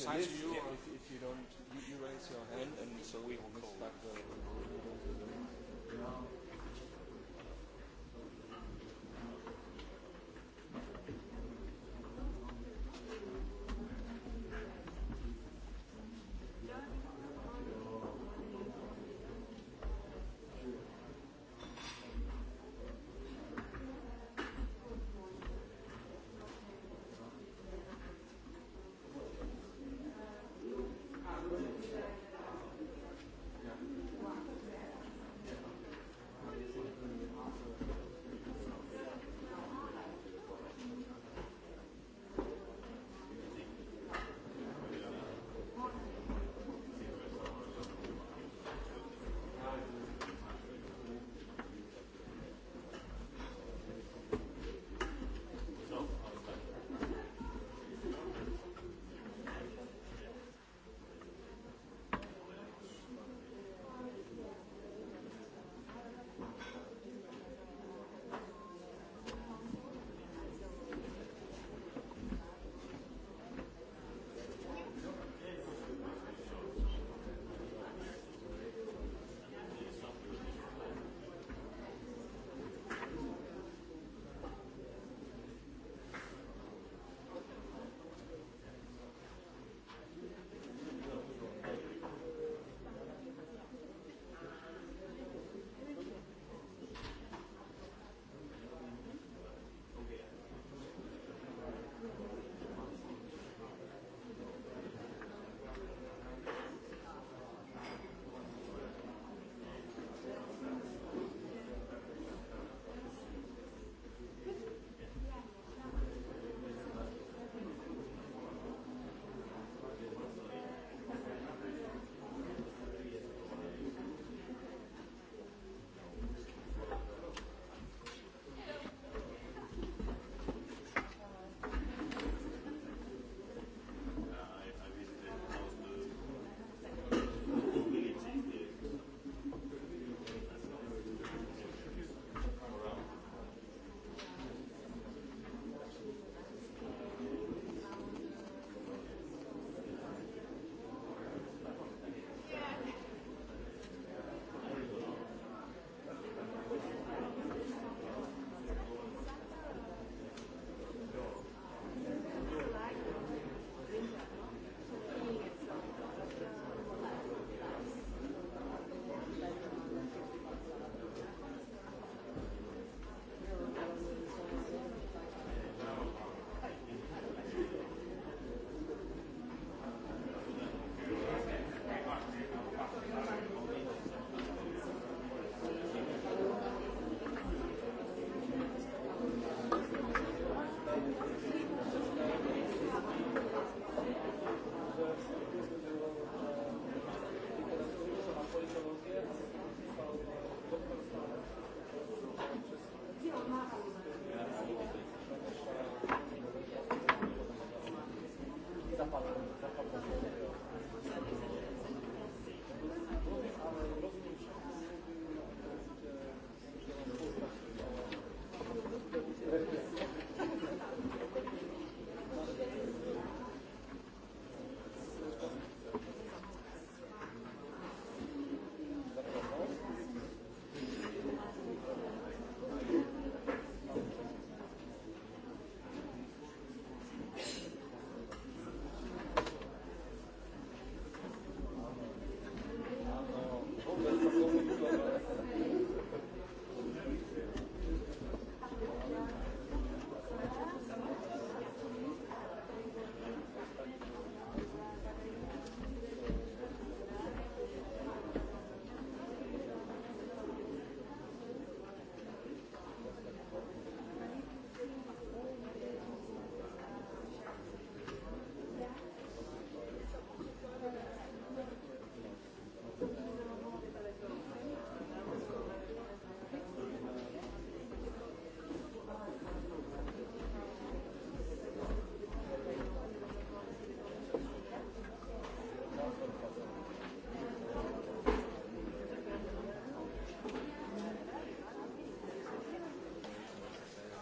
science you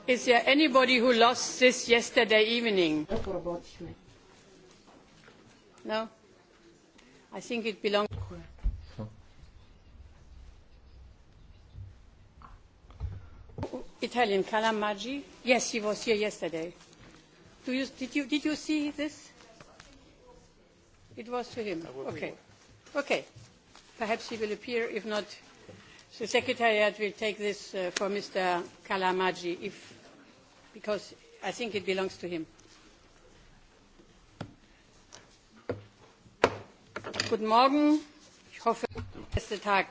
Is there anybody who lost this yesterday evening? No? I think it belongs... Italian Calamaggi? Yes, he was here yesterday. Do you, did, you, did you see this? It was to him. Okay. Okay. Perhaps he will appear. If not, the Secretariat will take this uh, for Mr. Calamaggi if because I think it belongs to him. Guten Morgen. Ich hoffe, der erste Tag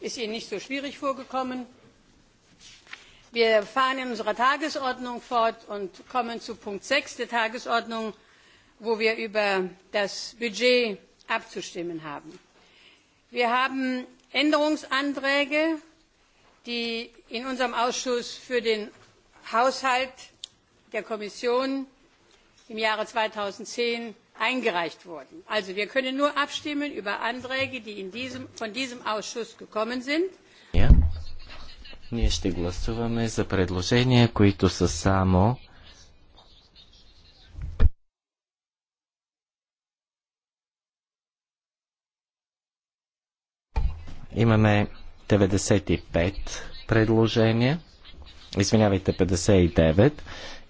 ist Ihnen nicht so schwierig vorgekommen. Wir fahren in unserer Tagesordnung fort und kommen zu Punkt 6 der Tagesordnung, wo wir über das Budget abzustimmen haben. Wir haben Änderungsanträge, die in unserem Ausschuss für den haushalt der kommission im jahre zweitausendzehn eingereicht wurden. also wir können nur abstimmen über anträge die von diesem ausschuss gekommen sind. Ние ще гласуваме за предложения, които са само Имаме 95 предложения извинявайте, 59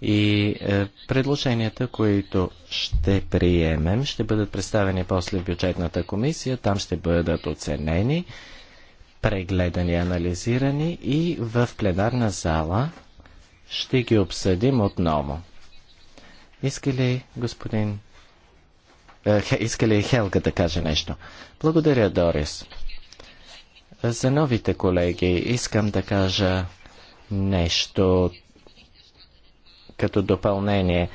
и е, предложенията, които ще приемем, ще бъдат представени после в бюджетната комисия. Там ще бъдат оценени, прегледани, анализирани и в пленарна зала ще ги обсъдим отново. Иска ли господин... Е, иска ли Хелга да каже нещо? Благодаря, Дорис. За новите колеги искам да кажа нещо като допълнение.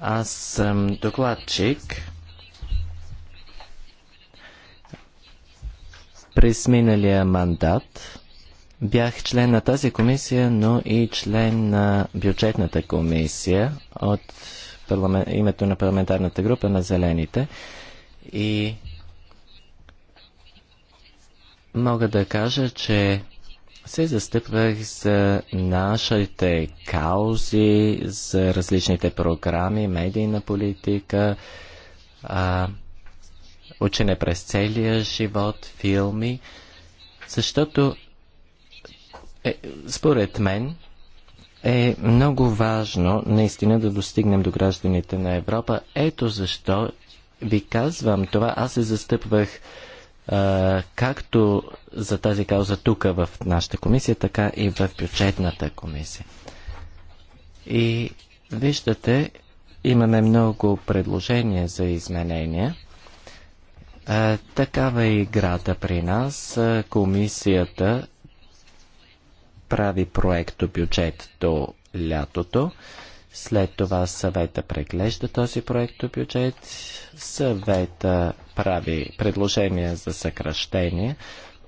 Аз съм докладчик. През миналия мандат бях член на тази комисия, но и член на бюджетната комисия от името на парламентарната група на Зелените. И мога да кажа, че се застъпвах за нашите каузи, за различните програми, медийна политика, а, учене през целия живот, филми, защото е, според мен е много важно наистина да достигнем до гражданите на Европа. Ето защо ви казвам това. Аз се застъпвах както за тази кауза тук в нашата комисия, така и в бюджетната комисия. И виждате, имаме много предложения за изменения. А, такава е играта при нас. Комисията прави проекто бюджет до лятото. След това съвета преглежда този проекто бюджет. Съвета прави предложения за съкръщение.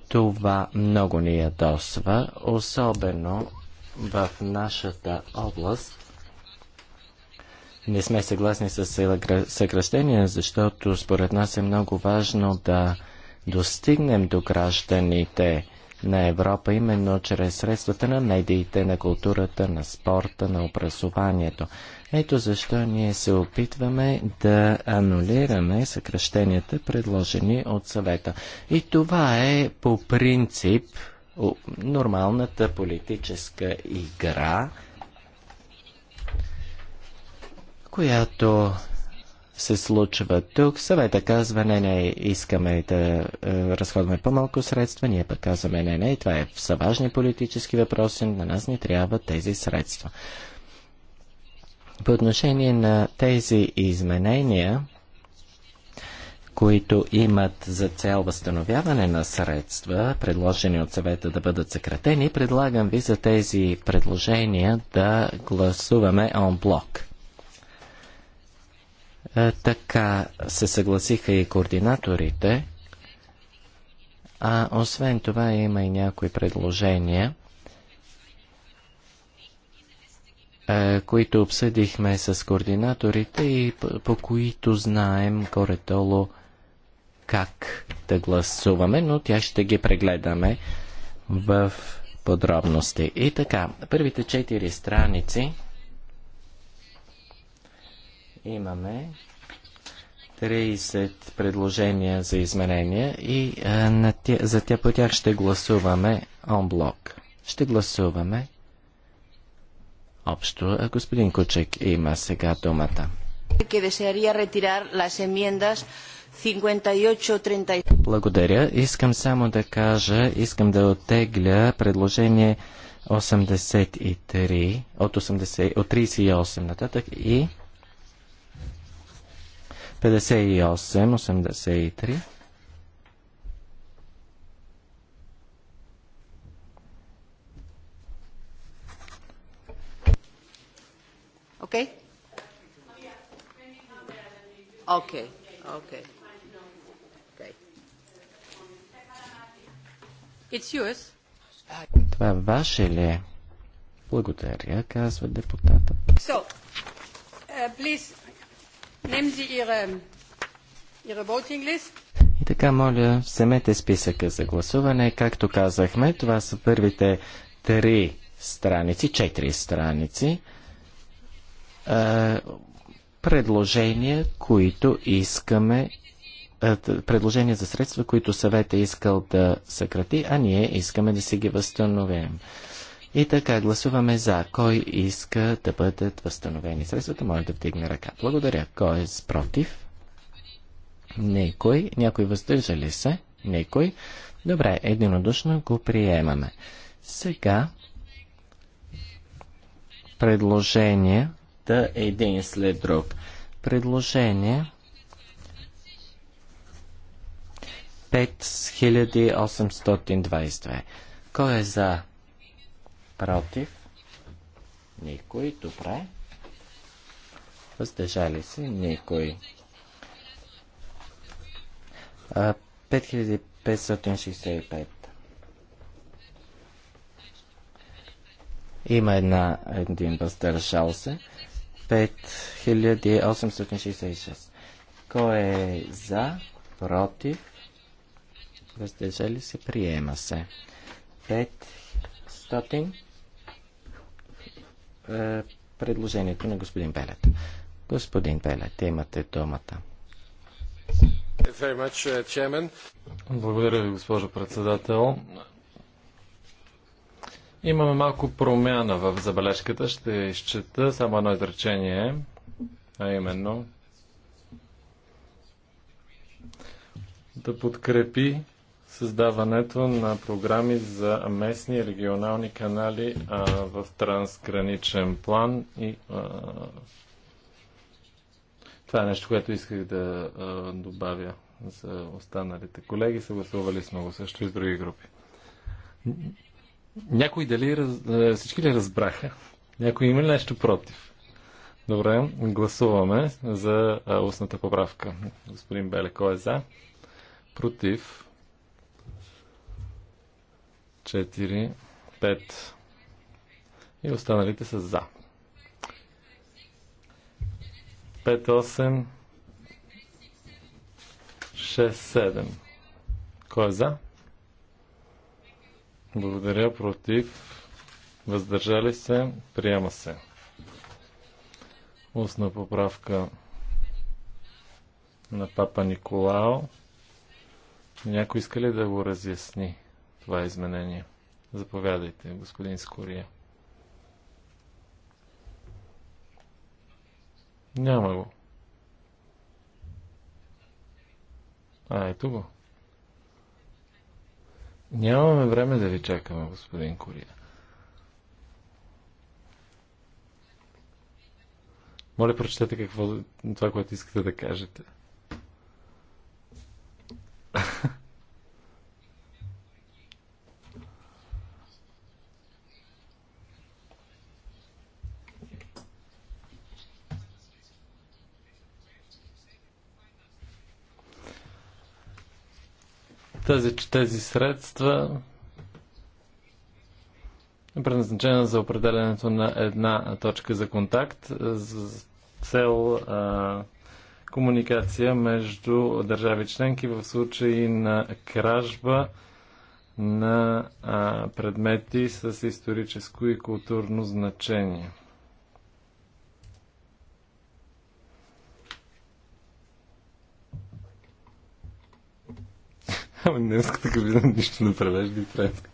Това много ни ядосва, е особено в нашата област. Не сме съгласни с съкръщение, защото според нас е много важно да достигнем до гражданите на Европа, именно чрез средствата на медиите, на културата, на спорта, на образованието. Ето защо ние се опитваме да анулираме съкръщенията, предложени от съвета. И това е по принцип нормалната политическа игра, която се случва тук. Съвета казва, не, не, искаме да е, разходваме по-малко средства, ние пък казваме, не, не, това е, са важни политически въпроси, на нас ни трябва тези средства. По отношение на тези изменения, които имат за цел възстановяване на средства, предложени от съвета да бъдат съкратени, предлагам ви за тези предложения да гласуваме онблок. Е, така се съгласиха и координаторите, а освен това има и някои предложения, Е, които обсъдихме с координаторите и по, по които знаем горе-долу как да гласуваме, но тя ще ги прегледаме в подробности. И така, първите четири страници имаме 30 предложения за изменения и а, е, на тя, за тя по тях ще гласуваме онблок. Ще гласуваме общо. Е, господин Кучек има сега думата. Благодаря. Искам само да кажа, искам да оттегля предложение 83 от, 80, от 38 нататък и 58, 83. Това ваше ли е? Благодаря, казва депутата. So, uh, please, uh, voting list. И така, моля, вземете списъка за гласуване. Както казахме, това са първите три страници, четири страници. Е, предложения, които искаме е, предложения за средства, които съвет е искал да съкрати, а ние искаме да си ги възстановим. И така, гласуваме за. Кой иска да бъдат възстановени средствата, може да вдигне ръка. Благодаря. Кой е против? Никой. Някой въздържали се? Никой. Добре, единодушно го приемаме. Сега предложенията един след друг. Предложение 5822. Кой е за? Против? Никой. Добре. Въздържали се? Никой. 5565. Има една, един въздържал се. 5866. Кой е за? Против? въздържали се, приема се. 500 е, предложението на господин Пелет. Господин Пелет, имате думата. Благодаря ви, госпожо председател. Имаме малко промяна в забележката. Ще изчета само едно изречение, а именно да подкрепи създаването на програми за местни и регионални канали а, в трансграничен план и а, това е нещо, което исках да а, добавя за останалите колеги. Съгласували сме го също и с други групи. Някой дали раз... всички ли разбраха? Някой има ли нещо против? Добре, гласуваме за устната поправка. Господин Беле, кой е за? Против? 4, 5 и останалите са за. 5, 8, 6, 7. Кой е за? Благодаря. Против. Въздържали се. Приема се. Устна поправка на папа Николао. Някой иска ли да го разясни? това изменение. Заповядайте, господин Скория. Няма го. А, ето го. Нямаме време да ви чакаме, господин Кория. Моля, прочетете какво това, което искате да кажете. Тези, тези средства е предназначена за определенето на една точка за контакт с цел а, комуникация между държави членки в случай на кражба на а, предмети с историческо и културно значение. Ама така кабина нищо не превежда и френска.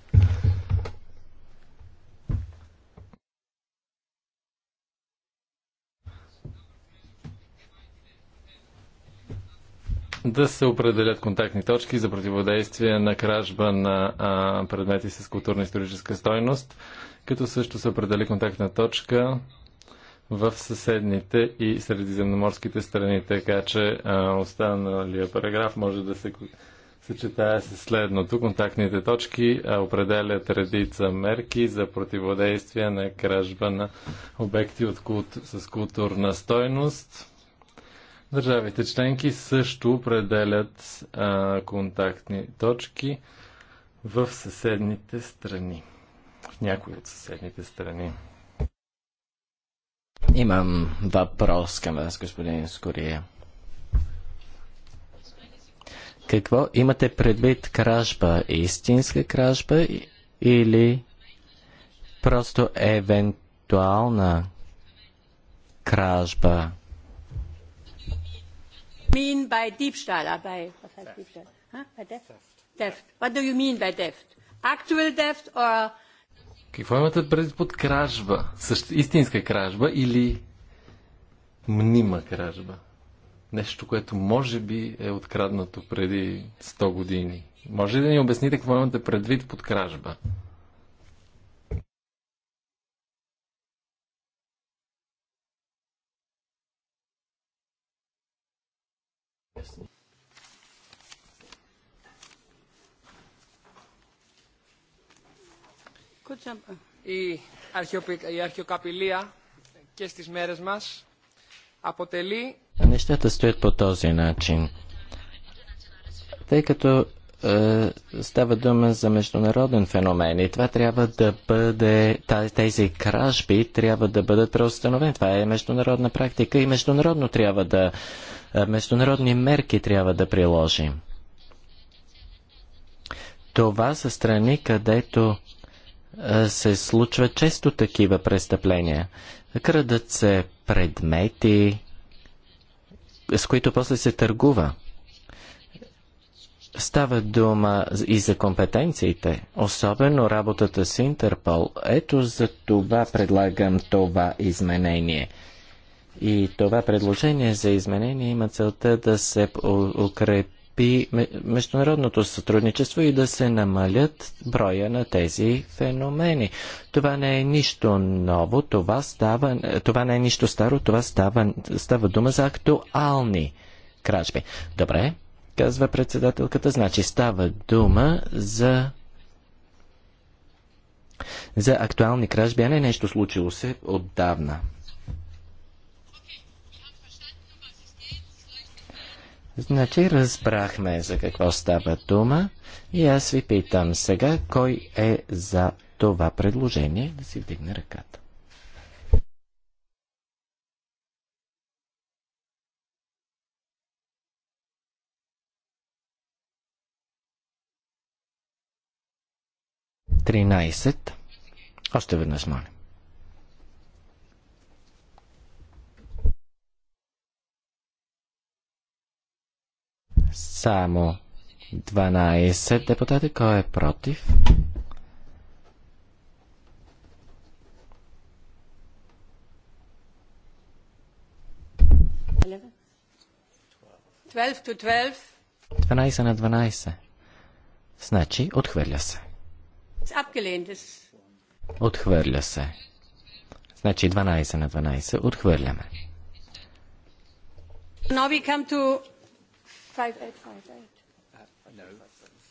да се определят контактни точки за противодействие на кражба на а, предмети с културно-историческа стойност, като също се определи контактна точка в съседните и средиземноморските страни, така че а, останалия параграф може да се съчетая се следното. Контактните точки определят редица мерки за противодействие на кражба на обекти от култ... с културна стойност. Държавите членки също определят а, контактни точки в съседните страни. В някои от съседните страни. Имам въпрос към вас, господин Скория. Какво имате предвид кражба? Истинска кражба или просто евентуална кражба? mean by Diebstahl? Ah, by, was heißt Diebstahl? Huh? By theft? Theft. What do you mean by theft? Actual theft or... Какво имате предвид под кражба? Същ... Истинска кражба или мнима кражба? нещо, което може би е откраднато преди 100 години. Може ли да ни обясните какво имате предвид под кражба? Η, αρχαιοκαπηλεία και στις μέρες μας αποτελεί Нещата стоят по този начин. Тъй като е, става дума за международен феномен и това трябва да бъде, тези кражби трябва да бъдат преустановени. Това е международна практика и международно трябва да, е, международни мерки трябва да приложим. Това са страни, където е, се случват често такива престъпления. Крадат се предмети, с които после се търгува. Става дума и за компетенциите, особено работата с Интерпол. Ето за това предлагам това изменение. И това предложение за изменение има целта да се укрепи укрепи международното сътрудничество и да се намалят броя на тези феномени. Това не е нищо ново, това, става, това не е нищо старо, това става, става дума за актуални кражби. Добре, казва председателката, значи става дума за за актуални кражби, а не нещо случило се отдавна. Значи разбрахме за какво става дума и аз ви питам сега, кой е за това предложение да си вдигне ръката. Тринайсет. Още веднъж моля. Само 12 депутати. Кой е против? to 12. 12 на 12. Значи, отхвърля се. Отхвърля се. Значи 12 на 12. Отхвърляме. Now we come to 5858. Uh, no,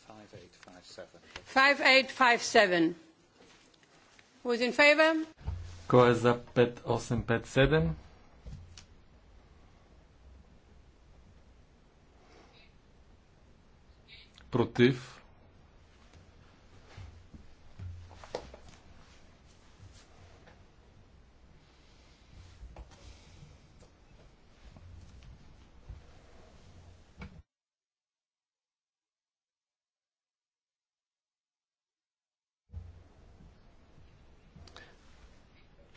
5857. 5857. Who's in favor? Кой е за 5857? Против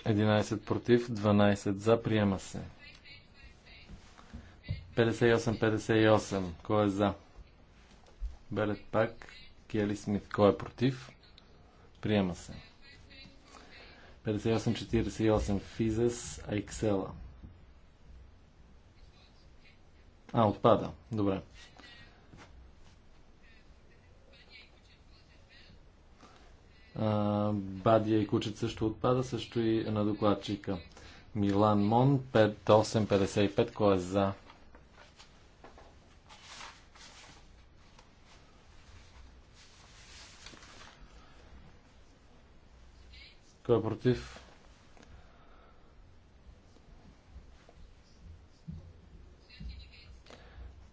11 против, 12 за. Приема се. 58-58. Кой е за? Белет пак. Кели Смит. Кой е против? Приема се. 58-48. Физес Айксела. А, отпада. Добре. Бадия и Кучет също отпада, също и на докладчика. Милан Мон, 5855, кой е за? Кой е против?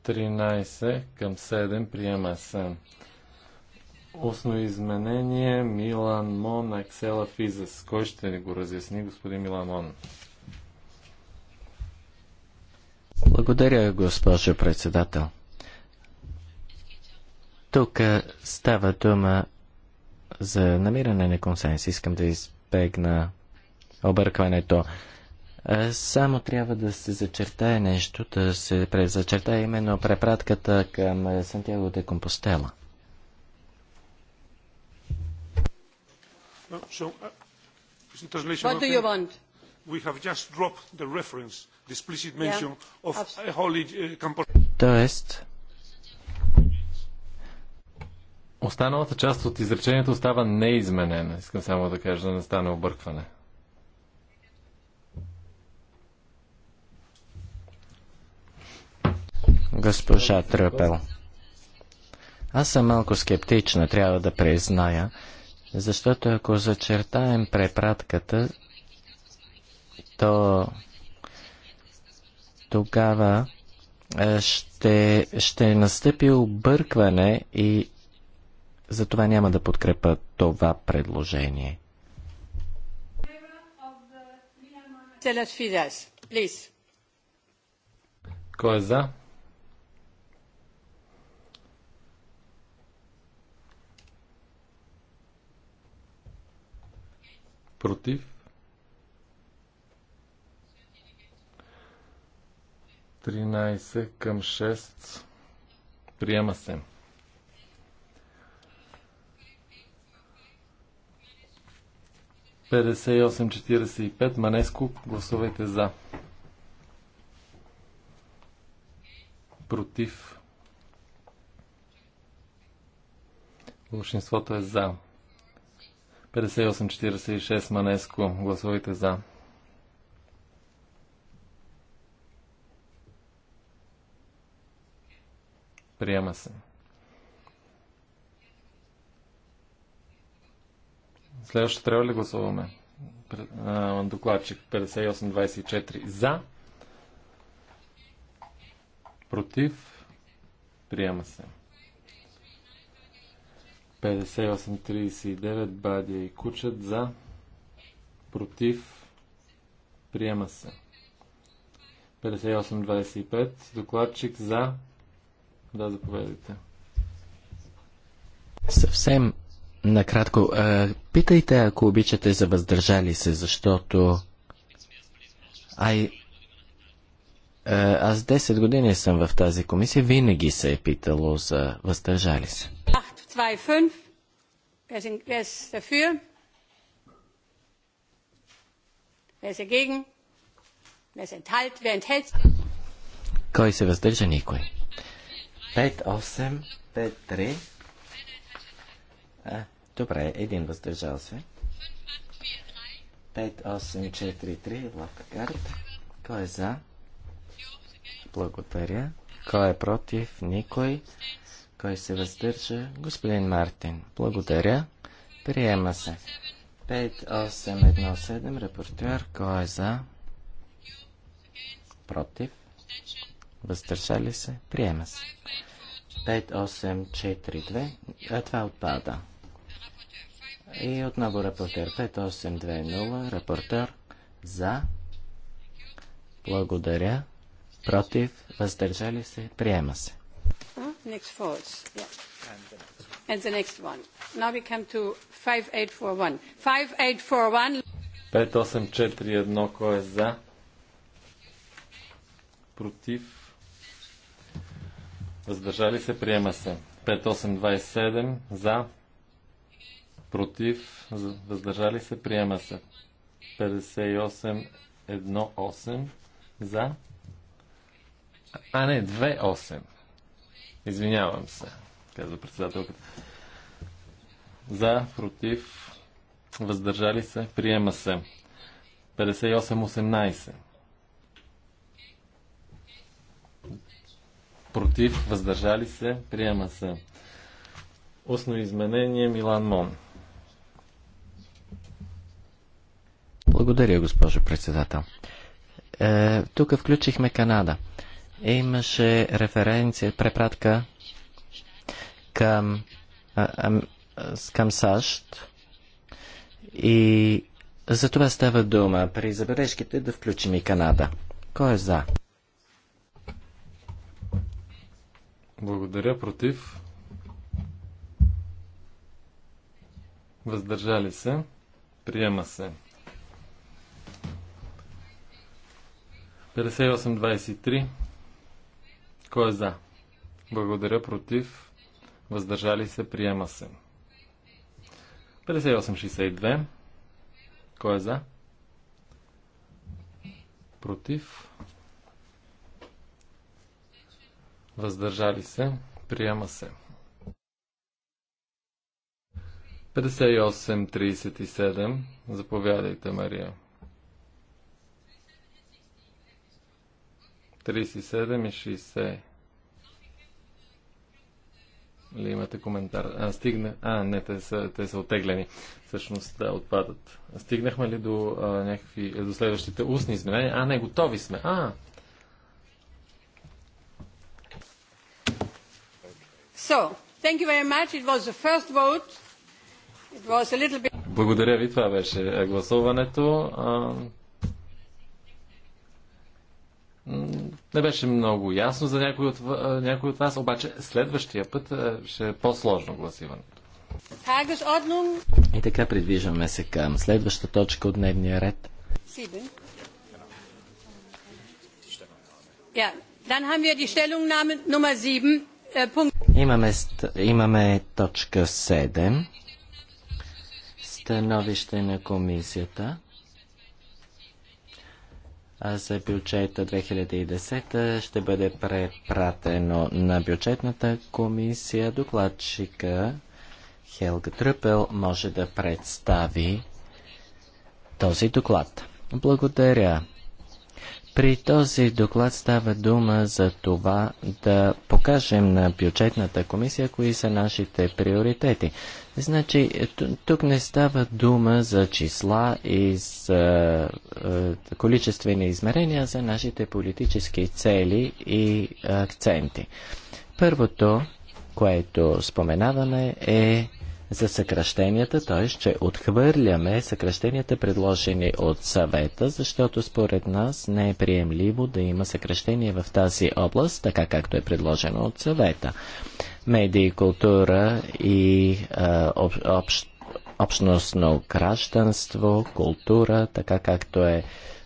Тринайсе към 7 приема се. Осно изменение Милан Мон, Аксела Физас. Кой ще ни го разясни, господин Милан Мон? Благодаря, госпожо председател. Тук е, става дума за намиране на консенс. Искам да избегна объркването. Е, само трябва да се зачертае нещо, да се зачертае именно препратката към е, Сантьяго де Компостела – Uh, so, uh, What do you want? We have just dropped the reference, the explicit mention of a holy uh, campus. Тоест, останалата част от изречението остава неизменена. Искам само да кажа, да не стане объркване. Госпожа Тръпел. Аз съм малко скептична, трябва да призная. Защото ако зачертаем препратката, то тогава е, ще, ще настъпи объркване и затова няма да подкрепа това предложение. Кой е за? Против. Тринайсет към шест. Приема се. Петдесет и осем четиридесет и пет. Манеско, гласувайте за. Против. Большинството е за. 58-46 Манеско. Гласувайте за. Приема се. Следващо трябва ли гласуваме? Докладчик 58-24 за. Против. Приема се. 58-39 Бадия и кучат за, против, приема се. 58-25 докладчик за, да, заповедайте. Съвсем накратко, питайте, ако обичате за въздържали се, защото ай, аз 10 години съм в тази комисия, винаги се е питало за въздържали се zwei fünf wer ist dafür? Wer ist dagegen? Wer, enthält, wer enthält sich? Кой се въздържа? Никой. 5-8-5-3. добре, един въздържал се. 5-8-4-3. Лапкарт. Кой е за? Благодаря. Кой е против? Никой. Кой се въздържа? Господин Мартин. Благодаря. Приема се. 5817 репортер. Кой е за? Против. Въздържали се? Приема се. 5842. А това отпада. И отново репортер 5820. Репортер. За. Благодаря. Против. Въздържали се. Приема се next falls. Yeah. And the next one. Now we come to 5841. 5841. 5841, кой е за? Против? Въздържали се, приема се. 5827, за? Против? Въздържали се, приема се. 5818, за? А не, 28. Извинявам се, казва председателката. За, против, въздържали се, приема се. 58-18. Против, въздържали се, приема се. Устно изменение Милан Мон. Благодаря, госпожо председател. Е, тук включихме Канада имаше референция, препратка към, а, а, към САЩ и за това става дума при забележките да включим и Канада. Кой е за? Благодаря. Против? Въздържали се? Приема се. 58-23 кой е за. Благодаря против. Въздържали се, приема се. 58-62. Кой е за? Против. Въздържали се, приема се. 58-37. Заповядайте, Мария. 58-37. 37 и 60. Ли имате коментар? А, стигна... а не, те са, те са отеглени. Всъщност, да, отпадат. Стигнахме ли до, а, някакви, до следващите устни изменения? А, не, готови сме. А, So, thank you very much. It was the first vote. It was a little bit... Благодаря ви, това беше гласуването не беше много ясно за някой от, някой от вас, обаче следващия път ще е по-сложно гласиването. И така придвижваме се към следваща точка от дневния ред. Äh, имаме, имаме точка 7. Становище на комисията за бюджета 2010 ще бъде препратено на бюджетната комисия. Докладчика Хелга Тръпел може да представи този доклад. Благодаря. При този доклад става дума за това да покажем на бюджетната комисия кои са нашите приоритети. Значи, тук не става дума за числа и за е, количествени измерения, за нашите политически цели и акценти. Първото, което споменаваме е за съкръщенията, т.е. че отхвърляме съкръщенията, предложени от съвета, защото според нас не е приемливо да има съкръщение в тази област, така както е предложено от съвета. Медии, култура и а, об, общ, общностно гражданство, култура, така както е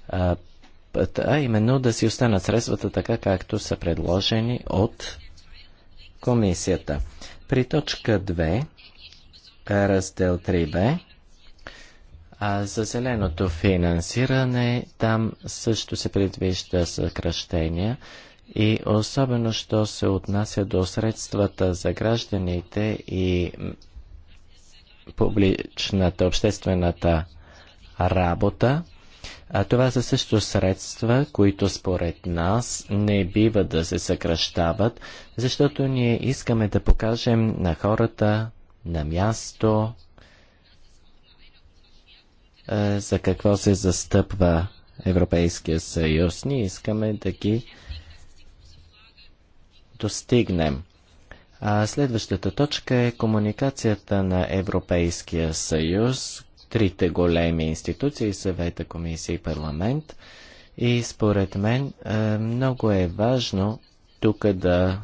а, а именно да си останат средствата така както са предложени от комисията. При точка 2 раздел 3б. А за зеленото финансиране там също се предвижда съкръщения и особено, що се отнася до средствата за гражданите и публичната, обществената работа. А това са също средства, които според нас не бива да се съкръщават, защото ние искаме да покажем на хората, на място, е, за какво се застъпва Европейския съюз. Ние искаме да ги достигнем. А следващата точка е комуникацията на Европейския съюз, трите големи институции, съвета, комисия и парламент. И според мен е, много е важно тук да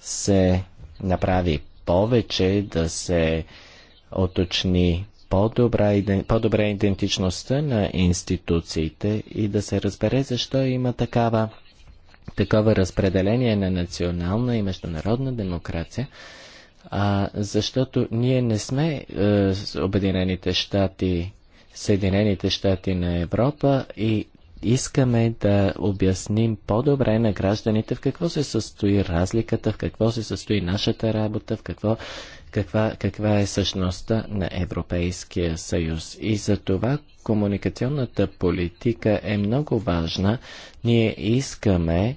се направи повече, да се оточни по-добре по идентичността на институциите и да се разбере защо има такава, такова разпределение на национална и международна демокрация, а, защото ние не сме е, Обединените щати, Съединените щати на Европа и искаме да обясним по-добре на гражданите в какво се състои разликата, в какво се състои нашата работа, в какво, каква, каква е същността на Европейския съюз. И за това комуникационната политика е много важна. Ние искаме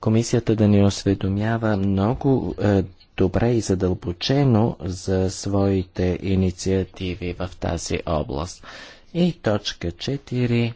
комисията да ни осведомява много е, добре и задълбочено за своите инициативи в тази област. И точка 4.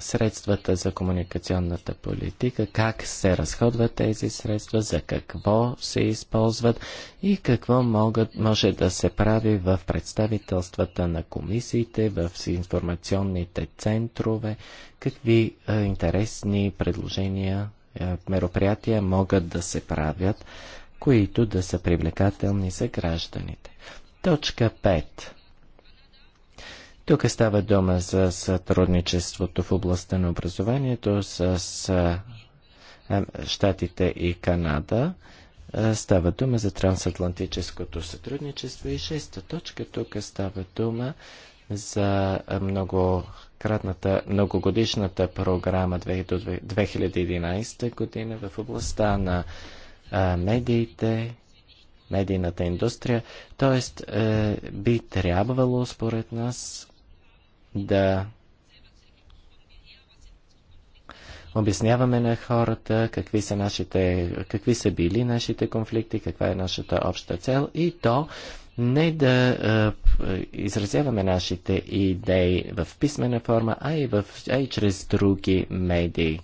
Средствата за комуникационната политика, как се разходват тези средства, за какво се използват и какво могат, може да се прави в представителствата на комисиите, в информационните центрове, какви а, интересни предложения, а, мероприятия могат да се правят, които да са привлекателни за гражданите. Точка 5 тук става дума за сътрудничеството в областта на образованието с Штатите и Канада. Става дума за трансатлантическото сътрудничество и шеста точка. Тук става дума за много кратната многогодишната програма до 2011 година в областта на медиите, медийната индустрия. Тоест, е, би трябвало, според нас, да обясняваме на хората какви са, нашите, какви са били нашите конфликти, каква е нашата обща цел и то не да е, изразяваме нашите идеи в писмена форма, а и, в, а и чрез други медии.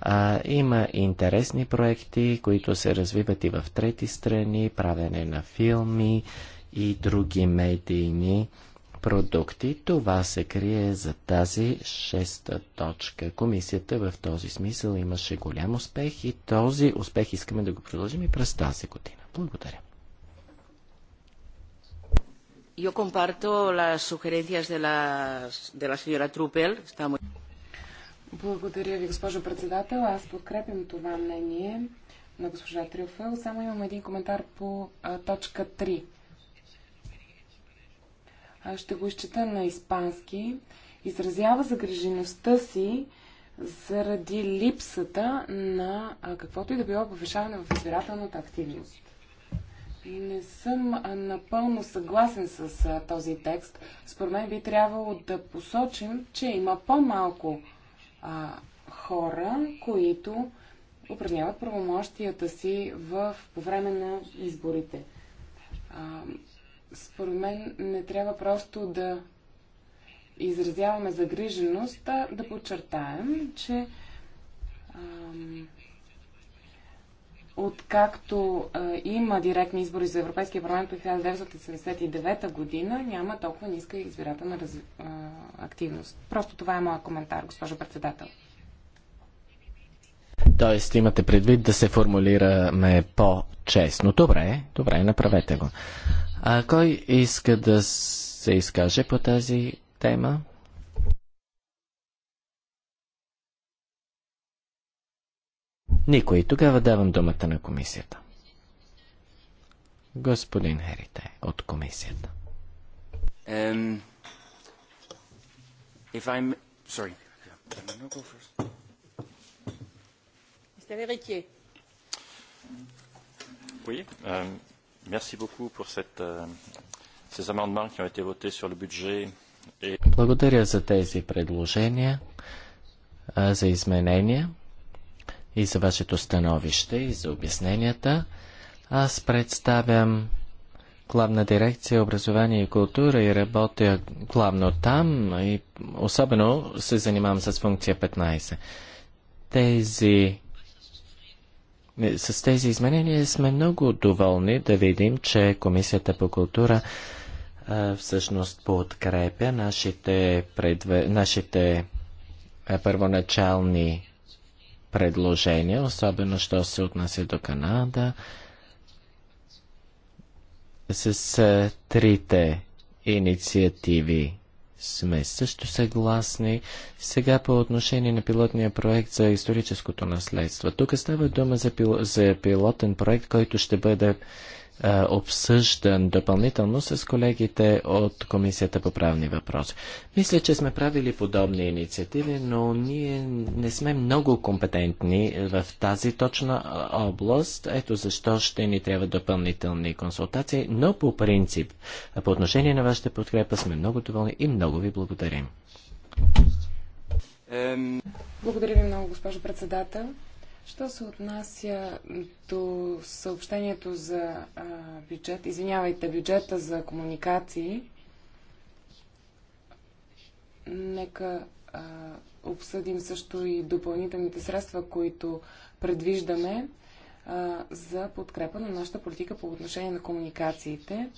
А, има интересни проекти, които се развиват и в трети страни, правене на филми и други медийни продукти. Това се крие за тази шеста точка. Комисията в този смисъл имаше голям успех и този успех искаме да го продължим и през тази година. Благодаря. Yo comparto las sugerencias de la, de la señora muy... Благодаря ви, госпожо председател. Аз подкрепям това мнение на госпожа Трюфел. Само имам един коментар по а, точка ще го изчета на испански, изразява загрежеността си заради липсата на каквото и да било повишаване в избирателната активност. Не съм напълно съгласен с този текст. Според мен би трябвало да посочим, че има по-малко хора, които упражняват правомощията си в, по време на изборите. А, според мен не трябва просто да изразяваме загриженост, а да подчертаем, че ам, откакто а, има директни избори за Европейския парламент от 1979 година, няма толкова ниска избирателна раз, активност. Просто това е моят коментар, госпожо председател. Тоест имате предвид да се формулираме по-честно. Добре, добре, направете го. А кой иска да се изкаже по тази тема? Никой. Тогава давам думата на комисията. Господин Херите от комисията. Um, if I'm... Sorry. Yeah. Monsieur Héritier. Oui, euh, merci beaucoup pour cette, euh, ces amendements qui ont été votés sur le budget. Et... Благодаря за тези предложения, за изменения и за вашето становище и за обясненията. Аз представям главна дирекция образование и култура и работя главно там и особено се занимавам с функция 15. Тези с тези изменения сме много доволни да видим, че Комисията по култура а, всъщност подкрепя нашите, предве... нашите първоначални предложения, особено що се отнася до Канада, с трите инициативи сме също съгласни. Сега по отношение на пилотния проект за историческото наследство. Тук става дума за, пил... за пилотен проект, който ще бъде е, обсъждан допълнително с колегите от Комисията по правни въпроси. Мисля, че сме правили подобни инициативи, но ние не сме много компетентни в тази точна област. Ето защо ще ни трябва допълнителни консултации, но по принцип, по отношение на вашата подкрепа сме много доволни и много ви благодарим. Благодаря ви много, госпожо председател. Що се отнася до съобщението за а, бюджет, извинявайте, бюджета за комуникации, нека а, обсъдим също и допълнителните средства, които предвиждаме а, за подкрепа на нашата политика по отношение на комуникациите.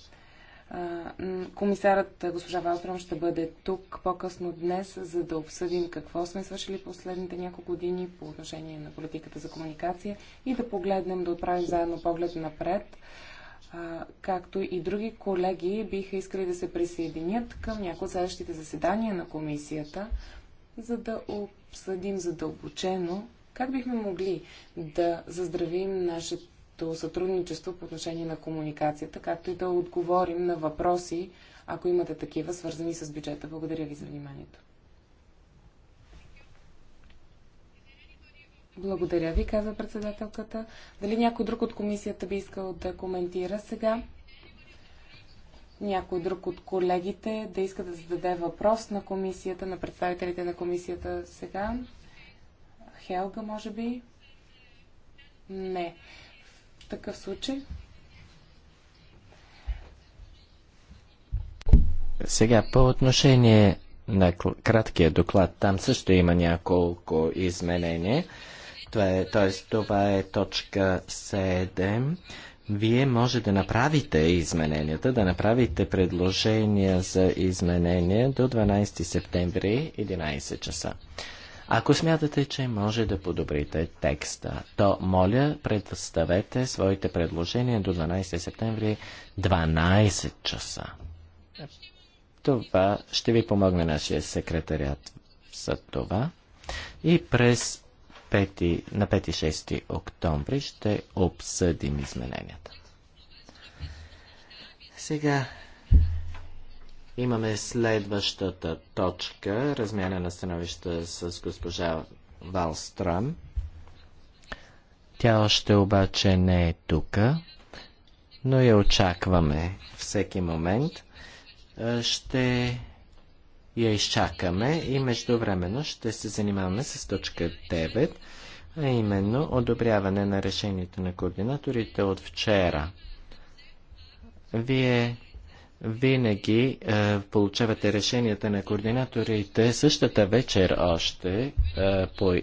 Комисарът госпожа Валстром ще бъде тук по-късно днес, за да обсъдим какво сме свършили последните няколко години по отношение на политиката за комуникация и да погледнем, да отправим заедно поглед напред. Както и други колеги биха искали да се присъединят към някои от следващите заседания на комисията, за да обсъдим задълбочено как бихме могли да заздравим нашето като сътрудничество по отношение на комуникацията, както и да отговорим на въпроси, ако имате такива, свързани с бюджета. Благодаря ви за вниманието. Благодаря ви, казва председателката. Дали някой друг от комисията би искал да коментира сега? Някой друг от колегите да иска да зададе въпрос на комисията, на представителите на комисията сега? Хелга, може би? Не такъв случай? Сега, по отношение на краткия доклад, там също има няколко изменения. Това е, т.е. това е точка 7. Вие може да направите измененията, да направите предложения за изменения до 12 септември 11 часа. Ако смятате, че може да подобрите текста, то моля, представете своите предложения до 12 септември 12 часа. Това ще ви помогне нашия секретариат за това. И през 5, на 5-6 октомври ще обсъдим измененията. Сега Имаме следващата точка, размяна на становища с госпожа Валстрам. Тя още обаче не е тук, но я очакваме всеки момент. Е, ще я изчакаме и междувременно ще се занимаваме с точка 9, а именно одобряване на решението на координаторите от вчера. Вие винаги е, получавате решенията на координаторите същата вечер още е, по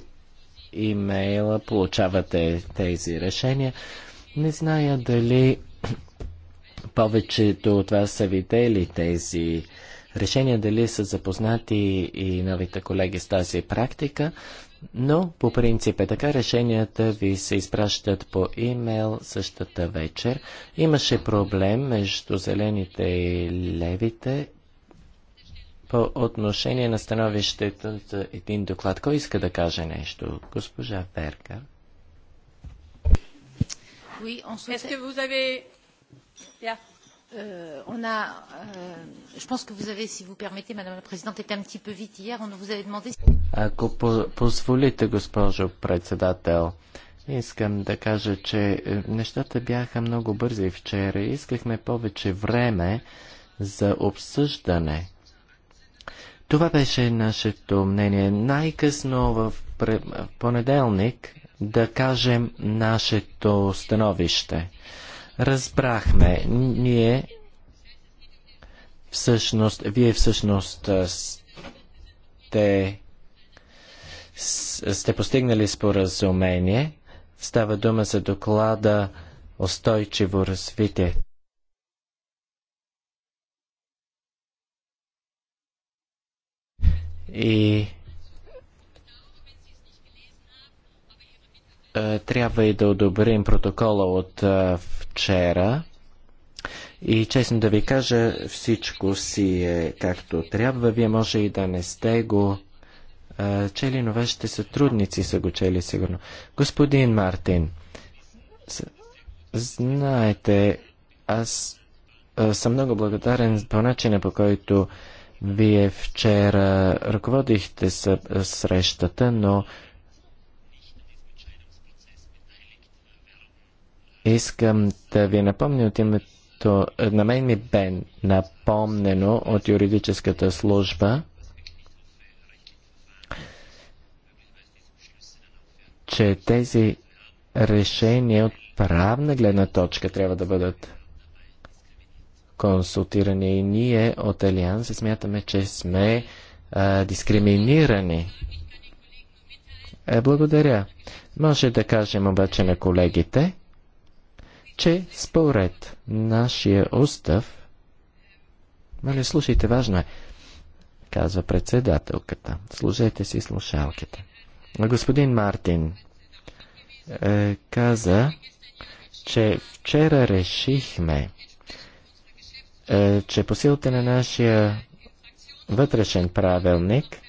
имейла получавате тези решения. Не зная дали повечето от вас са видели тези решения, дали са запознати и новите колеги с тази практика, но по принцип е така, решенията ви се изпращат по имейл същата вечер. Имаше проблем между зелените и левите по отношение на становището за един доклад. Кой иска да каже нещо? Госпожа Верка. Oui, on souhaitait... Est-ce que vous avez... Yeah. Euh, on a, euh, je pense que vous avez, si vous permettez, Madame la Présidente, été un petit peu vite hier. On vous avait demandé. Ако позволите, госпожо председател, искам да кажа, че е, нещата бяха много бързи вчера. Искахме повече време за обсъждане. Това беше нашето мнение. Най-късно в понеделник да кажем нашето становище. Разбрахме, ние всъщност, вие всъщност сте, сте постигнали споразумение. Става дума за доклада Устойчиво развитие. И трябва и да одобрим протокола от е, вчера. И честно да ви кажа, всичко си е както трябва. Вие може и да не сте го чели, но вашите сътрудници са го чели сигурно. Господин Мартин, знаете, аз съм много благодарен по начина по който вие вчера ръководихте срещата, но Искам да ви напомня от името... На мен ми бе напомнено от юридическата служба, че тези решения от правна гледна точка трябва да бъдат консултирани и ние от Алиан се смятаме, че сме а, дискриминирани. Е, благодаря. Може да кажем обаче на колегите, че според нашия устав, моля, нали, слушайте, важно е, казва председателката. Служете си слушалките. Господин Мартин е, каза, че вчера решихме, е, че по силата на нашия вътрешен правилник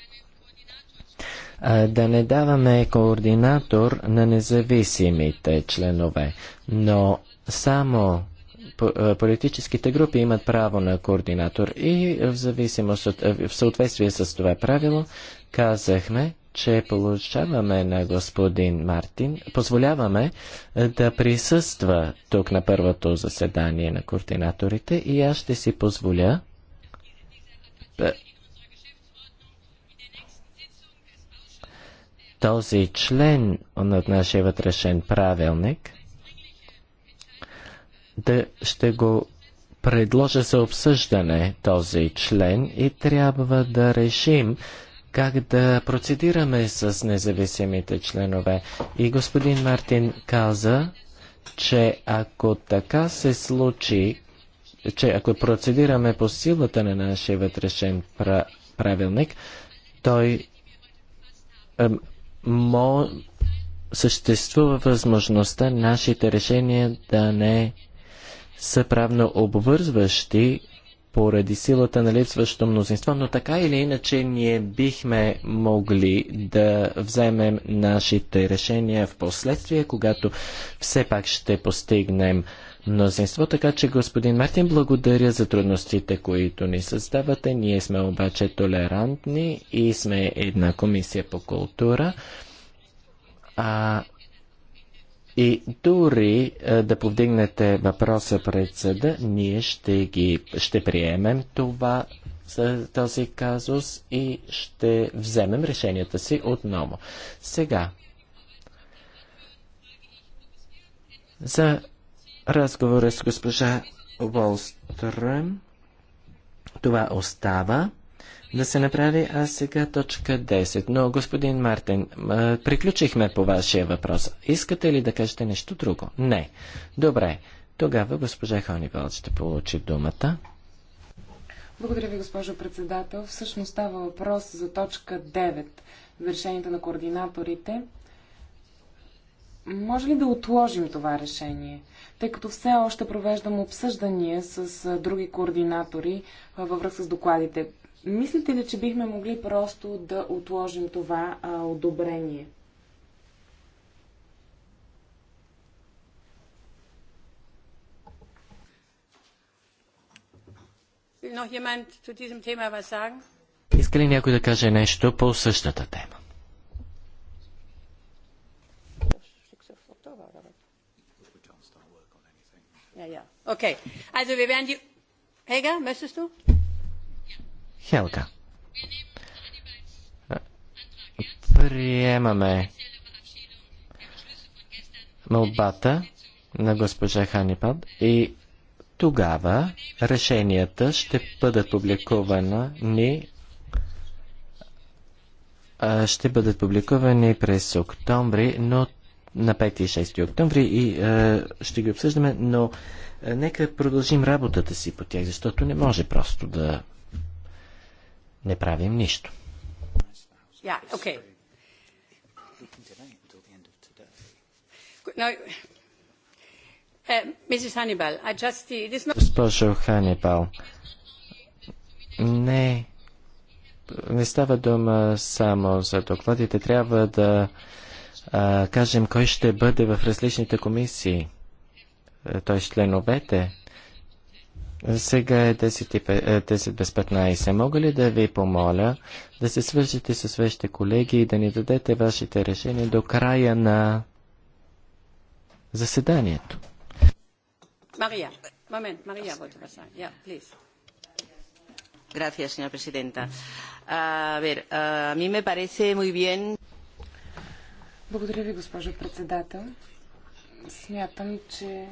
е, да не даваме координатор на независимите членове, но само политическите групи имат право на координатор и в, зависимост от, в съответствие с това правило казахме, че получаваме на господин Мартин, позволяваме да присъства тук на първото заседание на координаторите и аз ще си позволя този член от нашия вътрешен правилник – да ще го предложа за обсъждане този член и трябва да решим как да процедираме с независимите членове. И господин Мартин каза, че ако така се случи, че ако процедираме по силата на нашия вътрешен правилник, той е, мо, съществува възможността нашите решения да не са правно обвързващи поради силата на липсващо мнозинство, но така или иначе ние бихме могли да вземем нашите решения в последствие, когато все пак ще постигнем мнозинство. Така че, господин Мартин, благодаря за трудностите, които ни създавате. Ние сме обаче толерантни и сме една комисия по култура. А и дори е, да повдигнете въпроса пред съда, ние ще, ги, ще приемем това за е, този казус и ще вземем решенията си отново. Сега, за разговора с госпожа Волстръм, това остава да се направи, а сега точка 10. Но, господин Мартин, приключихме по вашия въпрос. Искате ли да кажете нещо друго? Не. Добре. Тогава госпожа Хонибал ще получи думата. Благодаря ви, госпожо председател. Всъщност става въпрос за точка 9 решението на координаторите. Може ли да отложим това решение? Тъй като все още провеждам обсъждания с други координатори във връзка с докладите. Мислите ли, че бихме могли просто да отложим това а, одобрение? Иска ли някой да каже нещо по същата тема? Okay. Also wir werden die Helga, möchtest du? Хелка. Приемаме мълбата на госпожа Ханипад и тогава решенията ще бъдат публикувани ще бъдат публикувани през октомври, но на 5 и 6 октомври и е, ще ги обсъждаме, но е, нека продължим работата си по тях, защото не може просто да не правим нищо. Yeah, okay. Uh, uh, Госпожо Ханибал, не, не става дума само за докладите. Трябва да а, кажем кой ще бъде в различните комисии. Т.е. членовете сега е 10, е, без 15. Мога ли да ви помоля да се свържете с вашите колеги и да ни дадете вашите решения до края на заседанието? Мария, момент, Мария, yeah, please. Gracias, señora presidenta. A ver, a mí me parece muy bien. Благодаря ви, госпожо председател. Смятам, че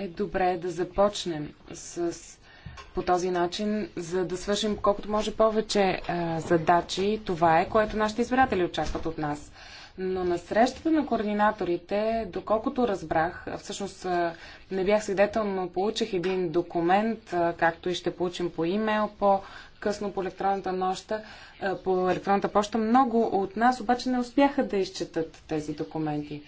е добре да започнем с, по този начин, за да свършим колкото може повече а, задачи. Това е, което нашите избиратели очакват от нас. Но на срещата на координаторите, доколкото разбрах, всъщност не бях свидетел, но получих един документ, както и ще получим по имейл, по късно по електронната нощта, по електронната почта. Много от нас обаче не успяха да изчетат тези документи.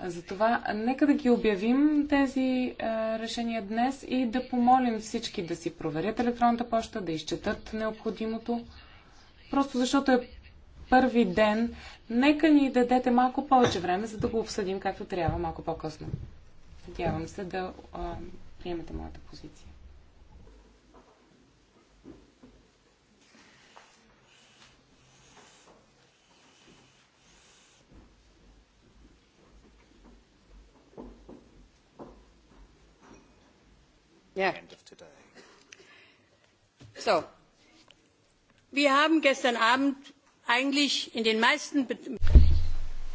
Затова нека да ги обявим тези а, е, решения днес и да помолим всички да си проверят електронната почта, да изчетат необходимото. Просто защото е първи ден, нека ни дадете малко повече време, за да го обсъдим както трябва малко по-късно. Надявам се да а, е, приемете моята позиция. yeah. end of today. So, wir haben gestern Abend eigentlich in den meisten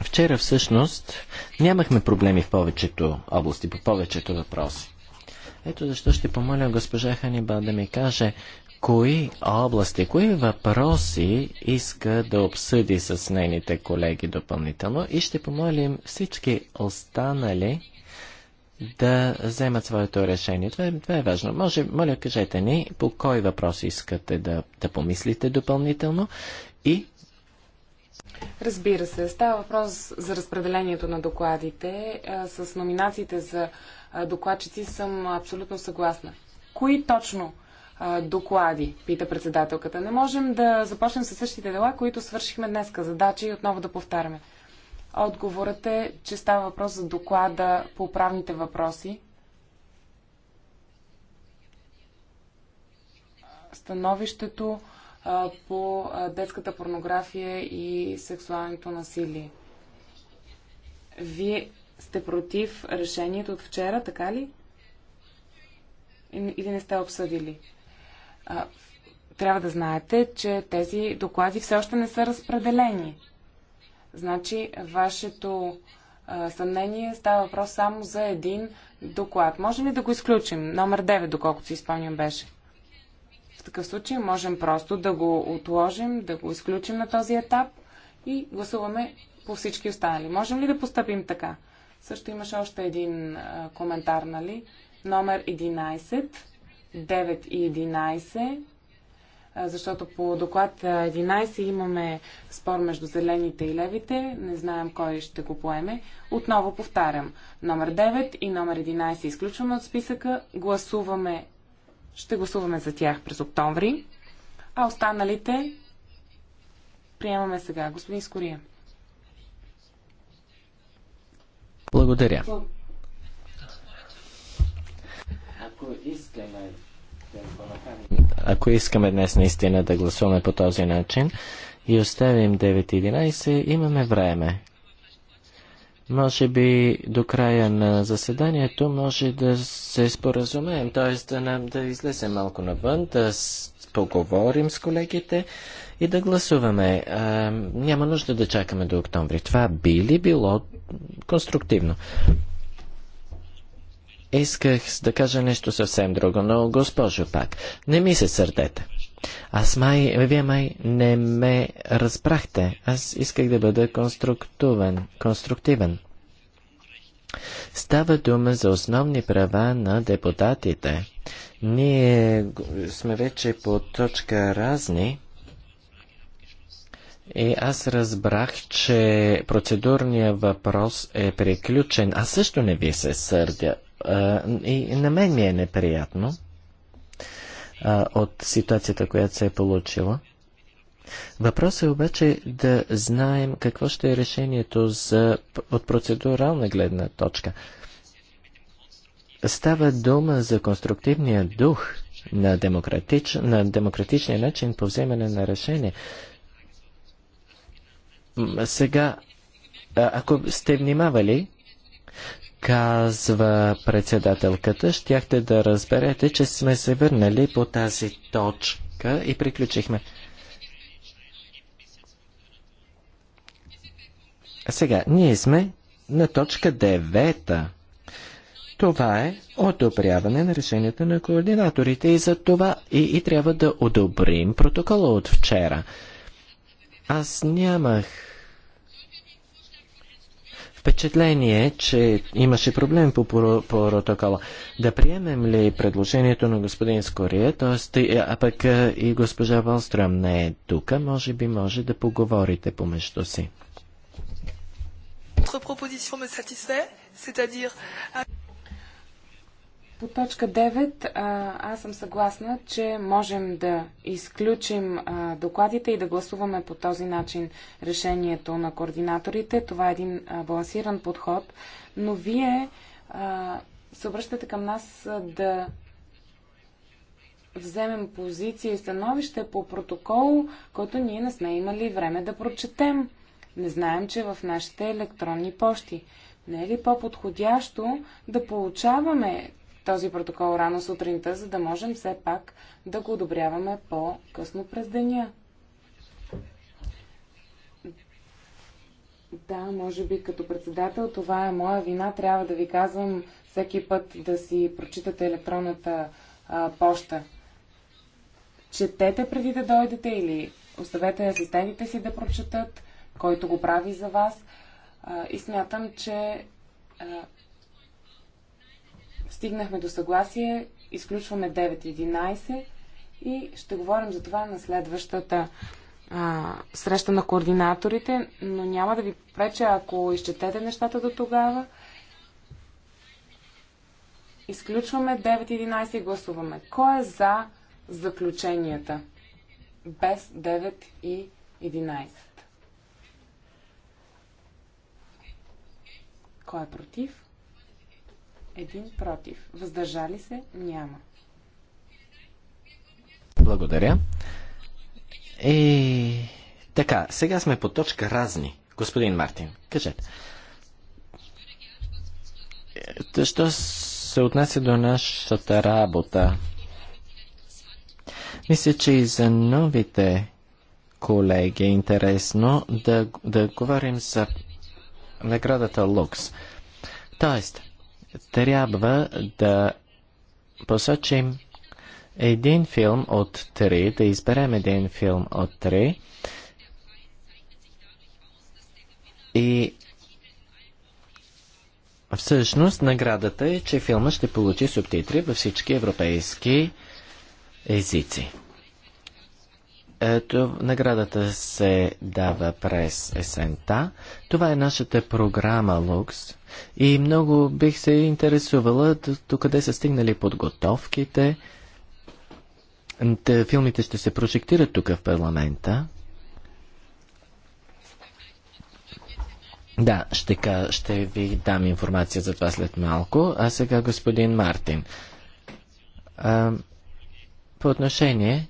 Вчера всъщност нямахме проблеми в повечето области, по повечето въпроси. Ето защо ще помоля госпожа Ханиба да ми каже кои области, кои въпроси иска да обсъди с нейните колеги допълнително и ще помолим всички останали да вземат своето решение. Това е, това е важно. Може, моля, кажете ни по кой въпрос искате да, да помислите допълнително и Разбира се, става въпрос за разпределението на докладите. Е, с номинациите за е, докладчици съм абсолютно съгласна. Кои точно е, доклади, пита председателката. Не можем да започнем със същите дела, които свършихме днеска. Задачи и отново да повтаряме. Отговорът е, че става въпрос за доклада по правните въпроси. Становището по детската порнография и сексуалното насилие. Вие сте против решението от вчера, така ли? Или не сте обсъдили? Трябва да знаете, че тези доклади все още не са разпределени. Значи, вашето а, съмнение става въпрос само за един доклад. Може ли да го изключим? Номер 9, доколкото си изпълням, беше. В такъв случай можем просто да го отложим, да го изключим на този етап и гласуваме по всички останали. Можем ли да поступим така? Също имаше още един а, коментар, нали? Номер 11, 9 и 11 защото по доклад 11 имаме спор между зелените и левите. Не знаем кой ще го поеме. Отново повтарям. Номер 9 и номер 11 изключваме от списъка. Гласуваме. Ще гласуваме за тях през октомври. А останалите приемаме сега. Господин Скория. Благодаря. Ако искаме ако искаме днес наистина да гласуваме по този начин и оставим 9.11, имаме време. Може би до края на заседанието може да се споразумеем, т.е. Да, да излезем малко навън, да поговорим с колегите и да гласуваме. А, няма нужда да чакаме до октомври. Това би ли било конструктивно? исках да кажа нещо съвсем друго, но госпожо пак, не ми се сърдете. Аз май, вие май не ме разбрахте. Аз исках да бъда конструктивен. конструктивен. Става дума за основни права на депутатите. Ние сме вече по точка разни. И аз разбрах, че процедурният въпрос е приключен. Аз също не ви се сърдя и на мен ми е неприятно от ситуацията, която се е получила. Въпросът е обаче да знаем какво ще е решението за, от процедурална гледна точка. Става дума за конструктивния дух на, демократич, на демократичния начин по вземане на решение. Сега, ако сте внимавали, казва председателката, щяхте да разберете, че сме се върнали по тази точка и приключихме. Сега, ние сме на точка 9. Това е одобряване на решенията на координаторите и за това и, и трябва да одобрим протокола от вчера. Аз нямах впечатление, че имаше проблем по протокола. Да приемем ли предложението на господин Скория, т.е. а пък и госпожа Валстрам не е тук, може би може да поговорите помежду си. По точка 9 аз съм съгласна, че можем да изключим докладите и да гласуваме по този начин решението на координаторите. Това е един балансиран подход, но вие се обръщате към нас да вземем позиция и становище по протокол, който ние не сме имали време да прочетем. Не знаем, че е в нашите електронни почти. Не е ли по-подходящо да получаваме този протокол рано сутринта, за да можем все пак да го одобряваме по-късно през деня. Да, може би като председател това е моя вина. Трябва да ви казвам всеки път да си прочитате електронната а, поща. Четете преди да дойдете или оставете асистентите си да прочетат, който го прави за вас. А, и смятам, че а, стигнахме до съгласие, изключваме 9.11 и ще говорим за това на следващата а, среща на координаторите, но няма да ви преча, ако изчетете нещата до тогава. Изключваме 9.11 и гласуваме. Кой е за заключенията? Без 9 и 11. Кой е против? един против. Въздържали се? Няма. Благодаря. И така, сега сме по точка разни. Господин Мартин, кажете. Е, що се отнася до нашата работа? Мисля, че и за новите колеги е интересно да, да говорим за наградата Лукс. Тоест, трябва да посочим един филм от три, да изберем един филм от три и всъщност наградата е, че филма ще получи субтитри във всички европейски езици. Е, наградата се дава през есента. Това е нашата програма Лукс. И много бих се интересувала до къде са стигнали подготовките. филмите ще се прожектират тук в парламента. Да, ще, ще ви дам информация за това след малко. А сега господин Мартин. А, по отношение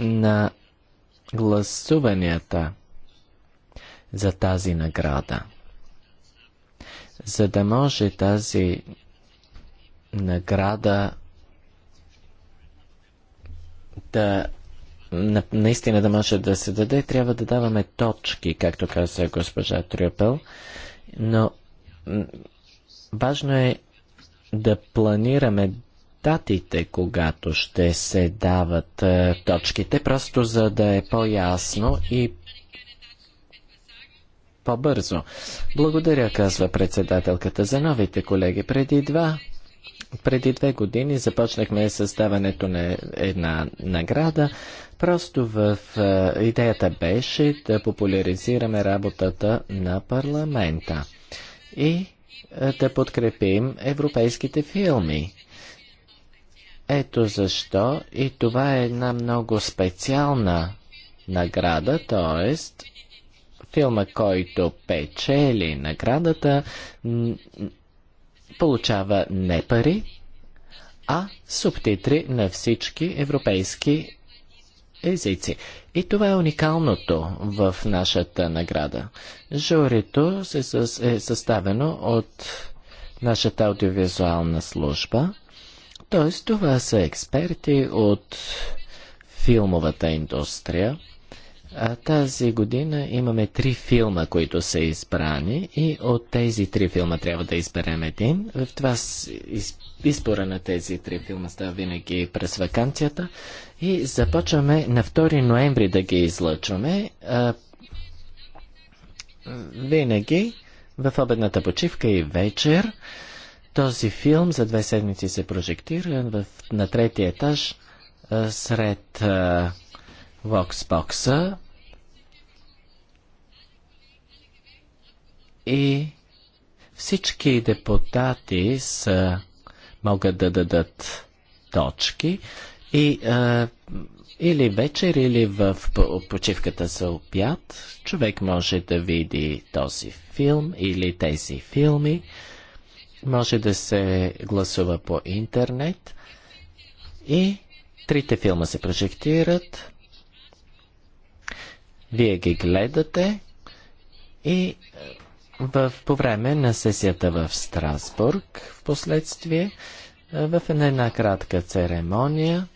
на гласуванията за тази награда. За да може тази награда да на, наистина да може да се даде, трябва да даваме точки, както каза госпожа Трюпел, но важно е да планираме датите, когато ще се дават е, точките, просто за да е по-ясно и по-бързо. Благодаря, казва председателката за новите колеги. Преди два преди две години започнахме създаването на една награда. Просто в е, идеята беше да популяризираме работата на парламента и е, да подкрепим европейските филми. Ето защо и това е една много специална награда, т.е. филма, който печели наградата, получава не пари, а субтитри на всички европейски езици. И това е уникалното в нашата награда. Журито е съставено от нашата аудиовизуална служба т.е. това са експерти от филмовата индустрия. А тази година имаме три филма, които са избрани и от тези три филма трябва да изберем един. В това избора на тези три филма става винаги през вакансията и започваме на 2 ноември да ги излъчваме. А, винаги в обедната почивка и вечер. Този филм за две седмици се прожектира в, на третия етаж а, сред Воксбокса и всички депутати са, могат да дадат точки и а, или вечер, или в почивката за обяд човек може да види този филм или тези филми. Може да се гласува по интернет и трите филма се прожектират. Вие ги гледате и е, в, по време на сесията в Страсбург, в последствие, е, в една, една кратка церемония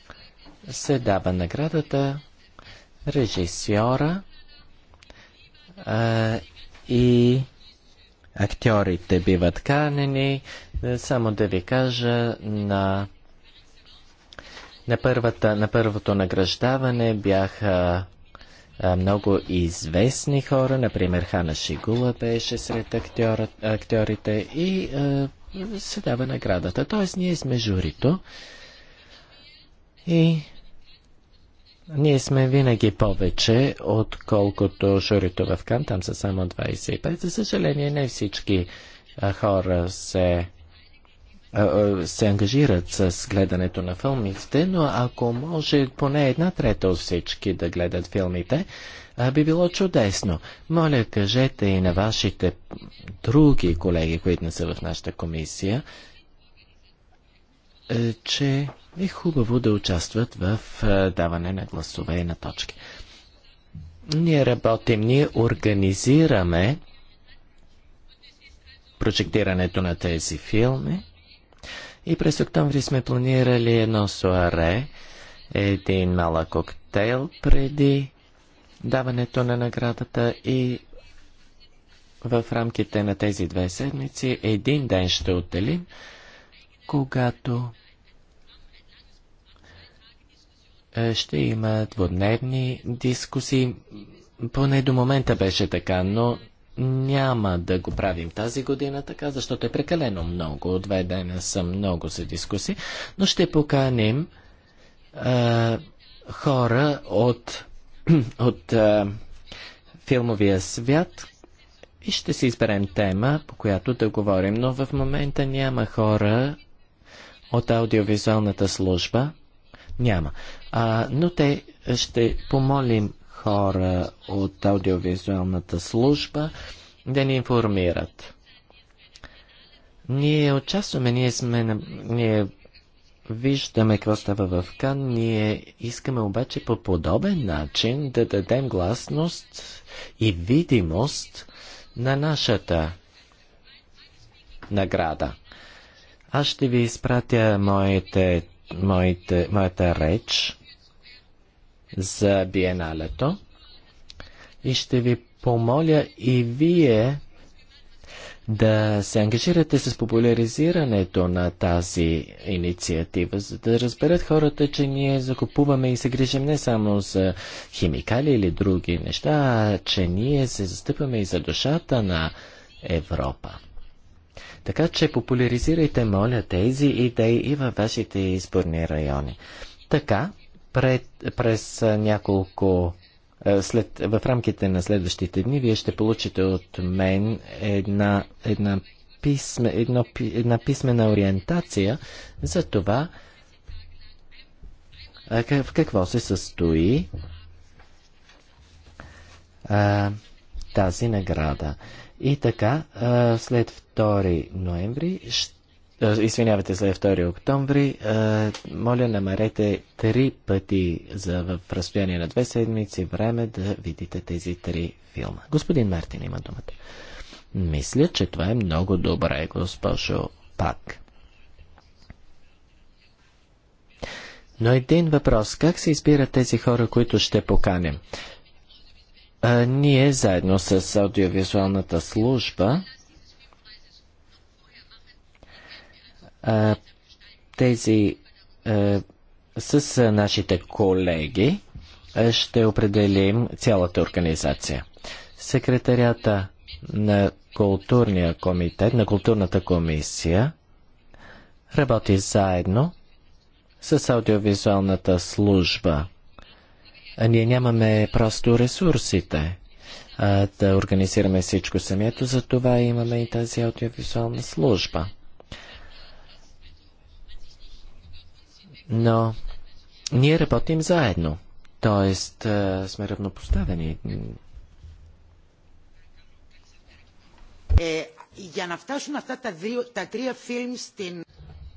се дава наградата режисьора а, е, и актьорите биват канени. Е, само да ви кажа, на, на, първата, на първото награждаване бяха е, много известни хора, например Хана Шигула беше сред актьор, актьорите и е, се дава наградата. Тоест ние сме журито и ние сме винаги повече, отколкото журито в Кан. Там са само 25. За съжаление, не всички хора се се ангажират с гледането на филмите, но ако може поне една трета от всички да гледат филмите, би било чудесно. Моля, кажете и на вашите други колеги, които не са в нашата комисия, е, че е хубаво да участват в даване на гласове и на точки. Ние работим, ние организираме прожектирането на тези филми и през октомври сме планирали едно суаре, един малък коктейл преди даването на наградата и в рамките на тези две седмици един ден ще отделим, когато Е, ще има двудневни дискусии. Поне до момента беше така, но няма да го правим тази година така, защото е прекалено много. Две дена са много за дискусии, но ще поканим а, е, хора от, от а, е, филмовия свят и ще си изберем тема, по която да говорим. Но в момента няма хора от аудиовизуалната служба. Няма. А, но те ще помолим хора от аудиовизуалната служба да ни информират. Ние участваме, ние сме, на... ние виждаме какво става в Кан, ние искаме обаче по подобен начин да дадем гласност и видимост на нашата награда. Аз ще ви изпратя моите, моите, моята реч за биеналето. И ще ви помоля и вие да се ангажирате с популяризирането на тази инициатива, за да разберат хората, че ние закупуваме и се грижим не само за химикали или други неща, а че ние се застъпваме и за душата на Европа. Така че популяризирайте, моля, тези идеи и във вашите изборни райони. Така, пред, през няколко след, в рамките на следващите дни вие ще получите от мен една, една, писме, едно, една писмена ориентация за това в какво се състои а, тази награда. И така, а, след 2 ноември ще извинявайте, за 2 октомври, моля намерете три пъти за в разстояние на две седмици време да видите тези три филма. Господин Мартин има думата. Мисля, че това е много добре, госпожо Пак. Но един въпрос. Как се избират тези хора, които ще поканим? А, ние заедно с аудиовизуалната служба а, тези а, с нашите колеги ще определим цялата организация. Секретарята на културния комитет, на културната комисия работи заедно с аудиовизуалната служба. А ние нямаме просто ресурсите а, да организираме всичко самието, затова имаме и тази аудиовизуална служба. Но ние работим заедно. Тоест, сме равнопоставени. Е,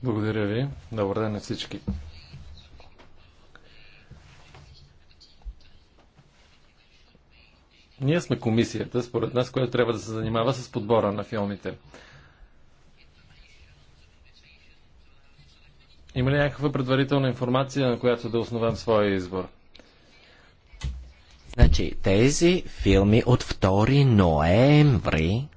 Благодаря ви. Добър ден на всички. Ние сме комисията, според нас, която трябва да се занимава с подбора на филмите. Има ли някаква предварителна информация, на която да основам своя избор? Значи, тези филми от 2 ноември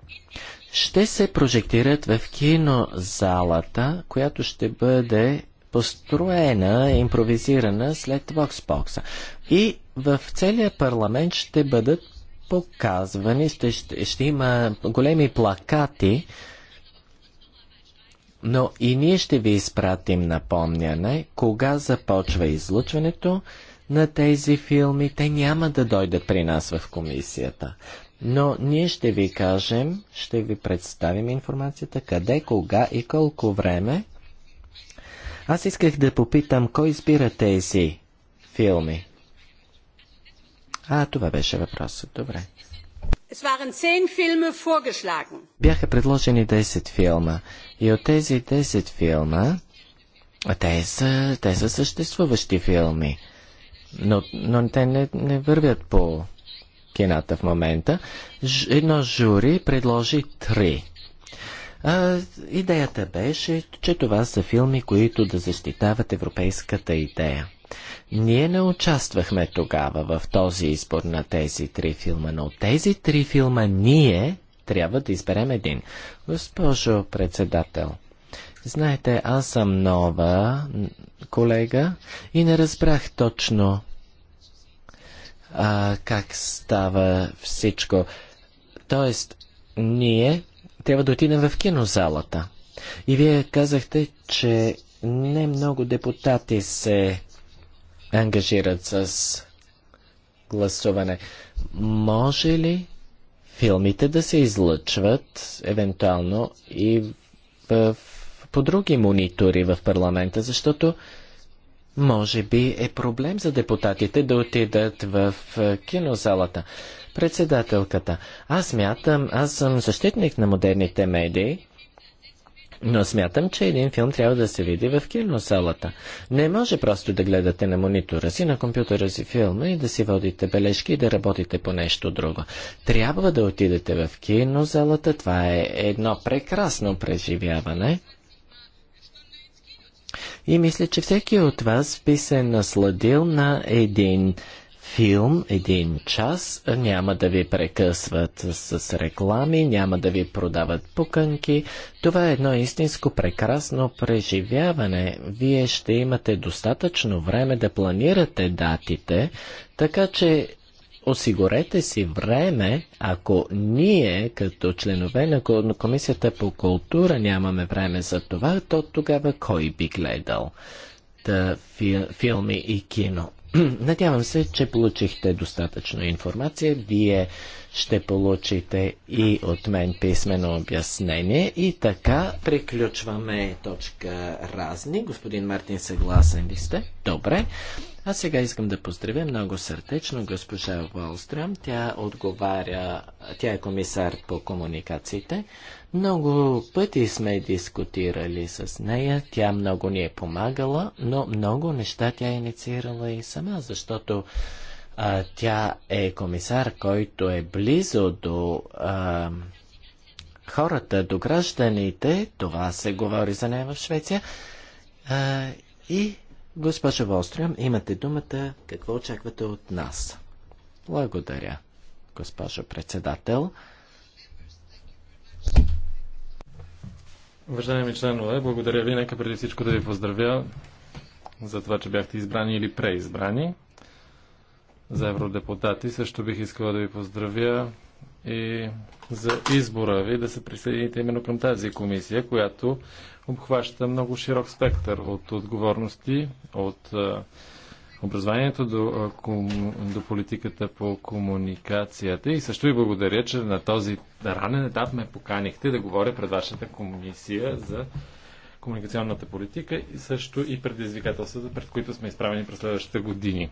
ще се прожектират в кинозалата, която ще бъде построена, импровизирана след Воксбокса. И в целия парламент ще бъдат показвани, ще, ще, ще има големи плакати, но и ние ще ви изпратим напомняне, кога започва излучването на тези филми. Те няма да дойдат при нас в комисията. Но ние ще ви кажем, ще ви представим информацията къде, кога и колко време. Аз исках да попитам, кой избира тези филми? А, това беше въпросът. Добре. Бяха предложени 10 филма и от тези 10 филма те са, те са съществуващи филми, но, но те не, не вървят по кината в момента. Ж, едно жури предложи 3. А, идеята беше, че това са филми, които да защитават европейската идея. Ние не участвахме тогава в този избор на тези три филма, но от тези три филма ние трябва да изберем един. Госпожо председател, знаете, аз съм нова колега и не разбрах точно а, как става всичко. Тоест, ние трябва да отидем в кинозалата. И вие казахте, че не много депутати се ангажират с гласуване. Може ли филмите да се излъчват евентуално и в, по други монитори в парламента, защото може би е проблем за депутатите да отидат в е, кинозалата. Председателката, аз мятам, аз съм защитник на модерните медии, но смятам, че един филм трябва да се види в киносалата. Не може просто да гледате на монитора си, на компютъра си филма и да си водите бележки и да работите по нещо друго. Трябва да отидете в кинозалата. Това е едно прекрасно преживяване. И мисля, че всеки от вас би се насладил на един филм, един час, няма да ви прекъсват с реклами, няма да ви продават пуканки. Това е едно истинско прекрасно преживяване. Вие ще имате достатъчно време да планирате датите, така че осигурете си време, ако ние, като членове на Комисията по култура, нямаме време за това, то тогава кой би гледал? Та, фи, филми и кино. Надявам се, че получихте достатъчно информация. Вие ще получите и от мен писмено обяснение. И така приключваме точка разни. Господин Мартин, съгласен ли сте? Добре. А сега искам да поздравя много сърдечно госпожа Волстрам. Тя отговаря, тя е комисар по комуникациите. Много пъти сме дискутирали с нея, тя много ни е помагала, но много неща тя е инициирала и сама, защото а, тя е комисар, който е близо до а, хората, до гражданите. Това се говори за нея в Швеция. А, и Госпожа Волстрям, имате думата. Какво очаквате от нас? Благодаря, госпожо председател. Уважаеми членове, благодаря ви. Нека преди всичко да ви поздравя за това, че бяхте избрани или преизбрани за евродепутати. Също бих искала да ви поздравя и за избора ви да се присъедините именно към тази комисия, която обхваща много широк спектър от отговорности, от образованието до, до политиката по комуникацията. И също ви благодаря, че на този ранен етап ме поканихте да говоря пред вашата комисия за комуникационната политика и също и предизвикателствата, пред които сме изправени през следващите години.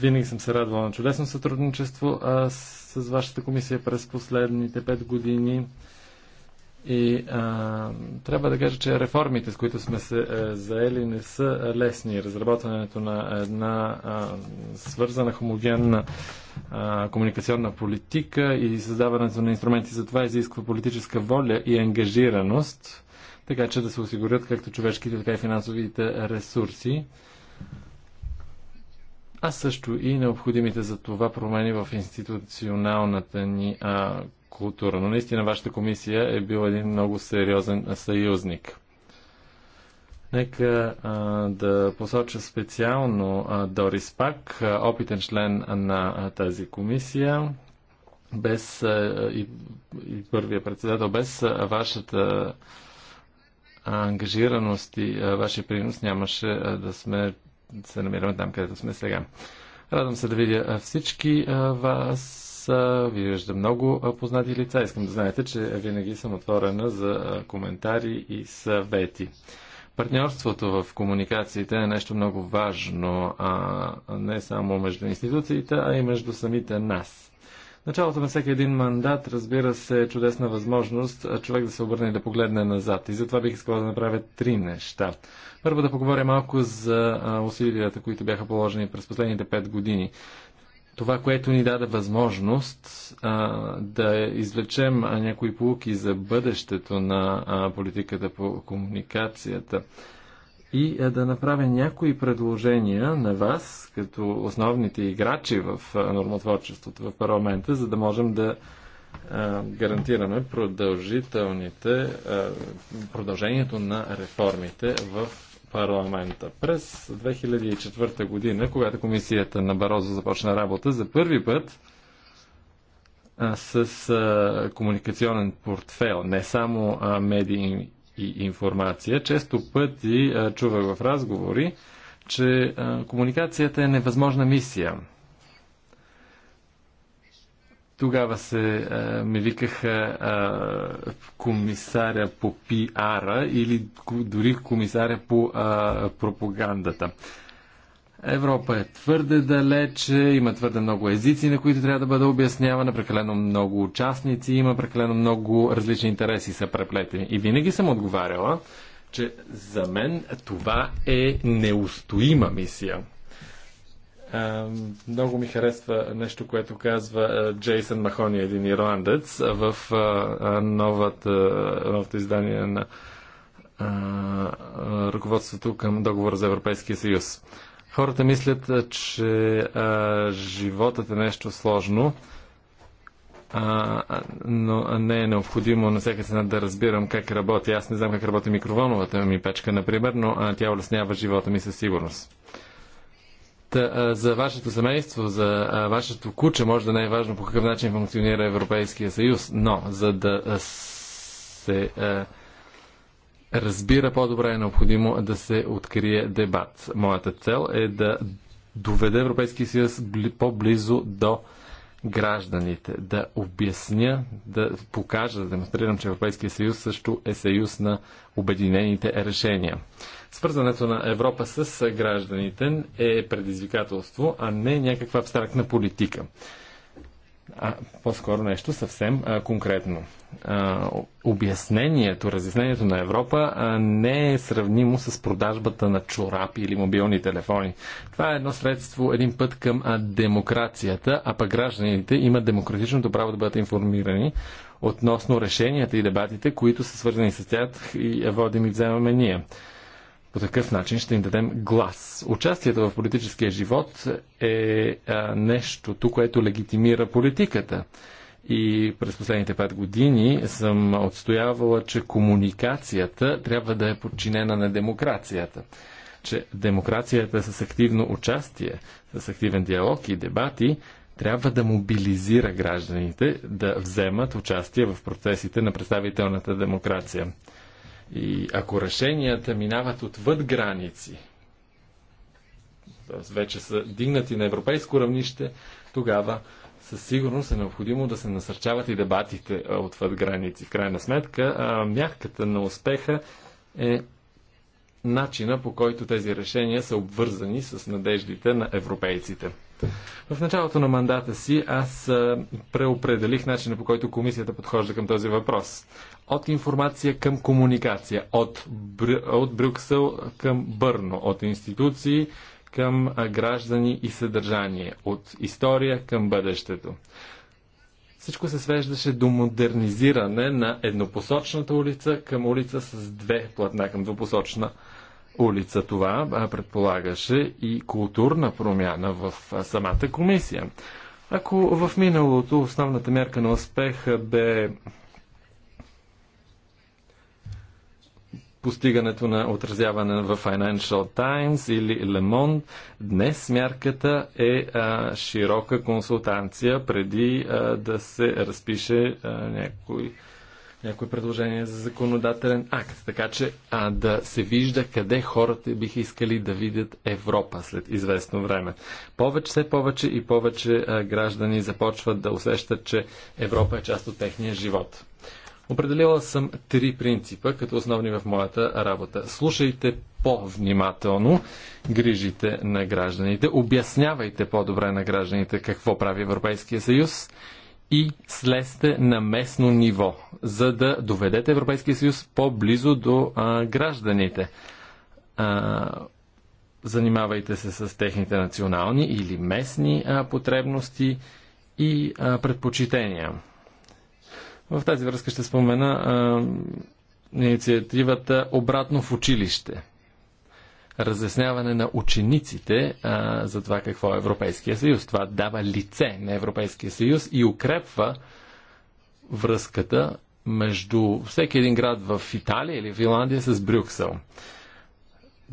Винаги съм се радвала на чудесно сътрудничество а, с, с вашата комисия през последните пет години. И а, трябва да кажа, че реформите, с които сме се а, е, заели, не са лесни. Разработването на една а, свързана, хомогенна а, комуникационна политика и създаването на инструменти за това изисква политическа воля и ангажираност, така че да се осигурят както човешките, така и финансовите ресурси а също и необходимите за това промени в институционалната ни а, култура. Но наистина вашата комисия е бил един много сериозен съюзник. Нека а, да посоча специално а, Дорис Пак, а, опитен член на а, тази комисия, без а, и, и първия председател, без а, вашата ангажираност и а, вашия принос нямаше а, да сме се намираме там, където сме сега. Радвам се да видя всички вас. вижда много познати лица. Искам да знаете, че винаги съм отворена за коментари и съвети. Партньорството в комуникациите е нещо много важно, а не само между институциите, а и между самите нас. Началото на всеки един мандат, разбира се, е чудесна възможност човек да се обърне и да погледне назад. И затова бих искала да направя три неща. Първо да поговоря малко за усилията, които бяха положени през последните пет години това, което ни даде възможност а, да извлечем някои полуки за бъдещето на а, политиката по комуникацията и е, да направя някои предложения на вас, като основните играчи в е, нормотворчеството в парламента, за да можем да е, гарантираме продължителните, продължението на реформите в парламента. През 2004 година, когато комисията на Барозо започна работа, за първи път с комуникационен портфел, не само медии и информация. Често пъти чувах в разговори, че комуникацията е невъзможна мисия. Тогава се а, ми викаха а, комисаря по пиара или дори комисаря по а, пропагандата. Европа е твърде далече, има твърде много езици, на които трябва да бъде обяснявана, прекалено много участници, има прекалено много различни интереси са преплетени. И винаги съм отговаряла, че за мен това е неустоима мисия. Много ми харесва нещо, което казва Джейсън Махони, един ирландец, в новата, новото издание на ръководството към договора за Европейския съюз. Хората мислят, че а, животът е нещо сложно, а, но не е необходимо на всяка цена да разбирам как работи. Аз не знам как работи микроволновата ми печка, например, но а, тя улеснява живота ми със сигурност. Та, а, за вашето семейство, за а, вашето куче, може да не е важно по какъв начин функционира Европейския съюз, но за да а, се. А, разбира по-добре, е необходимо да се открие дебат. Моята цел е да доведе Европейския съюз по-близо до гражданите, да обясня, да покажа, да демонстрирам, че Европейския съюз също е съюз на обединените решения. Свързването на Европа с гражданите е предизвикателство, а не някаква абстрактна политика а по-скоро нещо съвсем а, конкретно. А, обяснението, разяснението на Европа а, не е сравнимо с продажбата на чорапи или мобилни телефони. Това е едно средство, един път към а, демокрацията, а пък гражданите имат демократичното право да бъдат информирани относно решенията и дебатите, които са свързани с тях и водим и вземаме ние. По такъв начин ще им дадем глас. Участието в политическия живот е нещото, което легитимира политиката. И през последните пет години съм отстоявала, че комуникацията трябва да е подчинена на демокрацията че демокрацията с активно участие, с активен диалог и дебати трябва да мобилизира гражданите да вземат участие в процесите на представителната демокрация. И ако решенията минават отвъд граници, т.е. вече са дигнати на европейско равнище, тогава със сигурност е необходимо да се насърчават и дебатите отвъд граници. В крайна сметка, мягката на успеха е начина по който тези решения са обвързани с надеждите на европейците. В началото на мандата си аз преопределих начина по който комисията подхожда към този въпрос. От информация към комуникация, от, Брю... от Брюксел към Бърно, от институции към граждани и съдържание, от история към бъдещето. Всичко се свеждаше до модернизиране на еднопосочната улица към улица с две платна, към двупосочна улица. Това предполагаше и културна промяна в самата комисия. Ако в миналото основната мярка на успех бе постигането на отразяване в Financial Times или Le Monde, днес мярката е а, широка консултанция преди а, да се разпише а, някой някое предложение за законодателен акт, така че а, да се вижда къде хората биха искали да видят Европа след известно време. Повече, все повече и повече а, граждани започват да усещат, че Европа е част от техния живот. Определила съм три принципа като основни в моята работа. Слушайте по-внимателно грижите на гражданите, обяснявайте по-добре на гражданите какво прави Европейския съюз и слезте на местно ниво, за да доведете Европейския съюз по-близо до а, гражданите. А, занимавайте се с техните национални или местни а, потребности и а, предпочитения. В тази връзка ще спомена а, инициативата Обратно в училище – разясняване на учениците а, за това какво е Европейския съюз. Това дава лице на Европейския съюз и укрепва връзката между всеки един град в Италия или в Ирландия, с Брюксел.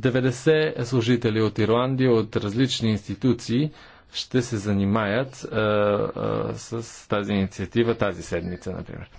90 служители от Ирландия, от различни институции, ще се занимаят а, а, с тази инициатива тази седмица, например.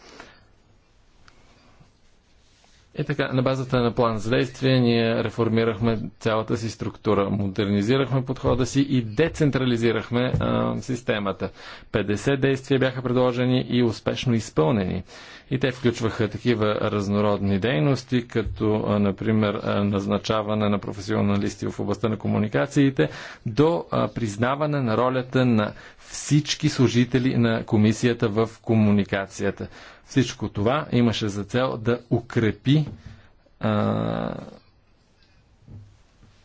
И е така, на базата на план за действие, ние реформирахме цялата си структура, модернизирахме подхода си и децентрализирахме а, системата. 50 действия бяха предложени и успешно изпълнени. И те включваха такива разнородни дейности, като, а, например, а, назначаване на професионалисти в областта на комуникациите, до а, признаване на ролята на всички служители на комисията в комуникацията всичко това имаше за цел да укрепи а,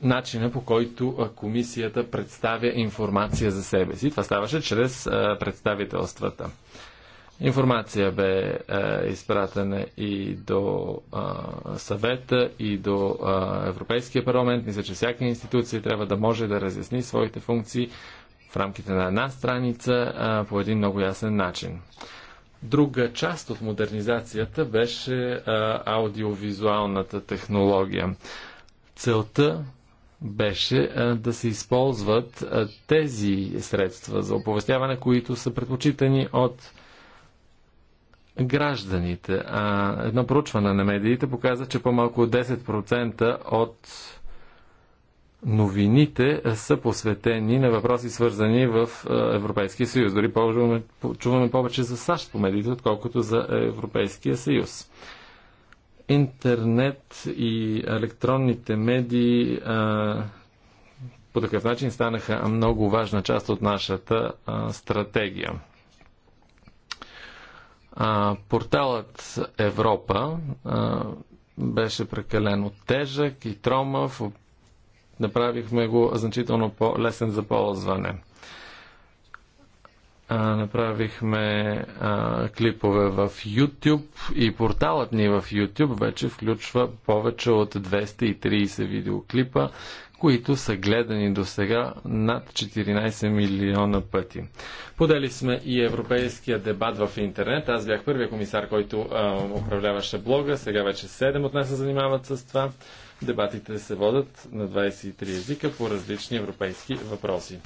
начина по който комисията представя информация за себе си. Това ставаше чрез а, представителствата. Информация бе а, изпратена и до а, съвета, и до а, Европейския парламент. Мисля, че всяка институция трябва да може да разясни своите функции в рамките на една страница а, по един много ясен начин. Друга част от модернизацията беше а, аудиовизуалната технология. Целта беше а, да се използват а, тези средства за оповестяване, които са предпочитани от гражданите. А, едно проучване на медиите показа, че по-малко 10% от новините са посветени на въпроси свързани в е, Европейския съюз. Дори чуваме, чуваме повече за САЩ по медиите, отколкото за Европейския съюз. Интернет и електронните медии а, е, по такъв начин станаха много важна част от нашата а, е, стратегия. А, порталът Европа беше прекалено тежък и тромав, Направихме го значително по-лесен за ползване. А, направихме а, клипове в YouTube и порталът ни в YouTube вече включва повече от 230 видеоклипа, които са гледани до сега над 14 милиона пъти. Подели сме и европейския дебат в интернет. Аз бях първия комисар, който а, управляваше блога. Сега вече 7 от нас се занимават с това. Дебатите се водят на 23 езика по различни европейски въпроси.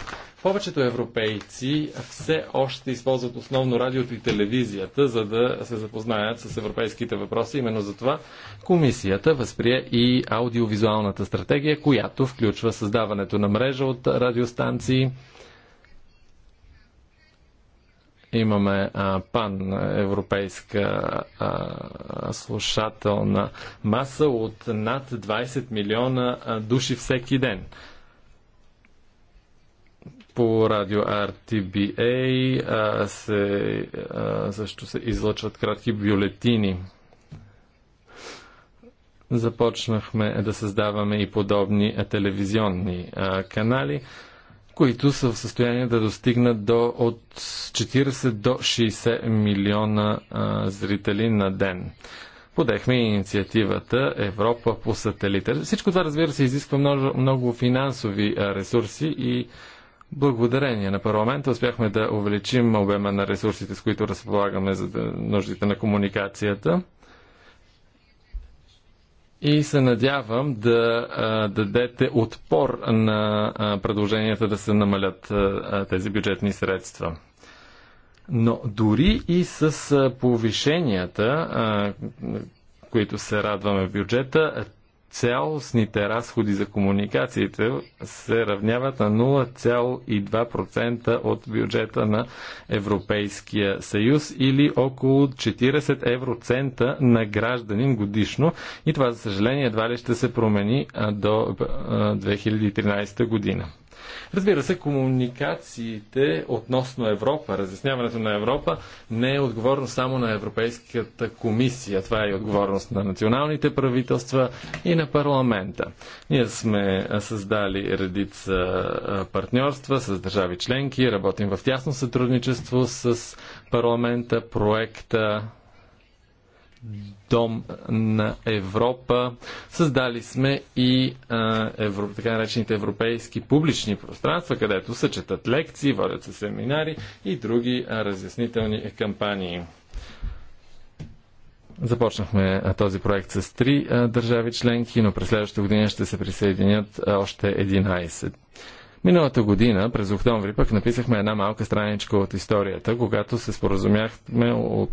Повечето европейци все още използват основно радиото и телевизията, за да се запознаят с европейските въпроси. Именно за това комисията възприе и аудиовизуалната стратегия, която включва създаването на мрежа от радиостанции, имаме а, пан европейска а, слушателна маса от над 20 милиона души всеки ден. По радио RTBA а, се, а, също се излъчват кратки бюлетини. Започнахме да създаваме и подобни телевизионни а, канали които са в състояние да достигнат до от 40 до 60 милиона а, зрители на ден. Подехме инициативата Европа по сателита. Всичко това, разбира се, изисква много, много финансови ресурси и благодарение на парламента успяхме да увеличим обема на ресурсите, с които разполагаме за нуждите на комуникацията и се надявам да а, дадете отпор на а, предложенията да се намалят а, тези бюджетни средства. Но дори и с повишенията, които се радваме в бюджета, цялостните разходи за комуникациите се равняват на 0,2% от бюджета на Европейския съюз или около 40 евроцента на гражданин годишно. И това, за съжаление, едва ли ще се промени до 2013 година. Разбира се, комуникациите относно Европа, разясняването на Европа не е отговорно само на Европейската комисия. Това е и отговорност на националните правителства и на парламента. Ние сме създали редица партньорства с държави членки, работим в тясно сътрудничество с парламента, проекта дом на Европа. Създали сме и а, евро, така наречените европейски публични пространства, където се четат лекции, водят се семинари и други а, разяснителни кампании. Започнахме а, този проект с три а, държави членки, но през следващата година ще се присъединят а, още 11. Миналата година, през октомври, пък написахме една малка страничка от историята, когато се споразумяхме от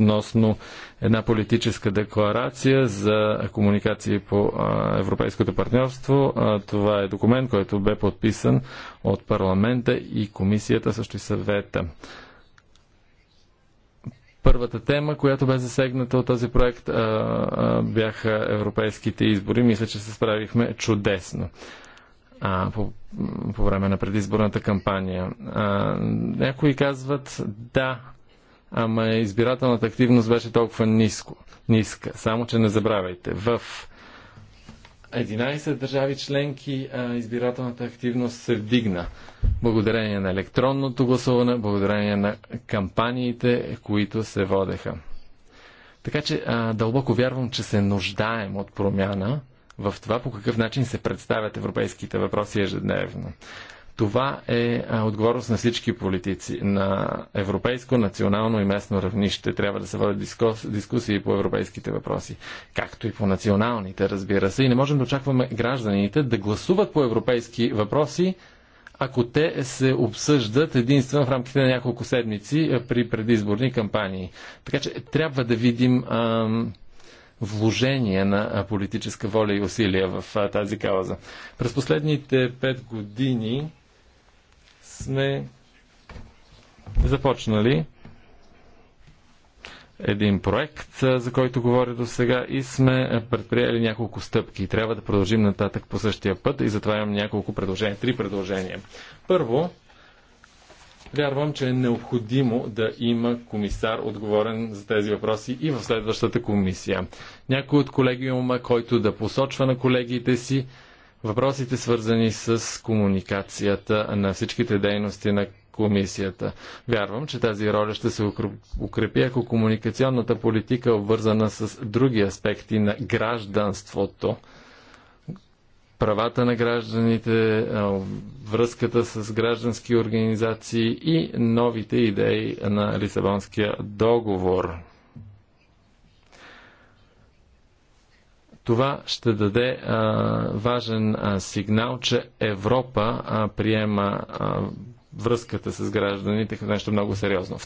относно една политическа декларация за комуникации по европейското партньорство. Това е документ, който бе подписан от парламента и комисията, също и съвета. Първата тема, която бе засегната от този проект, бяха европейските избори. Мисля, че се справихме чудесно а, по, по време на предизборната кампания. А, някои казват, да, ама избирателната активност беше толкова ниско, ниска. Само, че не забравяйте, в 11 държави членки избирателната активност се вдигна. Благодарение на електронното гласуване, благодарение на кампаниите, които се водеха. Така че а, дълбоко вярвам, че се нуждаем от промяна в това по какъв начин се представят европейските въпроси ежедневно. Това е отговорност на всички политици на европейско, национално и местно равнище. Трябва да се водят дискусии по европейските въпроси, както и по националните, разбира се. И не можем да очакваме гражданите да гласуват по европейски въпроси, ако те се обсъждат единствено в рамките на няколко седмици при предизборни кампании. Така че трябва да видим вложение на политическа воля и усилия в тази кауза. През последните пет години сме започнали един проект, за който говоря до сега и сме предприели няколко стъпки. Трябва да продължим нататък по същия път и затова имам няколко предложения, три предложения. Първо, вярвам, че е необходимо да има комисар отговорен за тези въпроси и в следващата комисия. Някой от колегиума, който да посочва на колегите си въпросите свързани с комуникацията на всичките дейности на комисията. Вярвам, че тази роля ще се укрепи, ако комуникационната политика е обвързана с други аспекти на гражданството. Правата на гражданите, връзката с граждански организации и новите идеи на Лисабонския договор. Това ще даде а, важен а, сигнал, че Европа а, приема а, връзката с гражданите като нещо много сериозно.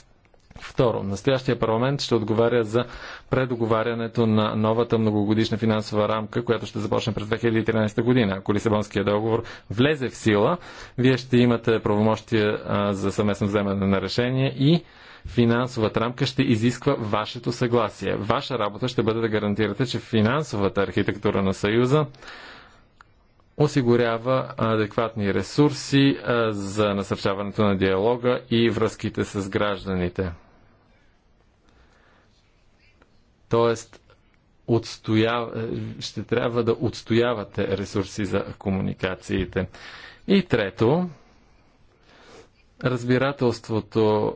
Второ, настоящия парламент ще отговаря за предоговарянето на новата многогодишна финансова рамка, която ще започне през 2013 година. Ако Лисабонския договор влезе в сила, вие ще имате правомощия за съвместно вземане на решение и финансовата рамка ще изисква вашето съгласие. Ваша работа ще бъде да гарантирате, че финансовата архитектура на Съюза осигурява адекватни ресурси за насърчаването на диалога и връзките с гражданите. Тоест, отстоява, ще трябва да отстоявате ресурси за комуникациите. И трето, разбирателството,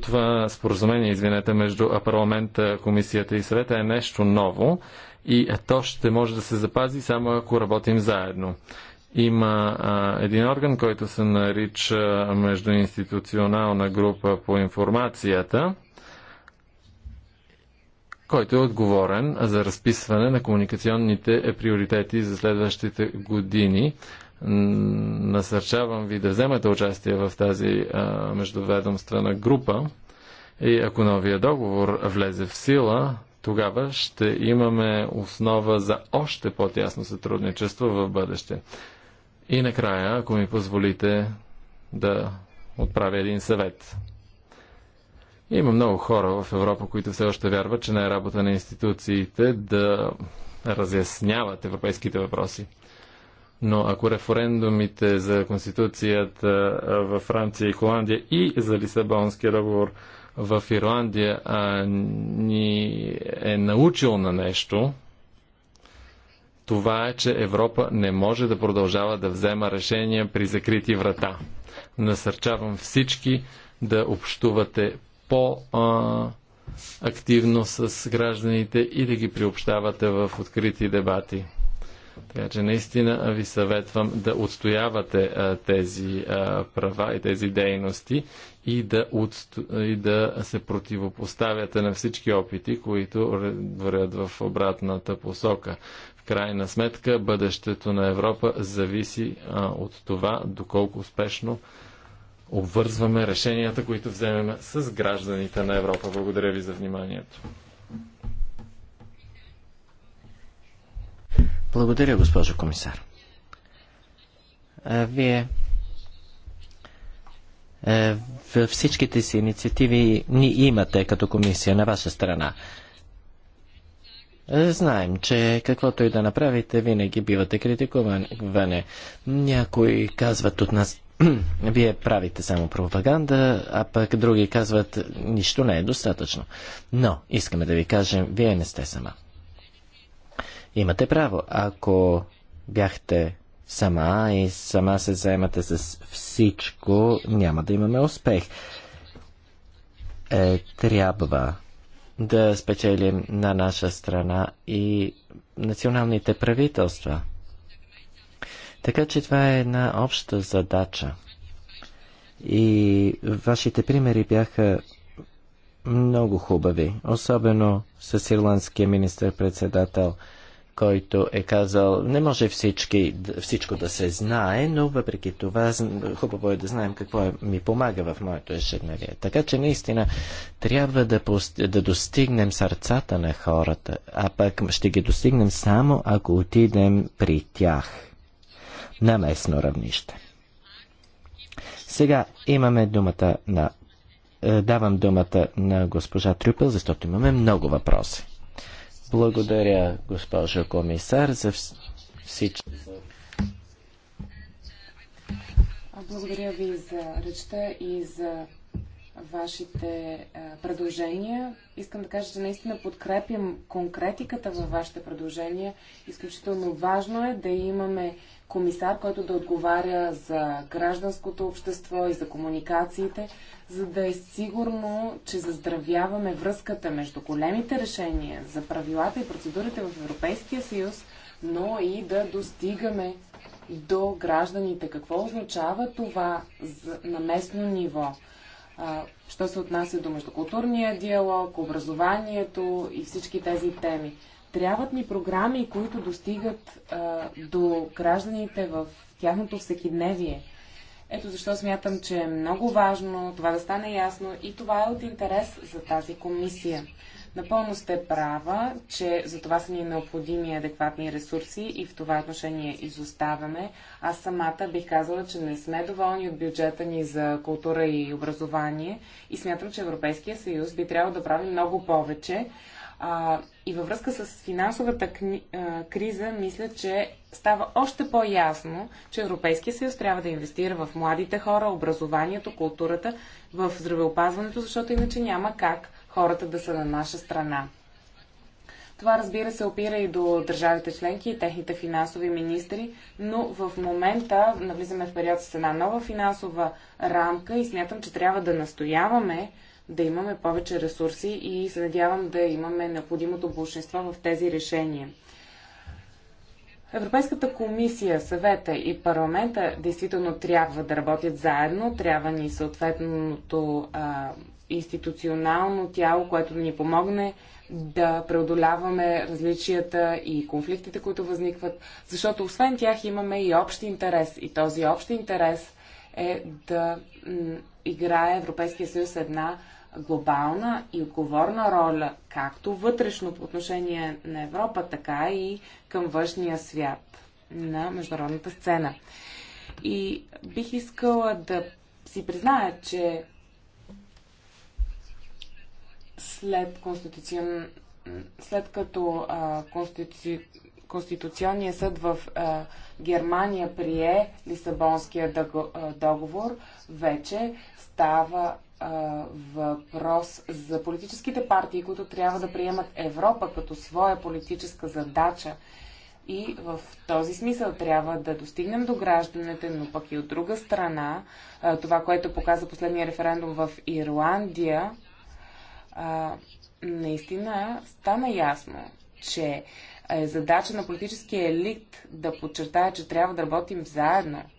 това споразумение, извинете, между парламента, комисията и съвета е нещо ново и то ще може да се запази само ако работим заедно. Има а, един орган, който се нарича Междуинституционална група по информацията, който е отговорен за разписване на комуникационните приоритети за следващите години Насърчавам ви да вземете участие в тази междуведомствена група и ако новия договор влезе в сила, тогава ще имаме основа за още по-тясно сътрудничество в бъдеще. И накрая, ако ми позволите да отправя един съвет. Има много хора в Европа, които все още вярват, че не е работа на институциите да разясняват европейските въпроси. Но ако референдумите за Конституцията във Франция и Холандия и за Лисабонския договор в Ирландия а, ни е научил на нещо, това е, че Европа не може да продължава да взема решения при закрити врата. Насърчавам всички да общувате по-активно с гражданите и да ги приобщавате в открити дебати. Така че наистина ви съветвам да отстоявате а, тези а, права и тези дейности и да, отсто... и да се противопоставяте на всички опити, които вървят в обратната посока. В крайна сметка, бъдещето на Европа зависи а, от това, доколко успешно обвързваме решенията, които вземем с гражданите на Европа. Благодаря ви за вниманието. Благодаря, госпожо комисар. Вие във всичките си инициативи ни имате като комисия на ваша страна. Знаем, че каквото и да направите, винаги бивате критикувани. Някои казват от нас, вие правите само пропаганда, а пък други казват, нищо не е достатъчно. Но искаме да ви кажем, вие не сте сама. Имате право. Ако бяхте сама и сама се заемате с всичко, няма да имаме успех. Е, трябва да спечелим на наша страна и националните правителства. Така че това е една обща задача. И вашите примери бяха много хубави, особено с ирландския министър-председател – който е казал, не може всички, всичко да се знае, но въпреки това хубаво е да знаем какво е, ми помага в моето ежедневие. Така че наистина трябва да, да достигнем сърцата на хората, а пък ще ги достигнем само ако отидем при тях на местно равнище. Сега имаме думата на е, давам думата на госпожа Трюпел, защото имаме много въпроси. Благодаря, госпожо комисар, за всички. Благодаря ви за речта и за вашите предложения. Искам да кажа, че наистина подкрепям конкретиката във вашите предложения. Изключително важно е да имаме комисар, който да отговаря за гражданското общество и за комуникациите, за да е сигурно, че заздравяваме връзката между големите решения за правилата и процедурите в Европейския съюз, но и да достигаме до гражданите. Какво означава това на местно ниво? Що се отнася до междукултурния диалог, образованието и всички тези теми? Трябват ни програми, които достигат а, до гражданите в тяхното всекидневие. Ето защо смятам, че е много важно това да стане ясно и това е от интерес за тази комисия. Напълно сте права, че за това са ни необходими адекватни ресурси и в това отношение изоставяме. Аз самата бих казала, че не сме доволни от бюджета ни за култура и образование и смятам, че Европейския съюз би трябвало да прави много повече, а, и във връзка с финансовата кни, а, криза, мисля, че става още по-ясно, че Европейския съюз трябва да инвестира в младите хора, образованието, културата, в здравеопазването, защото иначе няма как хората да са на наша страна. Това разбира се опира и до държавите членки и техните финансови министри, но в момента навлизаме в период с една нова финансова рамка и смятам, че трябва да настояваме да имаме повече ресурси и се надявам да имаме необходимото большинство в тези решения. Европейската комисия, съвета и парламента действително трябва да работят заедно, трябва ни съответното а, институционално тяло, което да ни помогне да преодоляваме различията и конфликтите, които възникват, защото освен тях имаме и общ интерес. И този общ интерес е да играе Европейския съюз една глобална и отговорна роля, както вътрешно по отношение на Европа, така и към външния свят на международната сцена. И бих искала да си призная, че след, конституцион... след като а, конституци... Конституционният съд в а, Германия прие Лисабонския договор, вече става въпрос за политическите партии, които трябва да приемат Европа като своя политическа задача. И в този смисъл трябва да достигнем до гражданите, но пък и от друга страна, това, което показа последния референдум в Ирландия, наистина стана ясно, че е задача на политическия елит да подчертая, че трябва да работим заедно –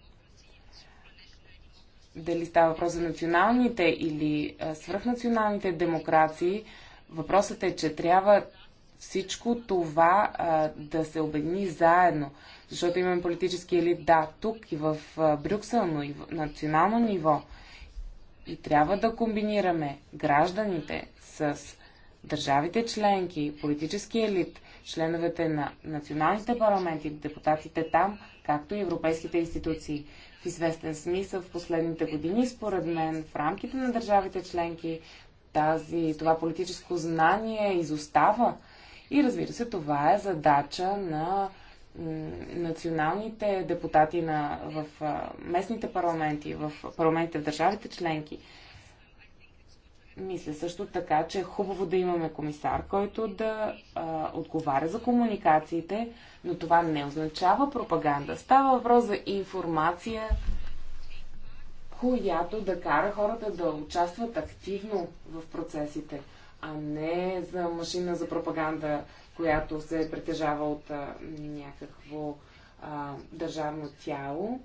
дали става въпрос за националните или свръхнационалните демокрации, въпросът е, че трябва всичко това а, да се обедини заедно. Защото имаме политически елит, да, тук и в а, Брюксел, но и в национално ниво. И трябва да комбинираме гражданите с държавите членки, политически елит, членовете на националните парламенти, депутатите там, както и европейските институции в известен смисъл в последните години. Според мен в рамките на държавите членки тази, това политическо знание изостава. И разбира се, това е задача на националните депутати на, в местните парламенти, в парламентите в държавите членки, мисля също така, че е хубаво да имаме комисар, който да а, отговаря за комуникациите, но това не означава пропаганда. Става въпрос за информация, която да кара хората да участват активно в процесите, а не за машина за пропаганда, която се притежава от а, някакво а, държавно тяло.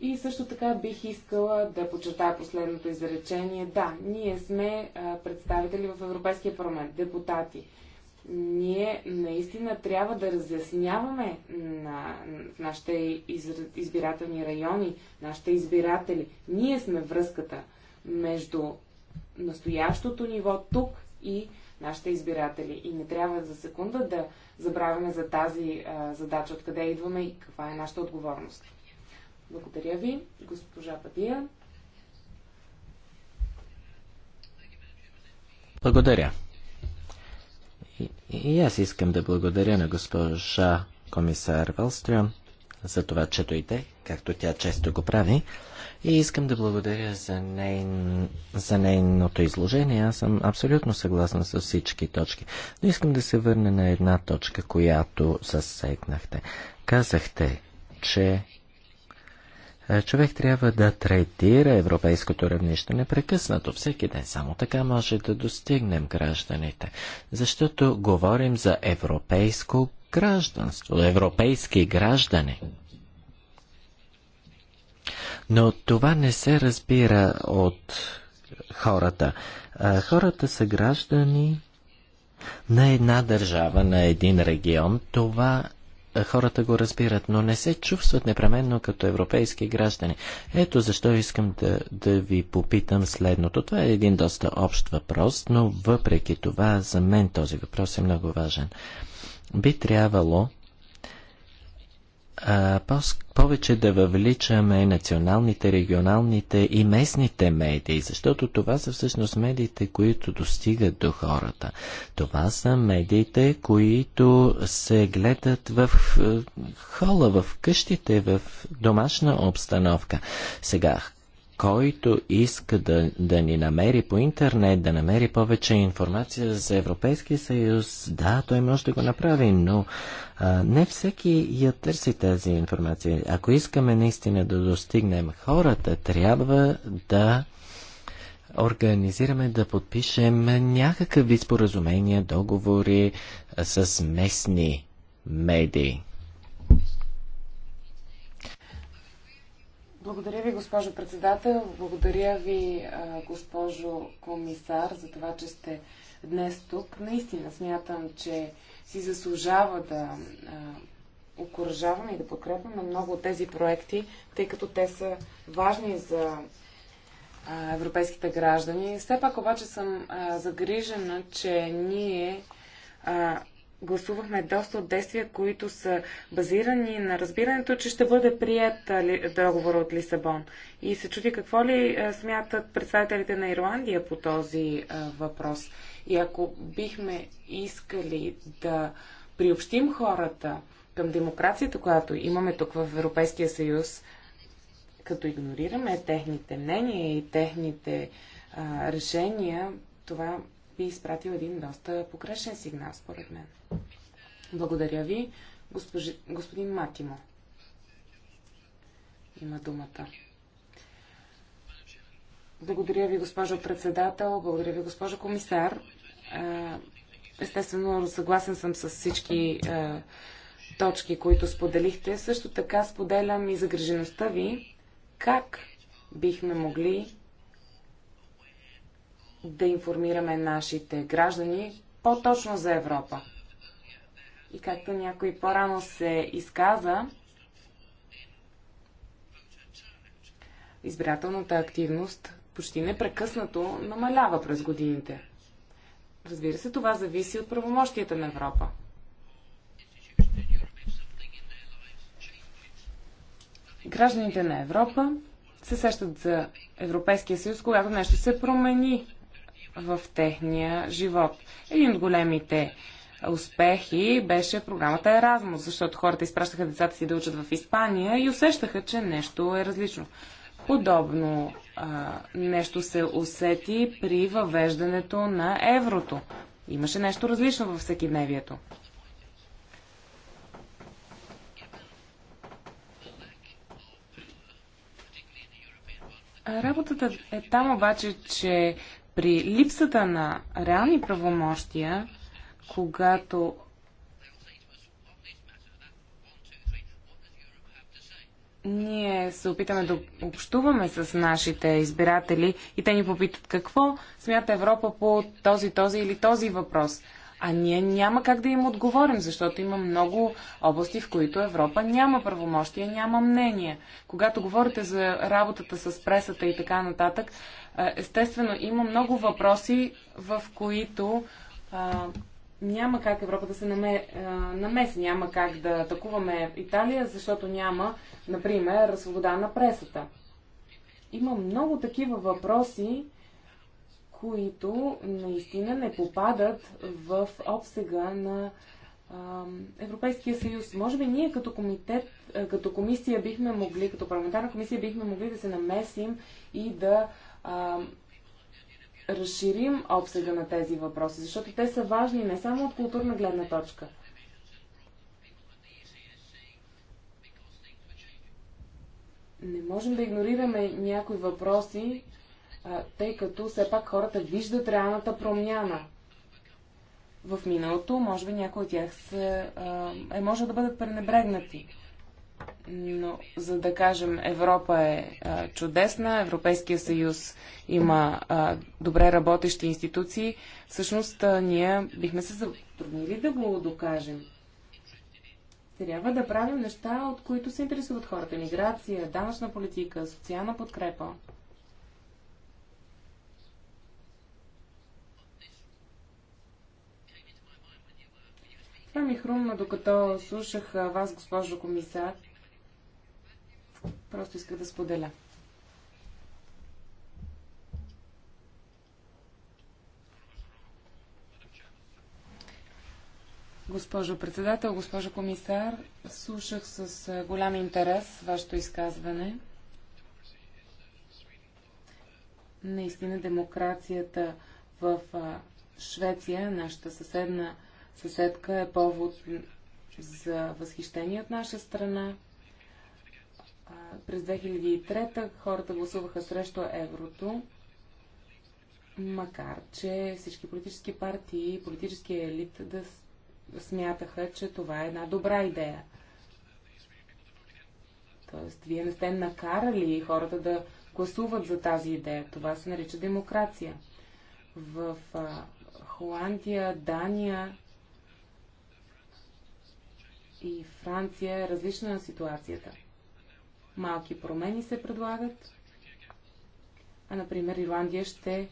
И също така бих искала да подчертая последното изречение. Да, ние сме представители в Европейския парламент, депутати. Ние наистина трябва да разясняваме на, в нашите избирателни райони, нашите избиратели. Ние сме връзката между настоящото ниво тук и нашите избиратели. И не трябва за секунда да забравяме за тази а, задача, откъде идваме и каква е нашата отговорност. Благодаря ви, госпожа Падия. Благодаря. И, и аз искам да благодаря на госпожа комисар Валстрюм за това, че дойде, както тя често го прави. И искам да благодаря за, нейн, за нейното изложение. Аз съм абсолютно съгласна с всички точки. Но искам да се върна на една точка, която засегнахте. Казахте, че е, човек трябва да третира европейското равнище непрекъснато, всеки ден. Само така може да достигнем гражданите. Защото говорим за европейско гражданство, европейски граждани. Но това не се разбира от хората. Е, хората са граждани на една държава, на един регион. Това хората го разбират, но не се чувстват непременно като европейски граждани. Ето защо искам да, да ви попитам следното. Това е един доста общ въпрос, но въпреки това за мен този въпрос е много важен. Би трябвало а, повече да въвличаме националните, регионалните и местните медии, защото това са всъщност медиите, които достигат до хората. Това са медиите, които се гледат в е, хола, в къщите, в домашна обстановка. Сега, който иска да, да ни намери по интернет, да намери повече информация за Европейския съюз, да, той може да го направи, но а, не всеки я търси тази информация. Ако искаме наистина да достигнем хората, трябва да организираме да подпишем някакви споразумения, договори с местни медии. Благодаря ви, госпожо председател. Благодаря ви, госпожо комисар, за това, че сте днес тук. Наистина смятам, че си заслужава да окоръжаваме и да подкрепяме много от тези проекти, тъй като те са важни за европейските граждани. Все пак обаче съм загрижена, че ние гласувахме доста от действия, които са базирани на разбирането, че ще бъде прият договор от Лисабон. И се чуди какво ли смятат представителите на Ирландия по този въпрос. И ако бихме искали да приобщим хората към демокрацията, която имаме тук в Европейския съюз, като игнорираме техните мнения и техните а, решения, това би изпратил един доста погрешен сигнал, според мен. Благодаря ви, госпожи, господин Матимо. Има думата. Благодаря ви, госпожо председател, благодаря ви, госпожо комисар. Естествено, съгласен съм с всички точки, които споделихте. Също така споделям и загрежеността ви как бихме могли да информираме нашите граждани по-точно за Европа. И както някой по-рано се изказа, избирателната активност почти непрекъснато намалява през годините. Разбира се, това зависи от правомощията на Европа. Гражданите на Европа се сещат за Европейския съюз, когато нещо се промени в техния живот. Един от големите успехи беше програмата Еразмус, защото хората изпращаха децата си да учат в Испания и усещаха, че нещо е различно. Подобно а, нещо се усети при въвеждането на еврото. Имаше нещо различно във всекидневието. Работата е там обаче, че при липсата на реални правомощия, когато ние се опитаме да общуваме с нашите избиратели и те ни попитат какво смята Европа по този, този или този въпрос. А ние няма как да им отговорим, защото има много области, в които Европа няма правомощия, няма мнение. Когато говорите за работата с пресата и така нататък, Естествено, има много въпроси, в които а, няма как Европа да се наме, а, намеси, няма как да атакуваме Италия, защото няма, например, свобода на пресата. Има много такива въпроси, които наистина не попадат в обсега на а, Европейския съюз. Може би ние като комитет, като комисия бихме могли, като парламентарна комисия бихме могли да се намесим и да разширим обсега на тези въпроси, защото те са важни не само от културна гледна точка. Не можем да игнорираме някои въпроси, а, тъй като все пак хората виждат реалната промяна. В миналото, може би някои от тях са, а, е, може да бъдат пренебрегнати но за да кажем Европа е а, чудесна, Европейския съюз има а, добре работещи институции, всъщност а, ние бихме се затруднили да го докажем. Трябва да правим неща, от които се интересуват хората. Миграция, данъчна политика, социална подкрепа. Това ми е хрумна, докато слушах вас, госпожо комисар, Просто исках да споделя. Госпожо председател, госпожо комисар, слушах с голям интерес вашето изказване. Наистина демокрацията в Швеция, нашата съседна съседка, е повод за възхищение от наша страна. През 2003 хората гласуваха срещу еврото, макар че всички политически партии и политически елит да смятаха, че това е една добра идея. Тоест, вие не сте накарали хората да гласуват за тази идея. Това се нарича демокрация. В а, Холандия, Дания и Франция е различна на ситуацията малки промени се предлагат. А, например, Ирландия ще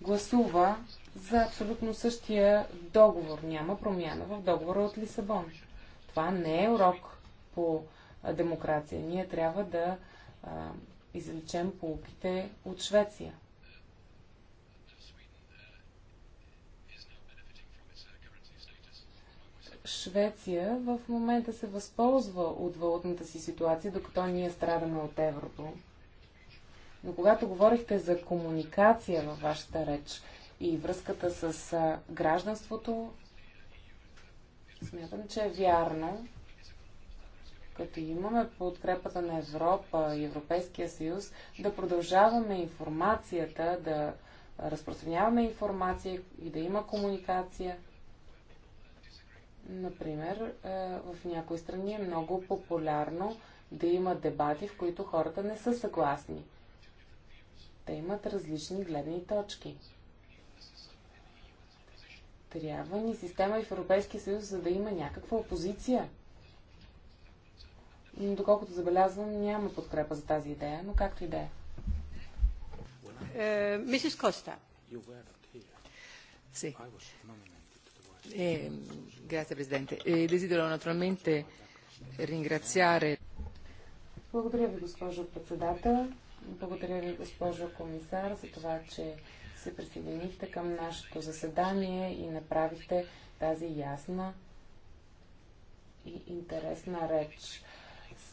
гласува за абсолютно същия договор. Няма промяна в договора от Лисабон. Това не е урок по демокрация. Ние трябва да а, извлечем полуките от Швеция. Швеция в момента се възползва от валутната си ситуация, докато ние страдаме от еврото. Но когато говорихте за комуникация във вашата реч и връзката с гражданството, смятам, че е вярно. Като имаме подкрепата на Европа и Европейския съюз, да продължаваме информацията, да разпространяваме информация и да има комуникация – Например, е, в някои страни е много популярно да има дебати, в които хората не са съгласни. Те имат различни гледни точки. Трябва ни система и в Европейския съюз, за да има някаква опозиция. Но доколкото забелязвам, няма подкрепа за тази идея, но както и да е. е мисис Коста. Eh, grazie, Presidente. Eh, desidero naturalmente ringraziare... Благодаря ви, госпожо председател. Благодаря ви, госпожо комисар, за това, че се присъединихте към нашето заседание и направихте тази ясна и интересна реч.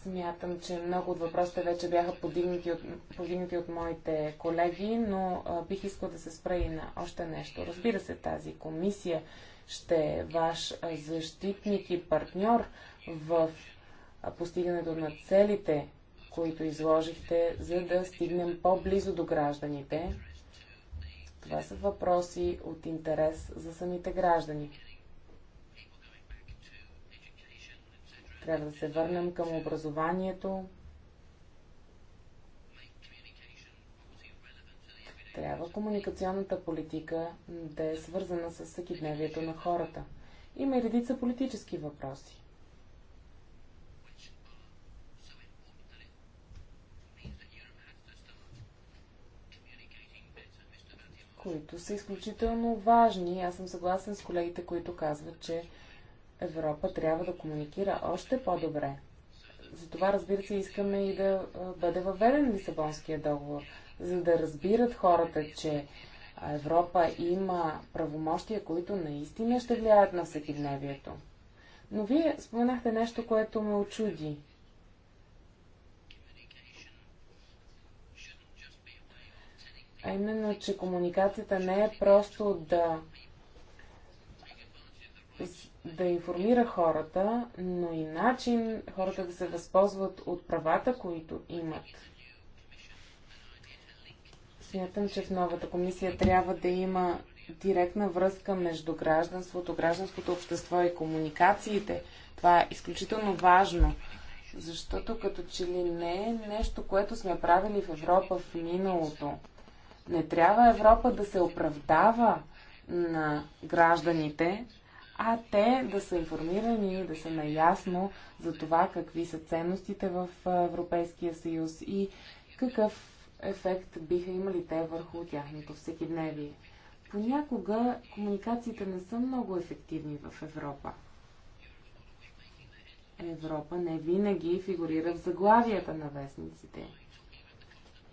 Смятам, че много от въпросите вече бяха подигнати от, от моите колеги, но а, бих искал да се спра и на още нещо. Разбира се, тази комисия ще е ваш защитник и партньор в постигането на целите, които изложихте, за да стигнем по-близо до гражданите? Това са въпроси от интерес за самите граждани. Трябва да се върнем към образованието, Трябва комуникационната политика да е свързана с всекидневието на хората. Има и редица политически въпроси. които са изключително важни. Аз съм съгласен с колегите, които казват, че Европа трябва да комуникира още по-добре. Затова, разбира се, искаме и да бъде въведен Лисабонския договор за да разбират хората, че Европа има правомощия, които наистина ще влияят на всекидневието. Но вие споменахте нещо, което ме очуди. А именно, че комуникацията не е просто да да информира хората, но и начин хората да се възползват от правата, които имат. Смятам, че в новата комисия трябва да има директна връзка между гражданството, гражданското общество и комуникациите. Това е изключително важно, защото като че ли не е нещо, което сме правили в Европа в миналото. Не трябва Европа да се оправдава на гражданите, а те да са информирани, да са наясно за това какви са ценностите в Европейския съюз и какъв ефект биха имали те върху тяхното всекидневие. Понякога комуникациите не са много ефективни в Европа. Европа не винаги фигурира в заглавията на вестниците.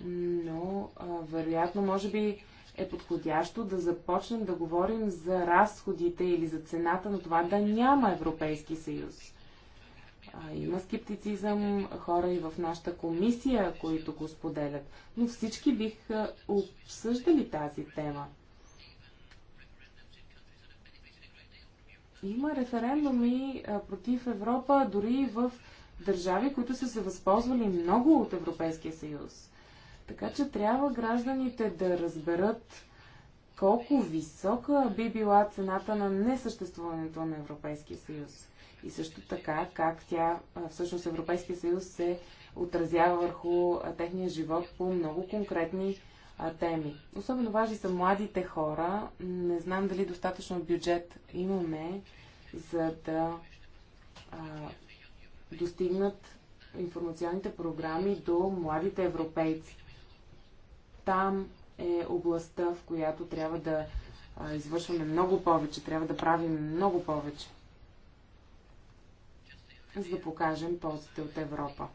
Но, а, вероятно, може би е подходящо да започнем да говорим за разходите или за цената на това да няма Европейски съюз. А, има скептицизъм, хора и в нашата комисия, които го споделят. Но всички бих обсъждали тази тема. Има референдуми против Европа, дори и в държави, които са се възползвали много от Европейския съюз. Така че трябва гражданите да разберат колко висока би била цената на несъществуването на Европейския съюз и също така как тя, всъщност Европейския съюз се отразява върху техния живот по много конкретни теми. Особено важни са младите хора. Не знам дали достатъчно бюджет имаме, за да а, достигнат информационните програми до младите европейци. Там е областта, в която трябва да а, извършваме много повече, трябва да правим много повече за да покажем ползите от Европа.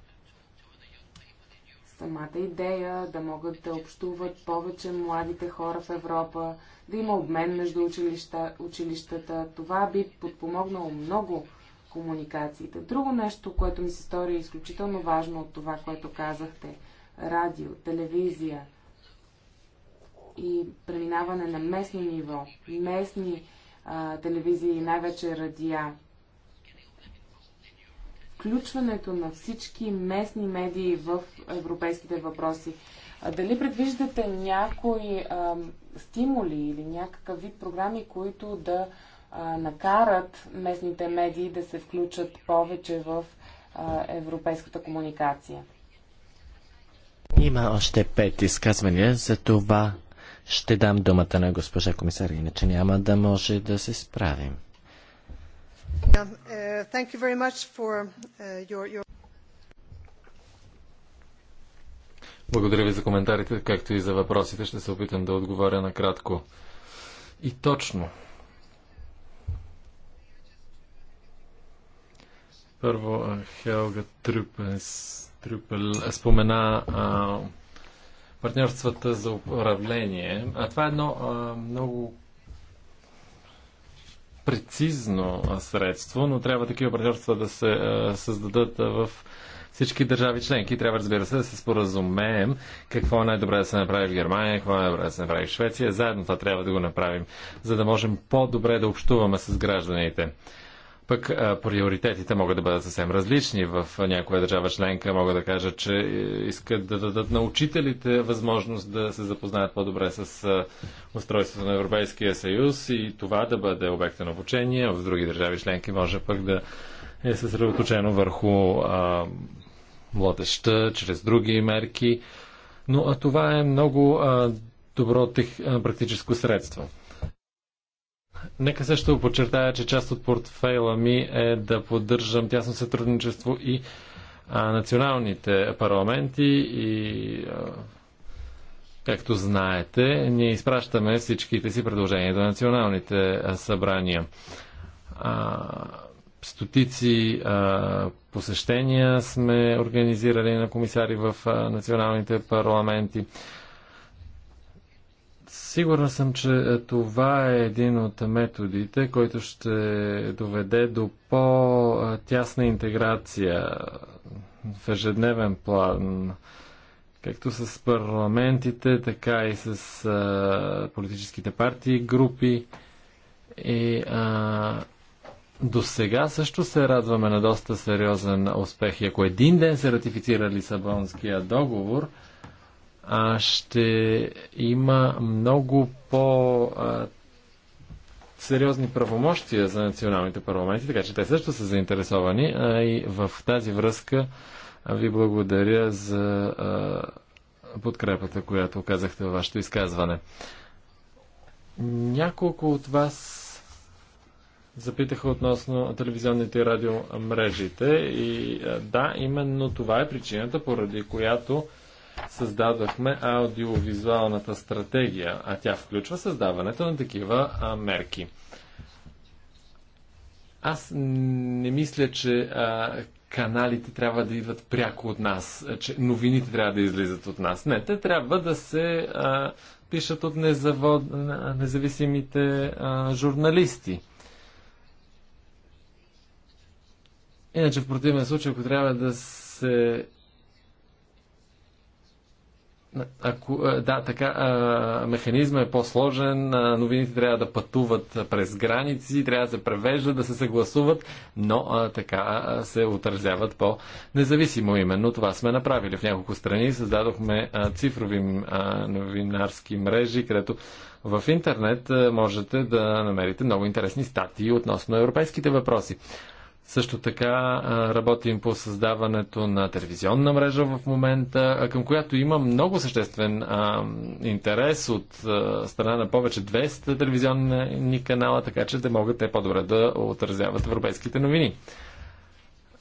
Самата идея да могат да общуват повече младите хора в Европа, да има обмен между училища, училищата, това би подпомогнало много комуникациите. Друго нещо, което ми се стори изключително важно от това, което казахте радио, телевизия и преминаване на местно ниво, местни а, телевизии и най-вече радия, включването на всички местни медии в европейските въпроси. Дали предвиждате някои а, стимули или някакъв вид програми, които да а, накарат местните медии да се включат повече в а, европейската комуникация? Има още пет изказвания, за това ще дам думата на госпожа комисар, иначе няма да може да се справим. Благодаря ви за коментарите, както и за въпросите. Ще се опитам да отговоря накратко. И точно. Първо, Хелга Трюпел спомена а, партньорствата за управление. А това е едно а, много прецизно средство, но трябва такива партньорства да се създадат в всички държави членки. Трябва, разбира се, да се споразумеем какво е най-добре да се направи в Германия, какво е най-добре да се направи в Швеция. Заедно това трябва да го направим, за да можем по-добре да общуваме с гражданите. Пък а, приоритетите могат да бъдат съвсем различни. В някоя държава членка мога да кажа, че е, искат да дадат на учителите възможност да се запознаят по-добре с устройството на Европейския съюз и това да бъде обекта на обучение. В други държави членки може пък да е съсредоточено върху а, младеща, чрез други мерки. Но а това е много а, добро тех, а, практическо средство. Нека също подчертая, че част от портфейла ми е да поддържам тясно сътрудничество и а, националните парламенти и а, както знаете, ние изпращаме всичките си предложения до националните събрания. А, стотици а, посещения сме организирали на комисари в а, националните парламенти. Сигурна съм, че е, това е един от методите, който ще доведе до по-тясна интеграция в ежедневен план, както с парламентите, така и с а, е, политическите партии, групи. И а, е, до сега също се радваме на доста сериозен успех. И ако един ден се ратифицира Лисабонския договор, а, ще има много по- а, сериозни правомощия за националните парламенти, така че те също са заинтересовани. А и в тази връзка ви благодаря за а, подкрепата, която оказахте във вашето изказване. Няколко от вас запитаха относно телевизионните и радиомрежите и да, именно това е причината, поради която създадахме аудиовизуалната стратегия, а тя включва създаването на такива а, мерки. Аз не мисля, че а, каналите трябва да идват пряко от нас, че новините трябва да излизат от нас. Не, те трябва да се а, пишат от незавод... независимите а, журналисти. Иначе в противен случай, ако трябва да се ако, е, да, така, е, механизма е по-сложен, е, новините трябва да пътуват през граници, трябва да се превеждат, да се съгласуват, но така се отразяват по-независимо. Именно това сме направили. В няколко страни създадохме цифрови новинарски мрежи, където в интернет можете да намерите много интересни статии относно европейските въпроси. Също така работим по създаването на телевизионна мрежа в момента, към която има много съществен а, интерес от а, страна на повече 200 телевизионни канала, така че да могат те по-добре да отразяват европейските новини.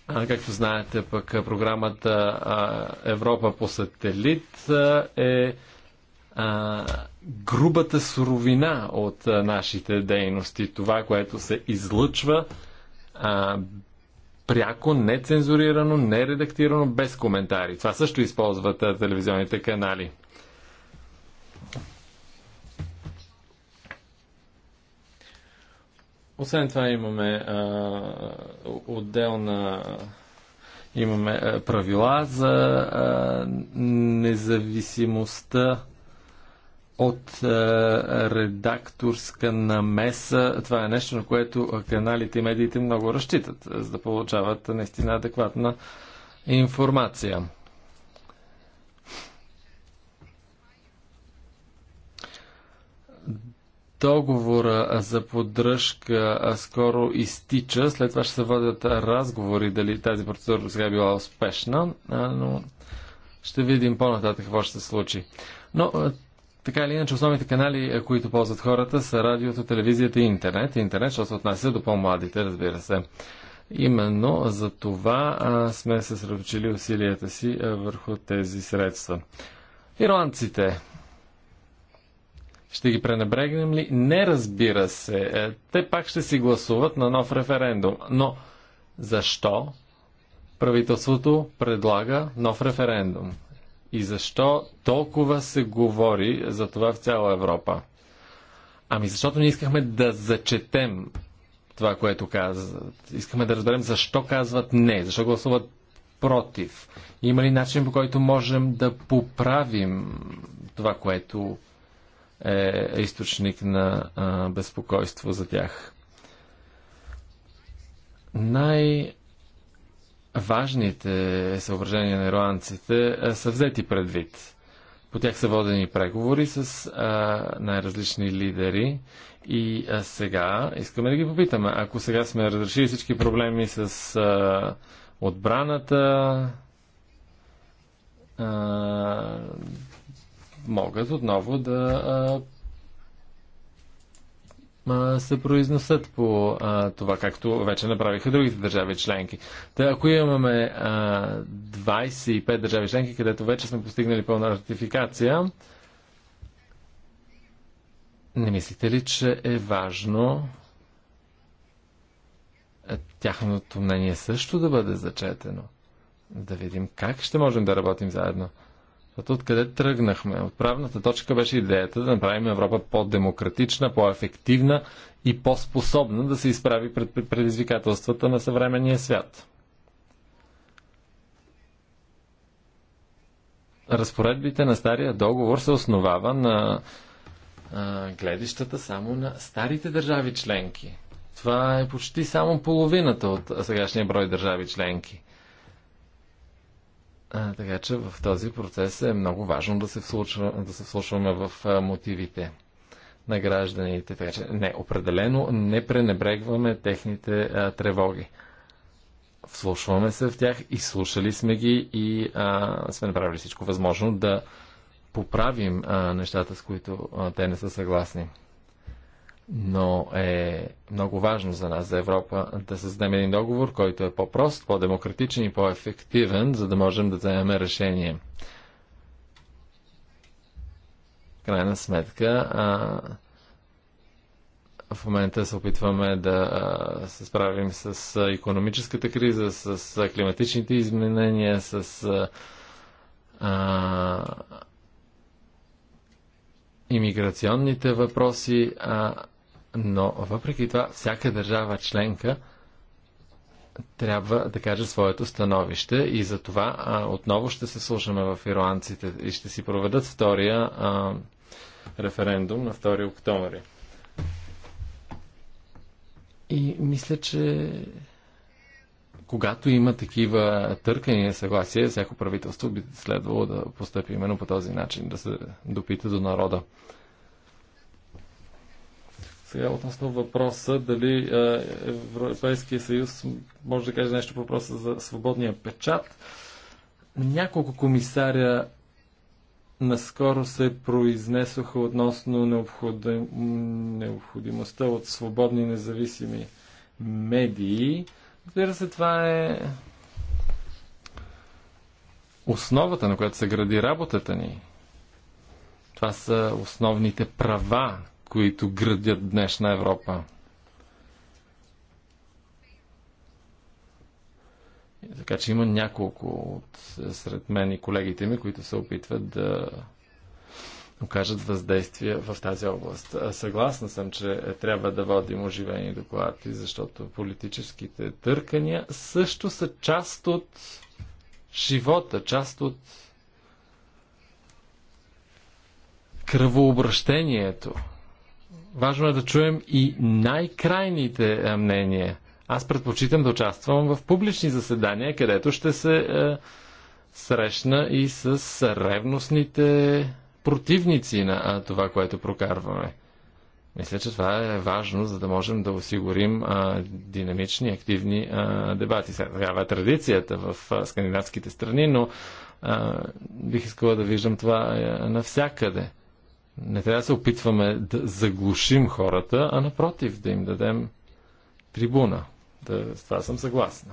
А, както знаете, пък програмата а, Европа по сателит а, е а, грубата суровина от а, нашите дейности, това, което се излъчва а, пряко, нецензурирано, нередактирано, без коментари. Това също използват а, телевизионните канали. Освен това имаме а, отделна имаме а, правила за а, независимостта от е, редакторска намеса. Това е нещо, на което каналите и медиите много разчитат, е, за да получават наистина адекватна информация. договора за поддръжка е, скоро изтича. След това ще се водят разговори дали тази процедура сега е била успешна, е, но ще видим по-нататък какво ще се случи. Но така или иначе, основните канали, е, които ползват хората, са радиото, телевизията и интернет. Интернет, защото се отнася до по-младите, разбира се. Именно за това а, сме съсредоточили усилията си а, върху тези средства. Ирландците. Ще ги пренебрегнем ли? Не разбира се. Е, те пак ще си гласуват на нов референдум. Но защо правителството предлага нов референдум? и защо толкова се говори за това в цяла Европа? Ами защото ние искахме да зачетем това, което казват. Искаме да разберем защо казват не, защо гласуват против. Има ли начин по който можем да поправим това, което е източник на а, безпокойство за тях? Най- важните съображения на ирландците са взети предвид. По тях са водени преговори с най-различни лидери и а, сега искаме да ги попитаме. Ако сега сме разрешили всички проблеми с а, отбраната, а, могат отново да а, се произнесат по а, това, както вече направиха другите държави членки. Та, ако имаме а, 25 държави членки, където вече сме постигнали пълна ратификация, не мислите ли, че е важно тяхното мнение също да бъде зачетено? Да видим как ще можем да работим заедно. Защото откъде тръгнахме? Отправната точка беше идеята да направим Европа по-демократична, по-ефективна и по-способна да се изправи пред предизвикателствата на съвременния свят. Разпоредбите на стария договор се основава на а, гледищата само на старите държави членки. Това е почти само половината от сегашния брой държави членки. А, така че в този процес е много важно да се, вслушва, да се вслушваме в мотивите на гражданите. Така че не, определено не пренебрегваме техните а, тревоги. Вслушваме се в тях и слушали сме ги и а, сме направили всичко възможно да поправим а, нещата, с които а, те не са съгласни но е много важно за нас, за Европа, да създадем един договор, който е по-прост, по-демократичен и по-ефективен, за да можем да вземем решение. Крайна сметка, а, в момента се опитваме да се справим с економическата криза, с климатичните изменения, с а, имиграционните въпроси. А, но въпреки това всяка държава членка трябва да каже своето становище и за това а, отново ще се слушаме в ирландците и ще си проведат втория а, референдум на 2 октомври. И мисля, че когато има такива търкания съгласие, всяко правителство би следвало да постъпи именно по този начин, да се допита до народа. Сега относно въпроса дали е, Европейския съюз може да каже нещо по въпроса за свободния печат. Няколко комисаря наскоро се произнесоха относно необходим, необходимостта от свободни независими медии. Разбира се, това е основата, на която се гради работата ни. Това са основните права, които градят днешна Европа. Така че има няколко от е, сред мен и колегите ми, които се опитват да окажат въздействие в тази област. Съгласна съм, че е, трябва да водим оживени доклади, защото политическите търкания също са част от живота, част от кръвообращението важно е да чуем и най-крайните мнения. Аз предпочитам да участвам в публични заседания, където ще се е, срещна и с ревностните противници на това, което прокарваме. Мисля, че това е важно, за да можем да осигурим а, динамични, активни а, дебати. Сега такава е традицията в а, скандинавските страни, но а, бих искала да виждам това а, навсякъде. Не трябва да се опитваме да заглушим хората, а напротив, да им дадем трибуна. Да, с това съм съгласна.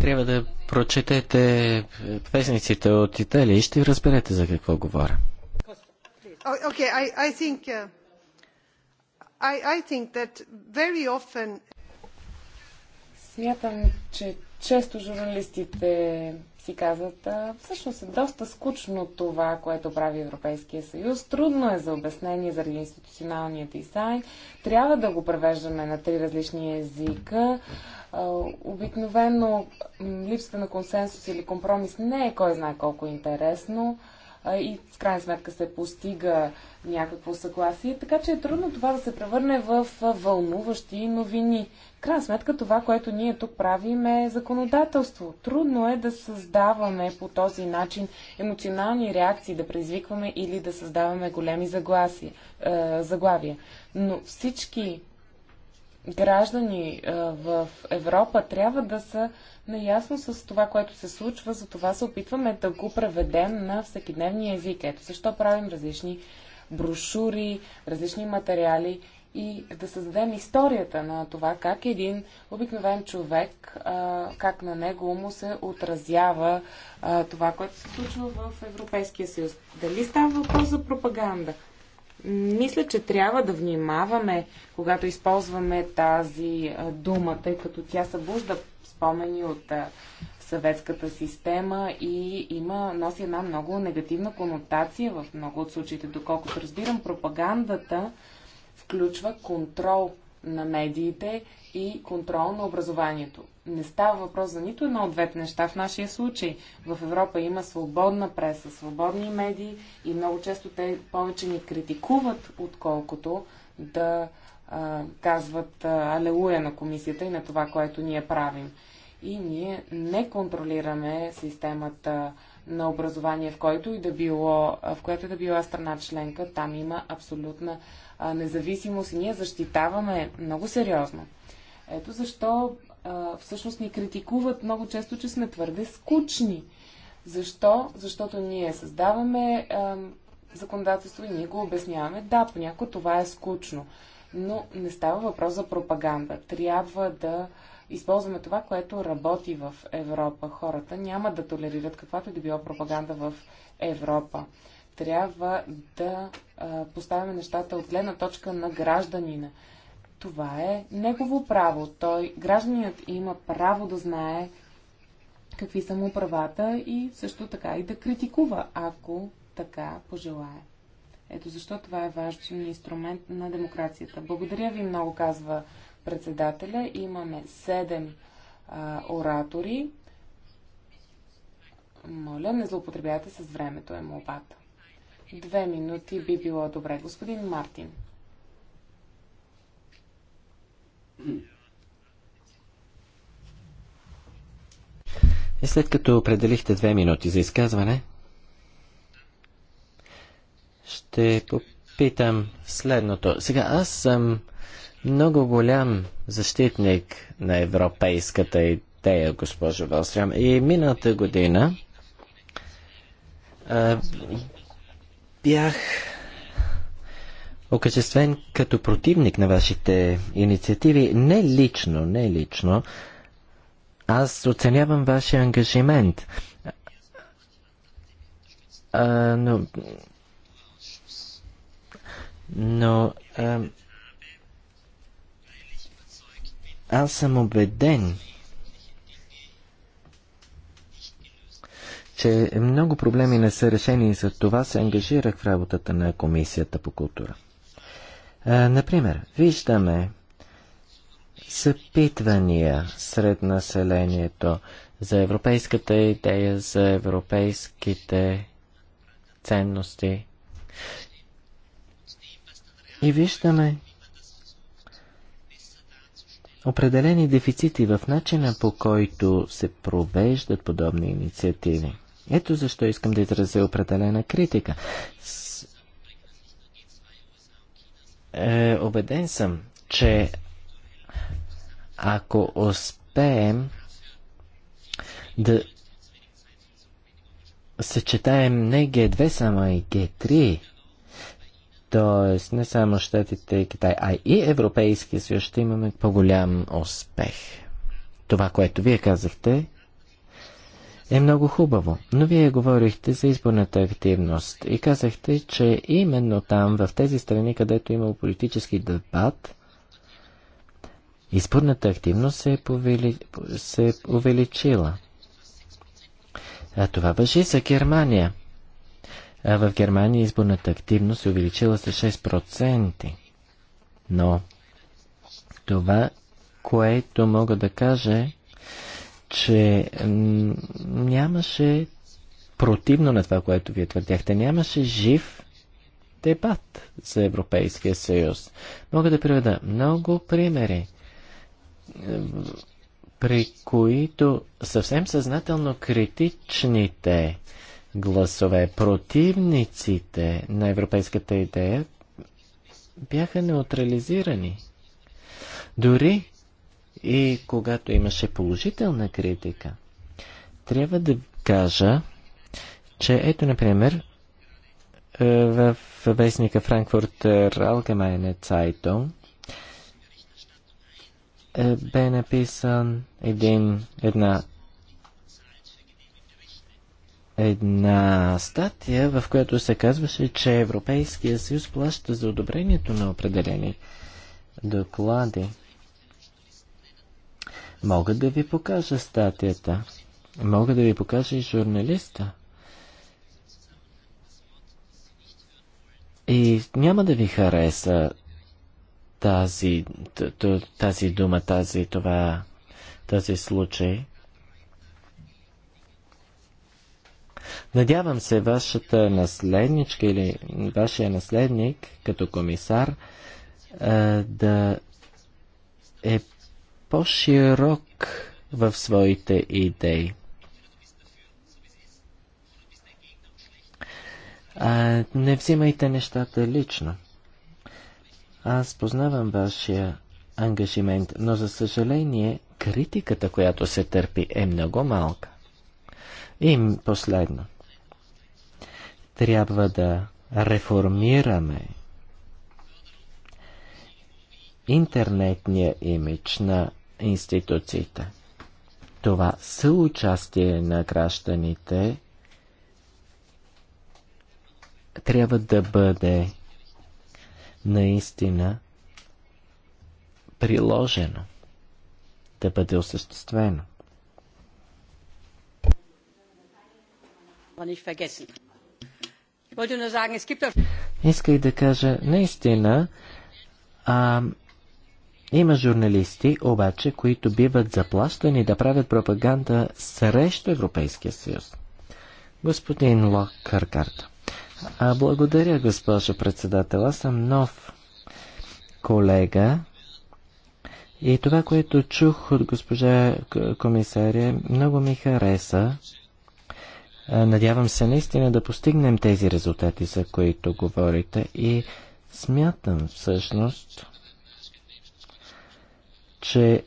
Трябва да прочетете песниците от Италия и ще разберете за какво говоря. Okay, I, I think, uh, I, I think that very often Смятам, че често журналистите си казват, а, всъщност е доста скучно това, което прави Европейския съюз. Трудно е за обяснение заради институционалния дизайн. Трябва да го превеждаме на три различни езика. А, обикновено липсата на консенсус или компромис не е кой знае колко интересно а, и в крайна сметка се постига някакво съгласие, така че е трудно това да се превърне в вълнуващи новини крайна сметка това, което ние тук правим е законодателство. Трудно е да създаваме по този начин емоционални реакции, да предизвикваме или да създаваме големи загласи, е, заглавия. Но всички граждани е, в Европа трябва да са наясно с това, което се случва, това се опитваме да го преведем на всекидневния език. Ето защо правим различни брошури, различни материали и да създадем историята на това как един обикновен човек, как на него му се отразява това, което се случва в Европейския съюз. Дали става въпрос за пропаганда? Мисля, че трябва да внимаваме, когато използваме тази дума, тъй като тя събужда спомени от съветската система и има, носи една много негативна конотация в много от случаите. Доколкото разбирам, пропагандата включва контрол на медиите и контрол на образованието. Не става въпрос за нито едно от двете неща в нашия случай. В Европа има свободна преса, свободни медии и много често те повече ни критикуват, отколкото да а, казват а, алелуя на комисията и на това, което ние правим. И ние не контролираме системата на образование, в който и да било, в която и да била страна членка, там има абсолютна независимост и ние защитаваме много сериозно. Ето защо всъщност ни критикуват много често, че сме твърде скучни. Защо? Защото ние създаваме законодателство и ние го обясняваме. Да, понякога това е скучно, но не става въпрос за пропаганда. Трябва да използваме това, което работи в Европа. Хората няма да толерират каквато и да било пропаганда в Европа трябва да поставяме нещата от гледна точка на гражданина. Това е негово право. Той, гражданинът има право да знае какви са му правата и също така и да критикува, ако така пожелае. Ето защо това е важен инструмент на демокрацията. Благодаря ви много, казва председателя. Имаме седем а, оратори. Моля, не злоупотребявайте с времето, е молбата. Две минути би било добре. Господин Мартин. И след като определихте две минути за изказване, ще попитам следното. Сега аз съм много голям защитник на европейската идея, госпожо Валстрям. И миналата година бях окачествен като противник на вашите инициативи. Не лично, не лично. Аз оценявам вашия ангажимент. А, но... Но... А, аз съм убеден, че много проблеми не са решени и за това се ангажирах в работата на Комисията по култура. А, например, виждаме съпитвания сред населението за европейската идея, за европейските ценности. И виждаме определени дефицити в начина по който се провеждат подобни инициативи. Ето защо искам да изразя определена критика. С... Е, обеден съм, че ако успеем да съчетаем не г 2 само и г 3 т.е. не само щатите и Китай, а и Европейския съюз ще имаме по-голям успех. Това, което вие казахте, е много хубаво. Но вие говорихте за изборната активност и казахте, че именно там, в тези страни, където е има политически дебат, изборната активност се е, повели... се е увеличила. А това въжи за Германия. А в Германия изборната активност се е увеличила с 6%. Но това, което мога да кажа, че нямаше противно на това, което вие твърдяхте, нямаше жив дебат за Европейския съюз. Мога да приведа много примери, при които съвсем съзнателно критичните гласове, противниците на европейската идея бяха неутрализирани. Дори и когато имаше положителна критика, трябва да кажа, че ето, например, е, в вестника Франкфурт Allgemeine Цайтон, е, бе написан един, една, една статия, в която се казваше, че Европейския съюз плаща за одобрението на определени доклади. Мога да ви покажа статията. Мога да ви покажа и журналиста. И няма да ви хареса тази, тази дума, тази, това, този случай. Надявам се вашата наследничка или вашия наследник като комисар да е по-широк в своите идеи. А, не взимайте нещата лично. Аз познавам вашия ангажимент, но за съжаление критиката, която се търпи, е много малка. И последно. Трябва да реформираме интернетния имидж на институциите. Това съучастие на гражданите трябва да бъде наистина приложено, да бъде осъществено. Исках да кажа, наистина, а, има журналисти, обаче, които биват заплащани да правят пропаганда срещу Европейския съюз. Господин Лок Каркарта. А благодаря, госпожо председател. Аз съм нов колега. И това, което чух от госпожа комисаря, много ми хареса. Надявам се наистина да постигнем тези резултати, за които говорите. И смятам всъщност, че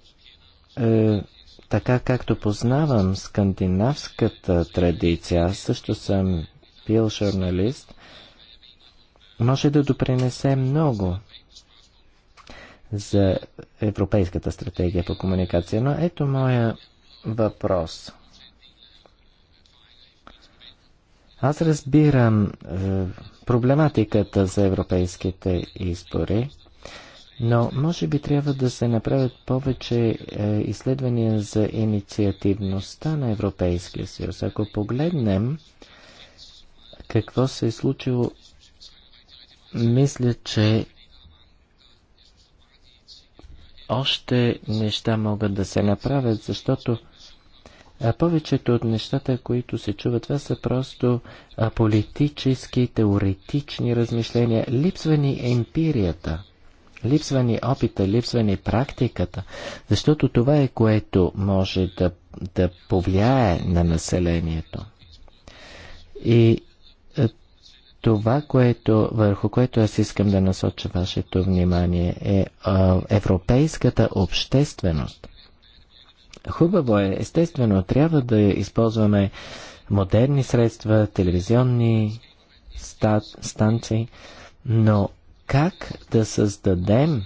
е, така както познавам скандинавската традиция, аз също съм бил журналист, може да допринесе много за Европейската стратегия по комуникация. Но ето моя въпрос. Аз разбирам е, проблематиката за европейските избори. Но може би трябва да се направят повече е, изследвания за инициативността на Европейския съюз. Ако погледнем какво се е случило, мисля, че още неща могат да се направят, защото а е, повечето от нещата, които се чуват, това са просто е, политически, теоретични размишления. Липсва ни емпирията. Липсва ни опита, липсва ни практиката, защото това е което може да, да повлияе на населението. И е, това, което, върху което аз искам да насоча вашето внимание е а, европейската общественост. Хубаво е, естествено, трябва да използваме модерни средства, телевизионни станции, но как да създадем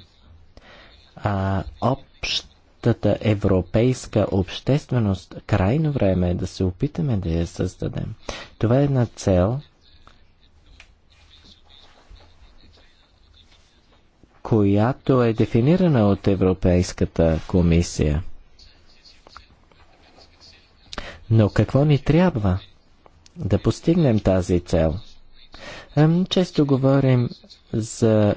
а, общата европейска общественост, крайно време е да се опитаме да я създадем. Това е една цел, която е дефинирана от Европейската комисия. Но какво ни трябва? Да постигнем тази цел. Често говорим за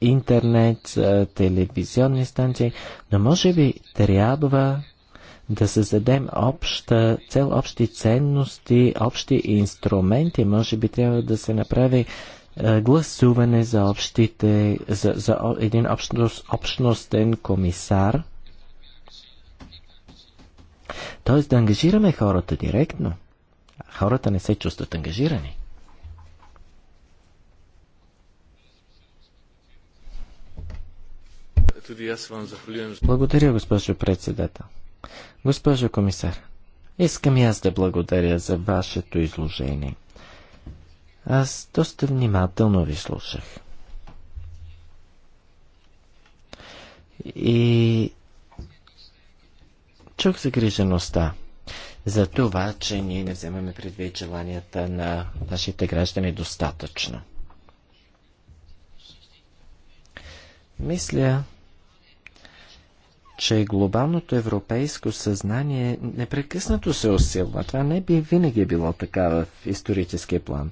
интернет, за телевизионни станции, но може би трябва да създадем обща цел, общи ценности, общи инструменти. Може би трябва да се направи гласуване за общите, за, за един общност, общностен комисар. Тоест да ангажираме хората директно. Хората не се чувстват ангажирани. Tudi jaz vam zahvaljujem. Благодаря, госпожо председател. Госпожо комисар, искам и аз да благодаря за вашето изложение. Аз доста внимателно ви слушах. И чух загрижеността за това, че ние не вземаме предвид желанията на нашите граждани достатъчно. Мисля, че глобалното европейско съзнание непрекъснато се усилва. Това не би винаги е било така в исторически план.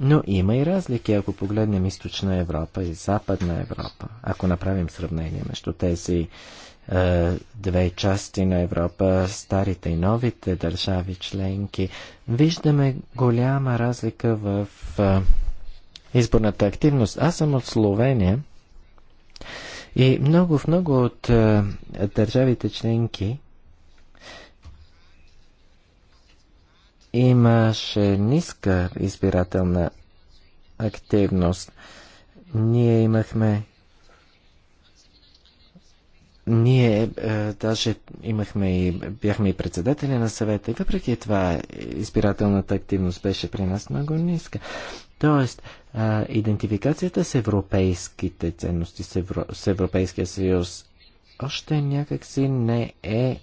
Но има и разлики, ако погледнем източна Европа и западна Европа. Ако направим сравнение между тези е, две части на Европа, старите и новите държави членки, виждаме голяма разлика в е, изборната активност. Аз съм от Словения и много, в много от е, държавите членки имаше ниска избирателна активност. Ние имахме ние е, даже имахме и, бяхме и председатели на съвета и въпреки това избирателната активност беше при нас много ниска. Тоест, е, идентификацията с европейските ценности, с, Евро, с Европейския съюз още някакси не е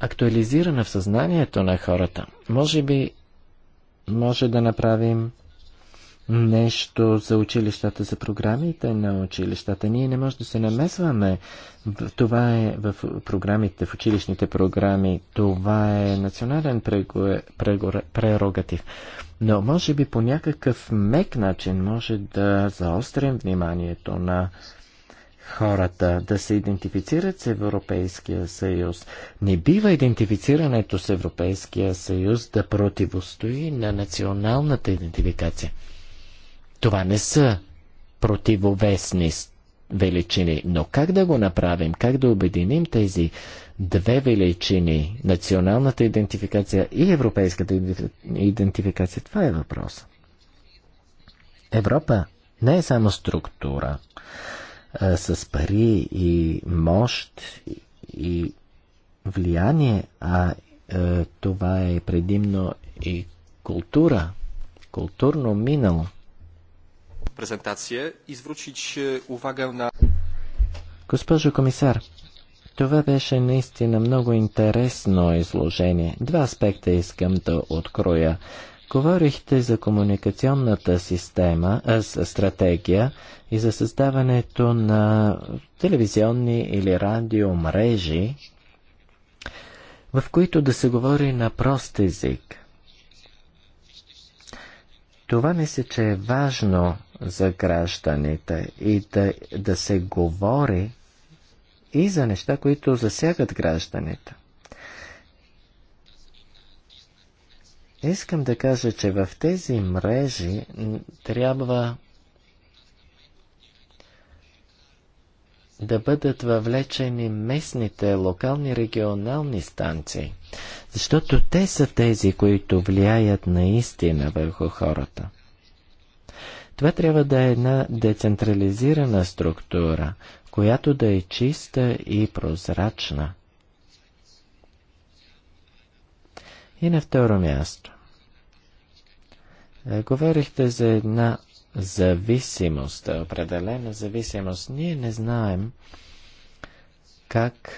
актуализирана в съзнанието на хората. Може би може да направим нещо за училищата, за програмите на училищата. Ние не можем да се намесваме. Това е в програмите, в училищните програми. Това е национален прерогатив. Но може би по някакъв мек начин може да заострим вниманието на хората да се идентифицират с Европейския съюз. Не бива идентифицирането с Европейския съюз да противостои на националната идентификация. Това не са противовесни величини, но как да го направим, как да обединим тези две величини, националната идентификация и европейската идентификация, това е въпрос. Европа не е само структура а, с пари и мощ и влияние, а а, това е предимно и култура, културно минало prezentację i zwrócić e, uwagę на... Госпожо комисар, това беше наистина много интересно изложение. Два аспекта искам да откроя. Говорихте за комуникационната система, а, стратегия и за създаването на телевизионни или радио мрежи, в които да се говори на прост език. Това мисля, че е важно за гражданите и да, да се говори и за неща, които засягат гражданите. Искам да кажа, че в тези мрежи трябва да бъдат въвлечени местните, локални, регионални станции, защото те са тези, които влияят наистина върху хората. Това трябва да е една децентрализирана структура, която да е чиста и прозрачна. И на второ място. Е, говорихте за една зависимост, определена зависимост. Ние не знаем как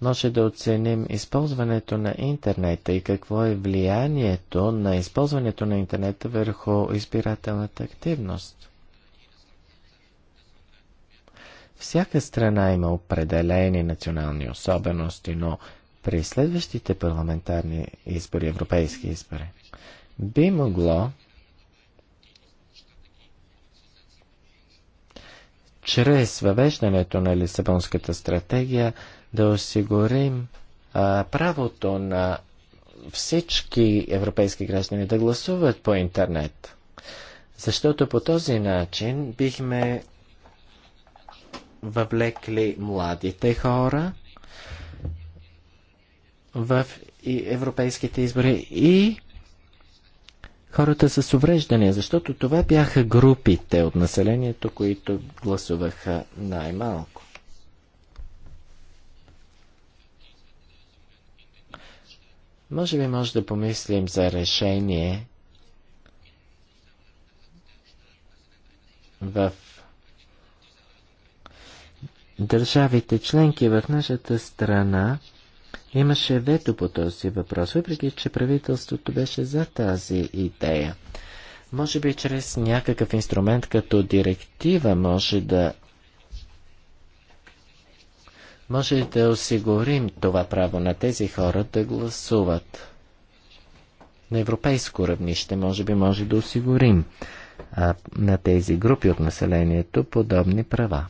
може да оценим използването на интернета и какво е влиянието на използването на интернета върху избирателната активност. Всяка страна има определени национални особености, но при следващите парламентарни избори, европейски избори, би могло чрез въвеждането на Лисабонската стратегия да осигурим а, правото на всички европейски граждани да гласуват по интернет. Защото по този начин бихме въвлекли младите хора в европейските избори и хората с увреждания, защото това бяха групите от населението, които гласуваха най-малко. Може би може да помислим за решение в държавите членки в нашата страна имаше вето по този въпрос, въпреки че правителството беше за тази идея. Може би чрез някакъв инструмент като директива може да може да осигурим това право на тези хора да гласуват. На европейско равнище може би може да осигурим а, на тези групи от населението подобни права.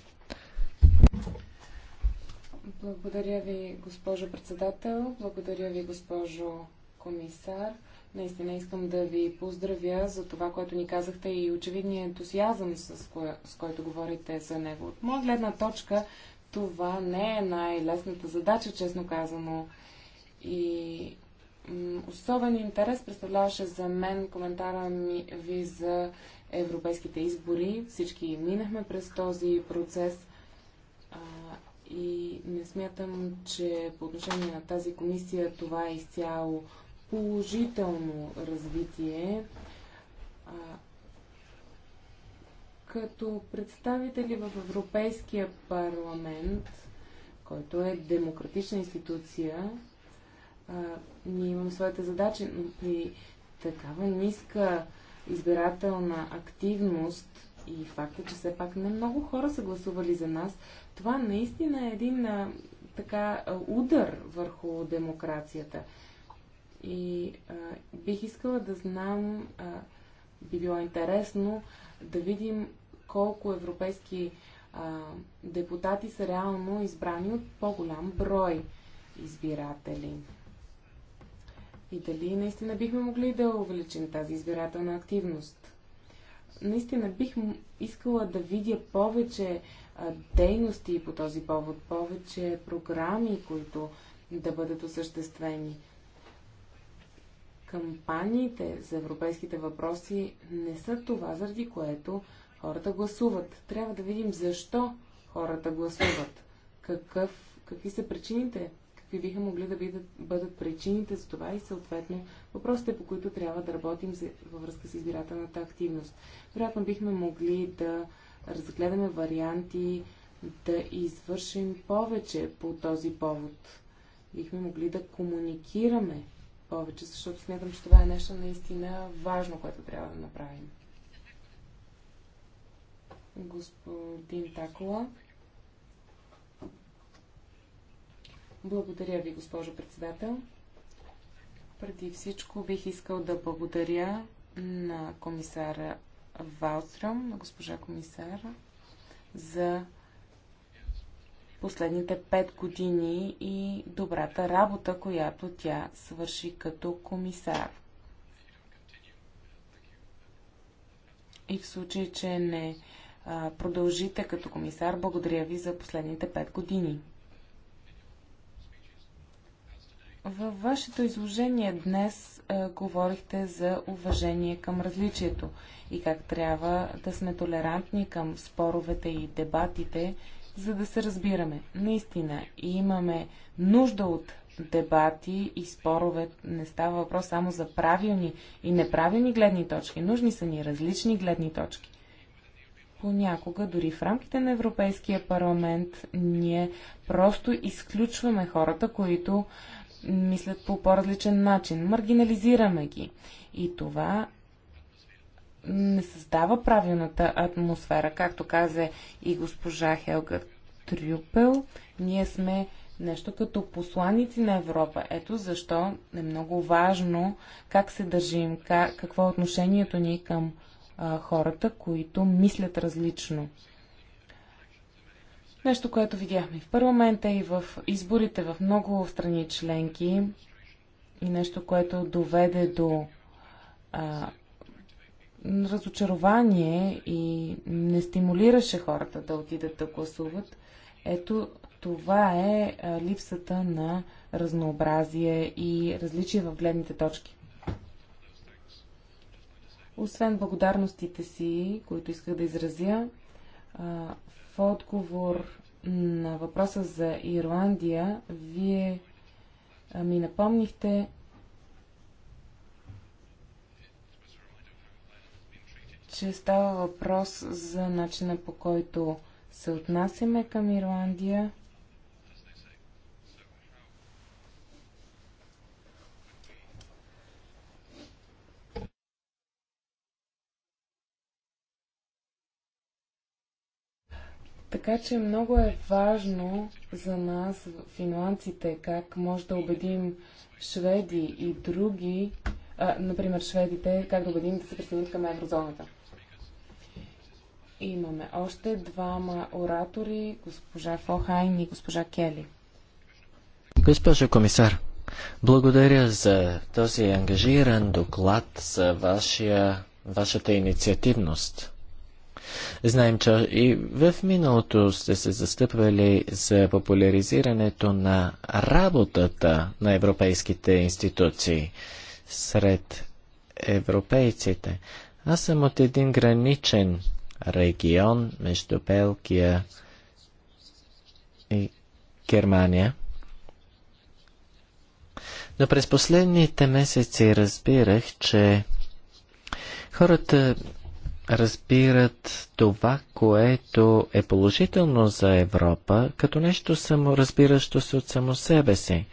Благодаря ви, госпожо председател. Благодаря ви, госпожо комисар. Наистина искам да ви поздравя за това, което ни казахте и очевидния ентусиазъм, с, кое, с който говорите за него. От моя гледна точка, това не е най-лесната задача, честно казано. И особен интерес представляваше за мен коментара ми, ви за европейските избори. Всички минахме през този процес а, и не смятам, че по отношение на тази комисия това е изцяло положително развитие. А, като представители в Европейския парламент, който е демократична институция, а, ние имаме своите задачи, но при такава ниска избирателна активност и факта, че все пак не много хора са гласували за нас, това наистина е един а, така удар върху демокрацията. И а, бих искала да знам, а, би било интересно да видим колко европейски а, депутати са реално избрани от по-голям брой избиратели. И дали наистина бихме могли да увеличим тази избирателна активност? Наистина бих искала да видя повече а, дейности по този повод, повече програми, които да бъдат осъществени. Кампаниите за европейските въпроси не са това, заради което Хората гласуват. Трябва да видим защо хората гласуват. Какъв, какви са причините? Какви биха могли да бидат, бъдат причините за това и съответно въпросите, по които трябва да работим във връзка с избирателната активност. Вероятно бихме могли да разгледаме варианти, да извършим повече по този повод. Бихме могли да комуникираме повече, защото смятам, че това е нещо наистина важно, което трябва да направим господин Такола. Благодаря ви, госпожо председател. Преди всичко бих искал да благодаря на комисара Валстрам, на госпожа комисара, за последните пет години и добрата работа, която тя свърши като комисар. И в случай, че не продължите като комисар. Благодаря ви за последните пет години. Във вашето изложение днес а, говорихте за уважение към различието и как трябва да сме толерантни към споровете и дебатите, за да се разбираме. Наистина, имаме нужда от дебати и спорове. Не става въпрос само за правилни и неправилни гледни точки. Нужни са ни различни гледни точки понякога дори в рамките на Европейския парламент ние просто изключваме хората, които мислят по по-различен начин. Маргинализираме ги. И това не създава правилната атмосфера. Както каза и госпожа Хелга Трюпел, ние сме нещо като посланици на Европа. Ето защо е много важно как се държим, как, какво е отношението ни към а, хората, които мислят различно. Нещо, което видяхме и в парламента, и в изборите в много страни членки, и нещо, което доведе до а, разочарование и не стимулираше хората да отидат да гласуват. Ето това е липсата на разнообразие и различие в гледните точки. Освен благодарностите си, които исках да изразя, в отговор на въпроса за Ирландия, вие ми напомнихте, че става въпрос за начина по който се отнасяме към Ирландия Така че много е важно за нас, финландците, как може да убедим шведи и други, а, например шведите, как да убедим да се присъединят към еврозоната. Имаме още двама оратори, госпожа Фохайн и госпожа Кели. Госпожо комисар, благодаря за този ангажиран доклад за вашия, вашата инициативност. Знаем, че и в миналото сте се застъпвали за популяризирането на работата на европейските институции сред европейците. Аз съм от един граничен регион между Белгия и Германия. Но през последните месеци разбирах, че хората разбират това, което е положително за Европа, като нещо само разбиращо се от само себе си.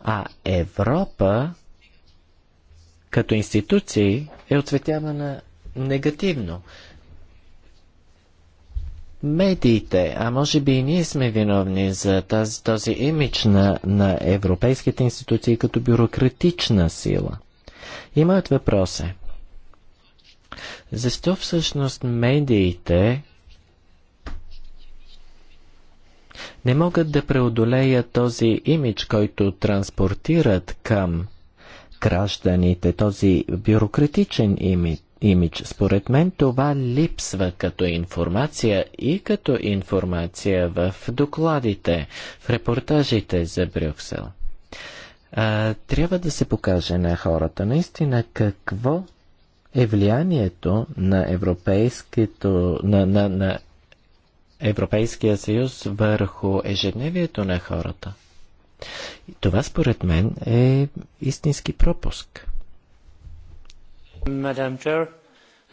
А Европа, като институции, е оцветявана негативно. Медиите, а може би и ние сме виновни за тази, този имидж на, на европейските институции като бюрократична сила. Имат въпроси. Защо всъщност медиите не могат да преодолеят този имидж, който транспортират към гражданите, този бюрократичен имидж? имидж. Според мен това липсва като информация и като информация в докладите, в репортажите за Брюксел. А, трябва да се покаже на хората наистина какво е влиянието на, европейското, на, на, на Европейския съюз върху ежедневието на хората. И това според мен е истински пропуск. Мадам Чер,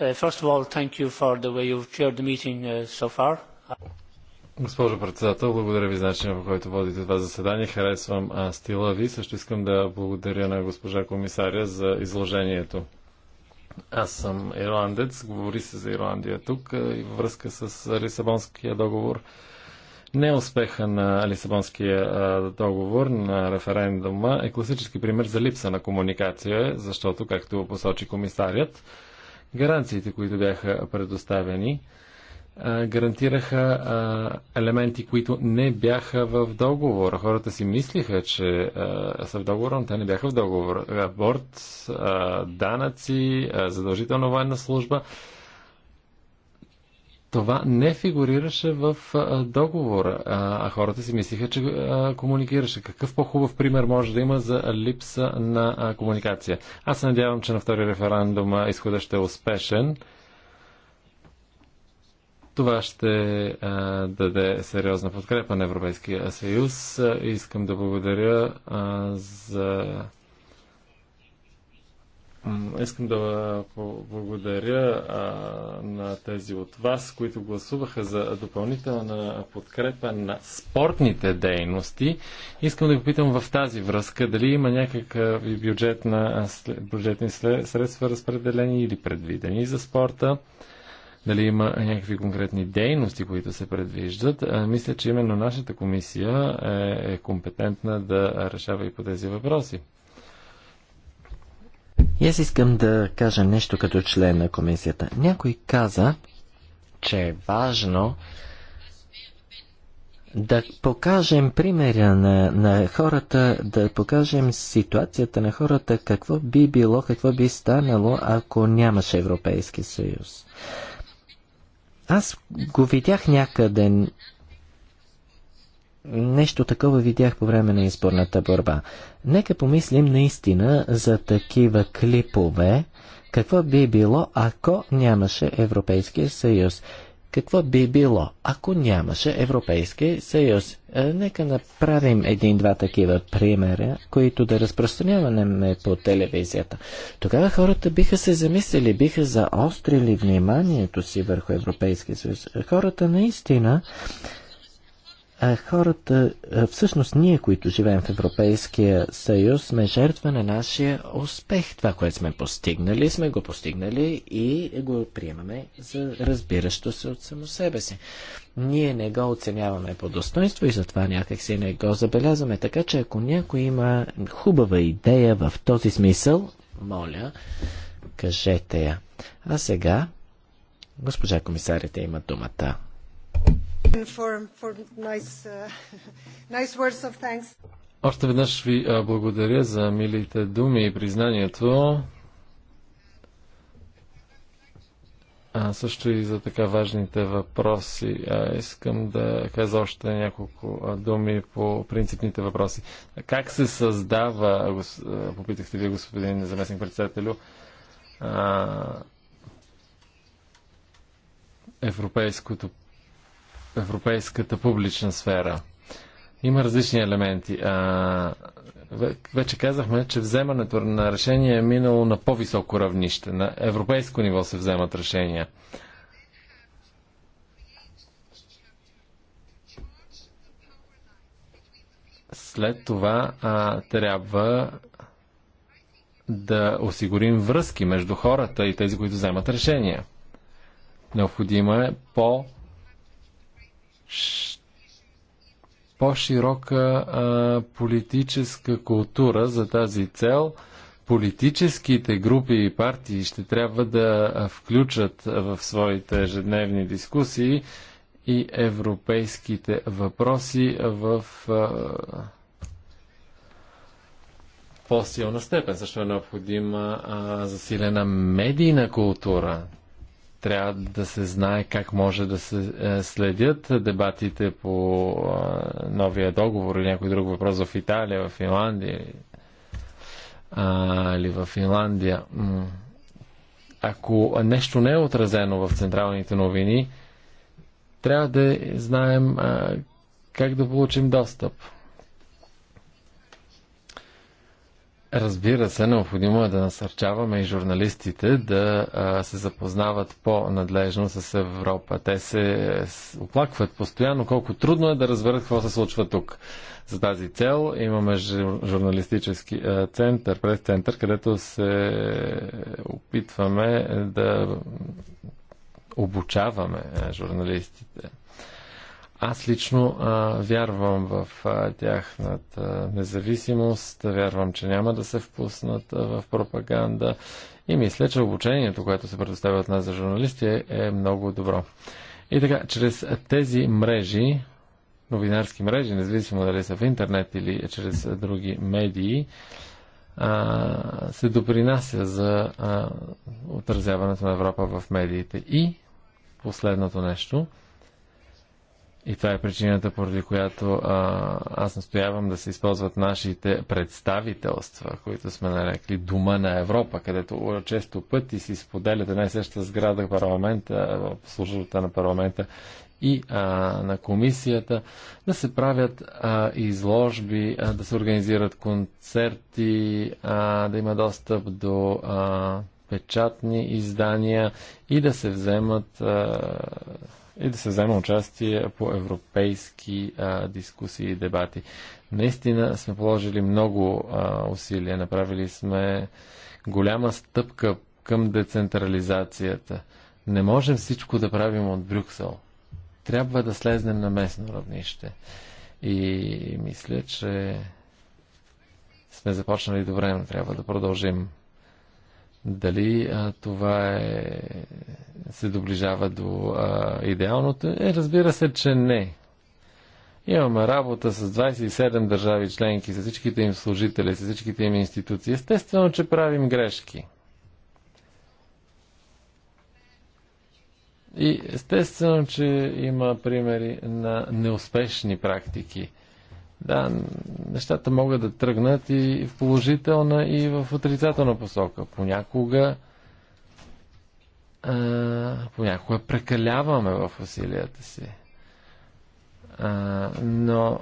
uh, first of all, thank you for the way you've chaired the meeting uh, so far. Госпожо председател, благодаря ви за начина, по който водите това заседание. Харесвам стила ви. Също искам да благодаря на госпожа комисаря за изложението. Аз съм ирландец, говори се за Ирландия тук и във връзка с Лисабонския договор. Неуспеха е на Лисабонския договор на референдума е класически пример за липса на комуникация, защото, както посочи комисарият, гаранциите, които бяха предоставени, гарантираха елементи, които не бяха в договора. Хората си мислиха, че са в договора, но те не бяха в договора. Аборт, данъци, задължителна военна служба. Това не фигурираше в договора, а, хората си мислиха, че комуникираше. Какъв по-хубав пример може да има за липса на комуникация? Аз се надявам, че на втори референдум изходът ще е успешен. Това ще а, даде сериозна подкрепа на Европейския съюз. Искам да благодаря а, за. Искам да благодаря а, на тези от вас, които гласуваха за допълнителна подкрепа на спортните дейности. Искам да попитам в тази връзка дали има някакви бюджетни средства разпределени или предвидени за спорта дали има някакви конкретни дейности, които се предвиждат. Мисля, че именно нашата комисия е, е компетентна да решава и по тези въпроси. И аз искам да кажа нещо като член на комисията. Някой каза, че е важно да покажем примеря на, на хората, да покажем ситуацията на хората, какво би било, какво би станало, ако нямаше Европейски съюз. Аз го видях някъде. Нещо такова видях по време на изборната борба. Нека помислим наистина за такива клипове. Какво би било, ако нямаше Европейския съюз? Какво би било, ако нямаше Европейски съюз? Е, нека направим един-два такива примера, които да разпространяваме по телевизията. Тогава хората биха се замислили, биха заострили вниманието си върху Европейския съюз. Хората наистина хората, всъщност ние, които живеем в Европейския съюз, сме жертва на нашия успех. Това, което сме постигнали, сме го постигнали и го приемаме за разбиращо се от само себе си. Ние не го оценяваме по достоинство и затова някак си не го забелязваме. Така че ако някой има хубава идея в този смисъл, моля, кажете я. А сега, госпожа комисарите има думата. Uh, още веднъж ви благодаря за милите думи и признанието. А, също и за така важните въпроси. А, искам да кажа още няколко думи по принципните въпроси. Как се създава, попитахте ви, господин заместник председателю, европейското европейската публична сфера. Има различни елементи. А, вече казахме, че вземането на решение е минало на по-високо равнище. На европейско ниво се вземат решения. След това а, трябва да осигурим връзки между хората и тези, които вземат решения. Необходимо е по- по-широка политическа култура за тази цел. Политическите групи и партии ще трябва да включат в своите ежедневни дискусии и европейските въпроси в по-силна степен. Също е необходима а, засилена медийна култура. Трябва да се знае как може да се е, следят дебатите по е, новия договор или някой друг въпрос в Италия, в Финландия или в Финландия. Ако нещо не е отразено в централните новини, трябва да знаем е, как да получим достъп. Разбира се, необходимо е да насърчаваме и журналистите да а, се запознават по-надлежно с Европа. Те се оплакват постоянно колко трудно е да разберат какво се случва тук. За тази цел имаме журналистически център, прес-център, където се опитваме да обучаваме журналистите. Аз лично а, вярвам в а, тяхната независимост, вярвам, че няма да се впуснат а, в пропаганда и мисля, че обучението, което се предоставя от нас за журналисти е, е много добро. И така, чрез тези мрежи, новинарски мрежи, независимо дали са в интернет или чрез други медии, а, се допринася за а, отразяването на Европа в медиите. И последното нещо – и това е причината, поради която а, аз настоявам да се използват нашите представителства, които сме нарекли Дума на Европа, където често пъти си споделят една и съща сграда парламента, в службата на парламента и а, на комисията, да се правят а, изложби, а, да се организират концерти, а, да има достъп до. А, печатни издания и да се вземат а, и да се взема участие по европейски а, дискусии и дебати. Наистина сме положили много а, усилия, направили сме голяма стъпка към децентрализацията. Не можем всичко да правим от Брюксел. Трябва да слезнем на местно равнище. И мисля, че сме започнали добре, но трябва да продължим. Дали а, това е, се доближава до а, идеалното? Е, разбира се, че не. Имаме работа с 27 държави членки, с всичките им служители, с всичките им институции. Естествено, че правим грешки. И естествено, че има примери на неуспешни практики – да, нещата могат да тръгнат и в положителна, и в отрицателна посока. Понякога а, понякога прекаляваме в усилията си. А, но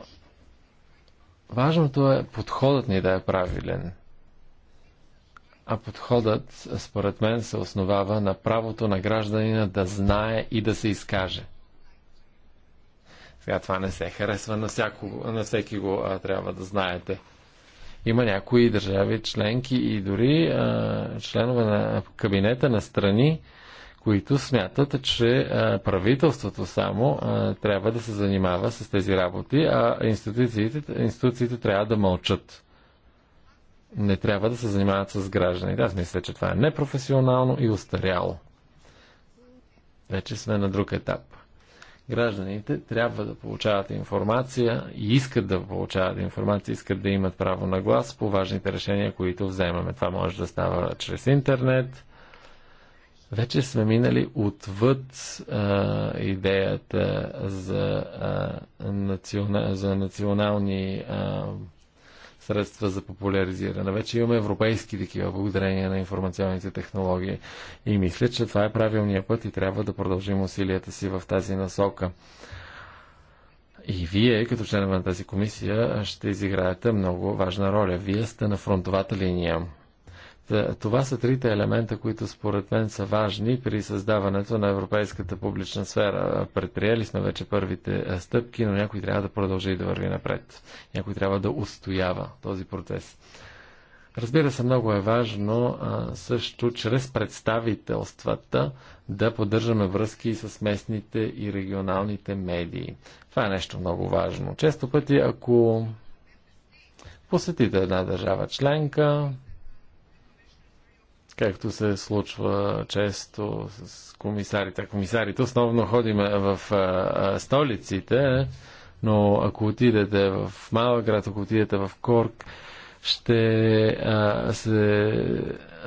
важното е подходът ни да е правилен. А подходът, според мен, се основава на правото на гражданина да знае и да се изкаже. Сега това не се харесва на, всяко, на всеки го, а, трябва да знаете. Има някои държави членки и дори а, членове на кабинета на страни, които смятат, че а, правителството само а, трябва да се занимава с тези работи, а институциите, институциите трябва да мълчат. Не трябва да се занимават с гражданите. Аз мисля, че това е непрофесионално и устаряло. Вече сме на друг етап. Гражданите трябва да получават информация и искат да получават информация, искат да имат право на глас по важните решения, които вземаме. Това може да става чрез интернет. Вече сме минали отвъд а, идеята за, а, национа, за национални а, средства за популяризиране. Вече имаме европейски такива благодарение на информационните технологии. И мисля, че това е правилният път и трябва да продължим усилията си в тази насока. И вие, като членове на тази комисия, ще изиграете много важна роля. Вие сте на фронтовата линия. Това са трите елемента, които според мен са важни при създаването на европейската публична сфера. Предприели сме вече първите е, стъпки, но някой трябва да продължи и да върви напред. Някой трябва да устоява този процес. Разбира се, много е важно също чрез представителствата да поддържаме връзки с местните и регионалните медии. Това е нещо много важно. Често пъти, ако посетите една държава членка, както се случва често с комисарите. Комисарите основно ходим в столиците, но ако отидете в малък град, ако отидете в Корк, ще а, се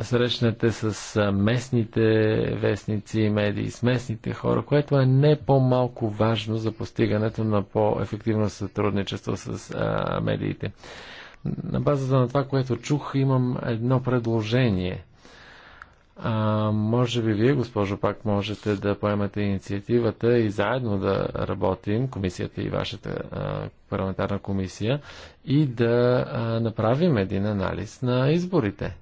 срещнете с местните вестници и медии, с местните хора, което е не по-малко важно за постигането на по-ефективно сътрудничество с а, медиите. На базата на това, което чух, имам едно предложение. А, може би вие, госпожо, пак можете да поемате инициативата и заедно да работим, комисията и вашата а, парламентарна комисия, и да а, направим един анализ на изборите.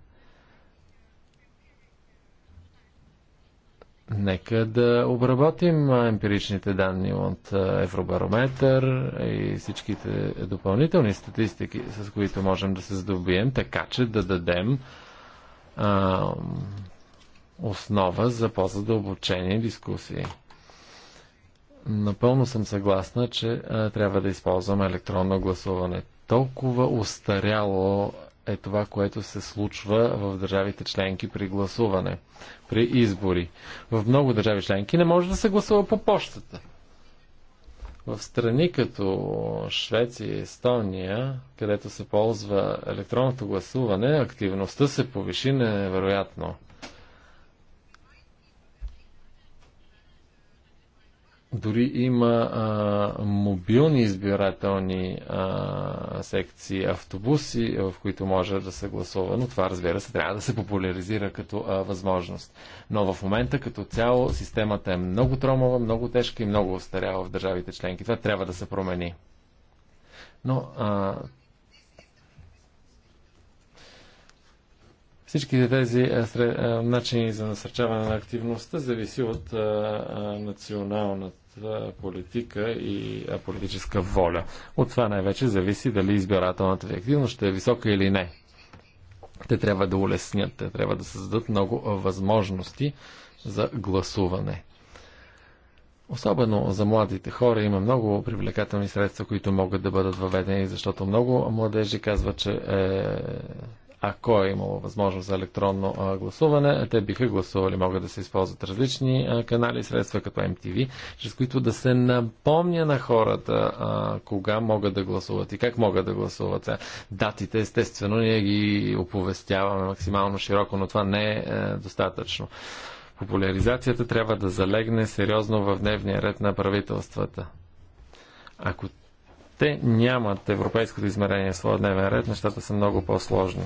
Нека да обработим емпиричните данни от Евробарометър и всичките допълнителни статистики, с които можем да се здобием, така че да дадем а, основа за по-задълбочени дискусии. Напълно съм съгласна, че а, трябва да използваме електронно гласуване. Толкова устаряло е това, което се случва в държавите членки при гласуване, при избори. В много държави членки не може да се гласува по почтата. В страни като Швеция и Естония, където се ползва електронното гласуване, активността се повиши невероятно. Дори има а, мобилни избирателни а, секции, автобуси, е, в които може да се гласува, но това разбира се трябва да се популяризира като а, възможност. Но в момента като цяло системата е много тромова, много тежка и много остаряла в държавите членки. Това трябва да се промени. Но а, Всички тези е, е, начини за насърчаване на активността зависи от е, националната политика и политическа воля. От това най-вече зависи дали избирателната ви активност ще е висока или не. Те трябва да улеснят, те трябва да създадат много възможности за гласуване. Особено за младите хора има много привлекателни средства, които могат да бъдат въведени, защото много младежи казват, че е ако е имало възможност за електронно гласуване, те биха гласували. Могат да се използват различни канали и средства, като MTV, чрез които да се напомня на хората кога могат да гласуват и как могат да гласуват. Датите, естествено, ние ги оповестяваме максимално широко, но това не е, е достатъчно. Популяризацията трябва да залегне сериозно в дневния ред на правителствата. Ако те нямат европейското измерение в своя дневен ред, нещата са много по-сложни.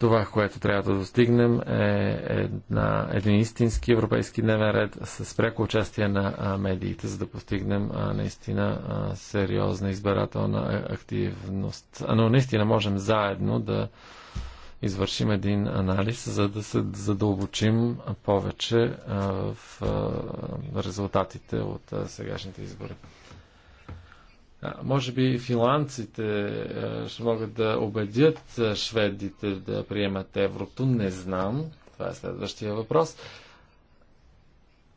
Това, което трябва да достигнем е една, един истински европейски дневен ред с пряко участие на медиите, за да постигнем наистина сериозна избирателна активност. Но наистина можем заедно да извършим един анализ, за да се задълбочим повече в резултатите от сегашните избори. Може би финландците ще могат да убедят шведите да приемат еврото. Не знам. Това е следващия въпрос.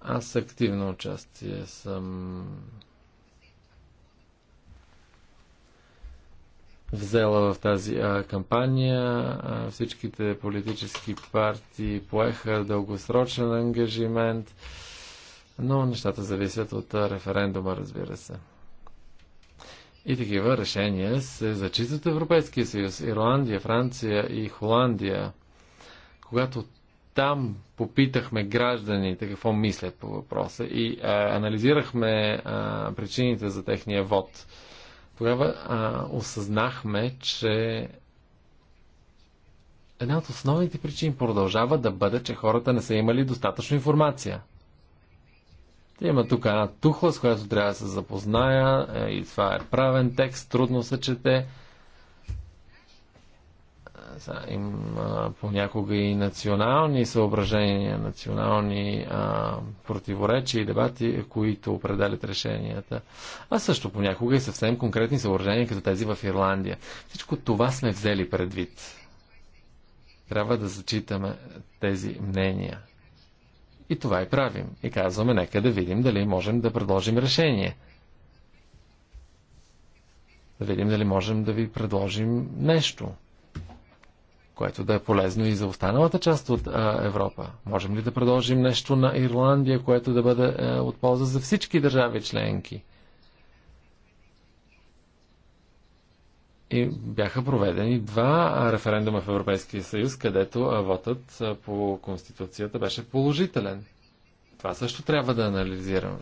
Аз активно участие съм взела в тази а, кампания. А, всичките политически партии поеха дългосрочен ангажимент, но нещата зависят от референдума, разбира се. И такива решения се зачитат Европейския съюз, Ирландия, Франция и Холандия. Когато там попитахме гражданите какво мислят по въпроса и а, анализирахме а, причините за техния вод, тогава а, осъзнахме, че една от основните причини продължава да бъде, че хората не са имали достатъчно информация – има тук една тухла, с която трябва да се запозная е, и това е правен текст, трудно се чете. Е, Има понякога и национални съображения, национални а, противоречия и дебати, които определят решенията. А също понякога и съвсем конкретни съображения, като тези в Ирландия. Всичко това сме взели предвид. Трябва да зачитаме тези мнения. И това и правим. И казваме, нека да видим дали можем да предложим решение. Да видим дали можем да ви предложим нещо, което да е полезно и за останалата част от а, Европа. Можем ли да предложим нещо на Ирландия, което да бъде а, е, от полза за всички държави членки? И бяха проведени два референдума в Европейския съюз, където вотът по Конституцията беше положителен. Това също трябва да анализираме.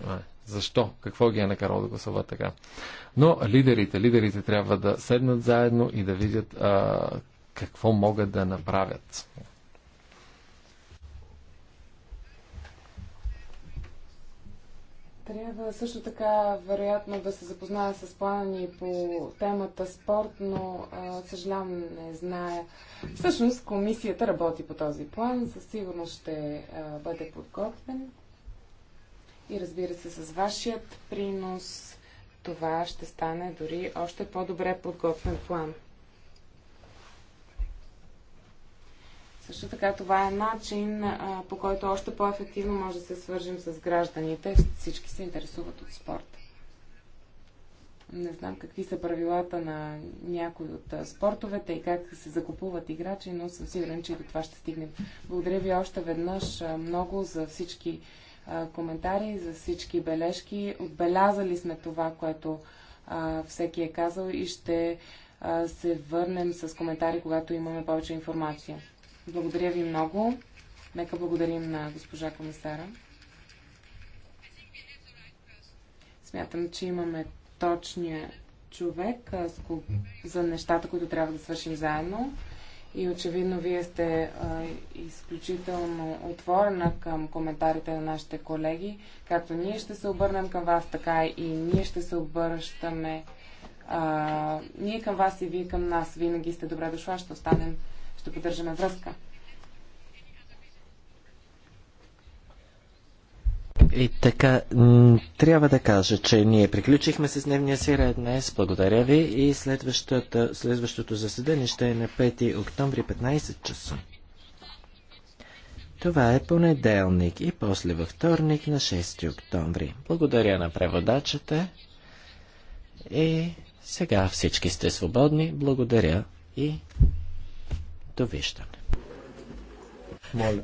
Защо? Какво ги е накарало да гласуват така? Но лидерите, лидерите трябва да седнат заедно и да видят а, какво могат да направят. Трябва също така, вероятно, да се запозная с плана ни по темата спорт, но съжалявам, не зная. Всъщност, комисията работи по този план, със сигурност ще бъде подготвен. И разбира се, с вашият принос това ще стане дори още по-добре подготвен план. Също така това е начин, а, по който още по-ефективно може да се свържим с гражданите. Всички се интересуват от спорта. Не знам какви са правилата на някои от спортовете и как се закупуват играчи, но съм сигурен, че и до това ще стигнем. Благодаря ви още веднъж много за всички коментари, за всички бележки. Отбелязали сме това, което всеки е казал и ще се върнем с коментари, когато имаме повече информация. Благодаря ви много. Нека благодарим на госпожа комисара. Смятам, че имаме точния човек за нещата, които трябва да свършим заедно. И очевидно вие сте а, изключително отворена към коментарите на нашите колеги. Както ние ще се обърнем към вас, така и ние ще се обръщаме. А, ние към вас и вие към нас. Винаги сте добре дошла. Ще останем ще поддържаме връзка. И така, трябва да кажа, че ние приключихме с дневния си ред днес. Благодаря ви и следващото, следващото заседание ще е на 5 октомври 15 часа. Това е понеделник и после във вторник на 6 октомври. Благодаря на преводачите и сега всички сте свободни. Благодаря и Довиждане. Моля.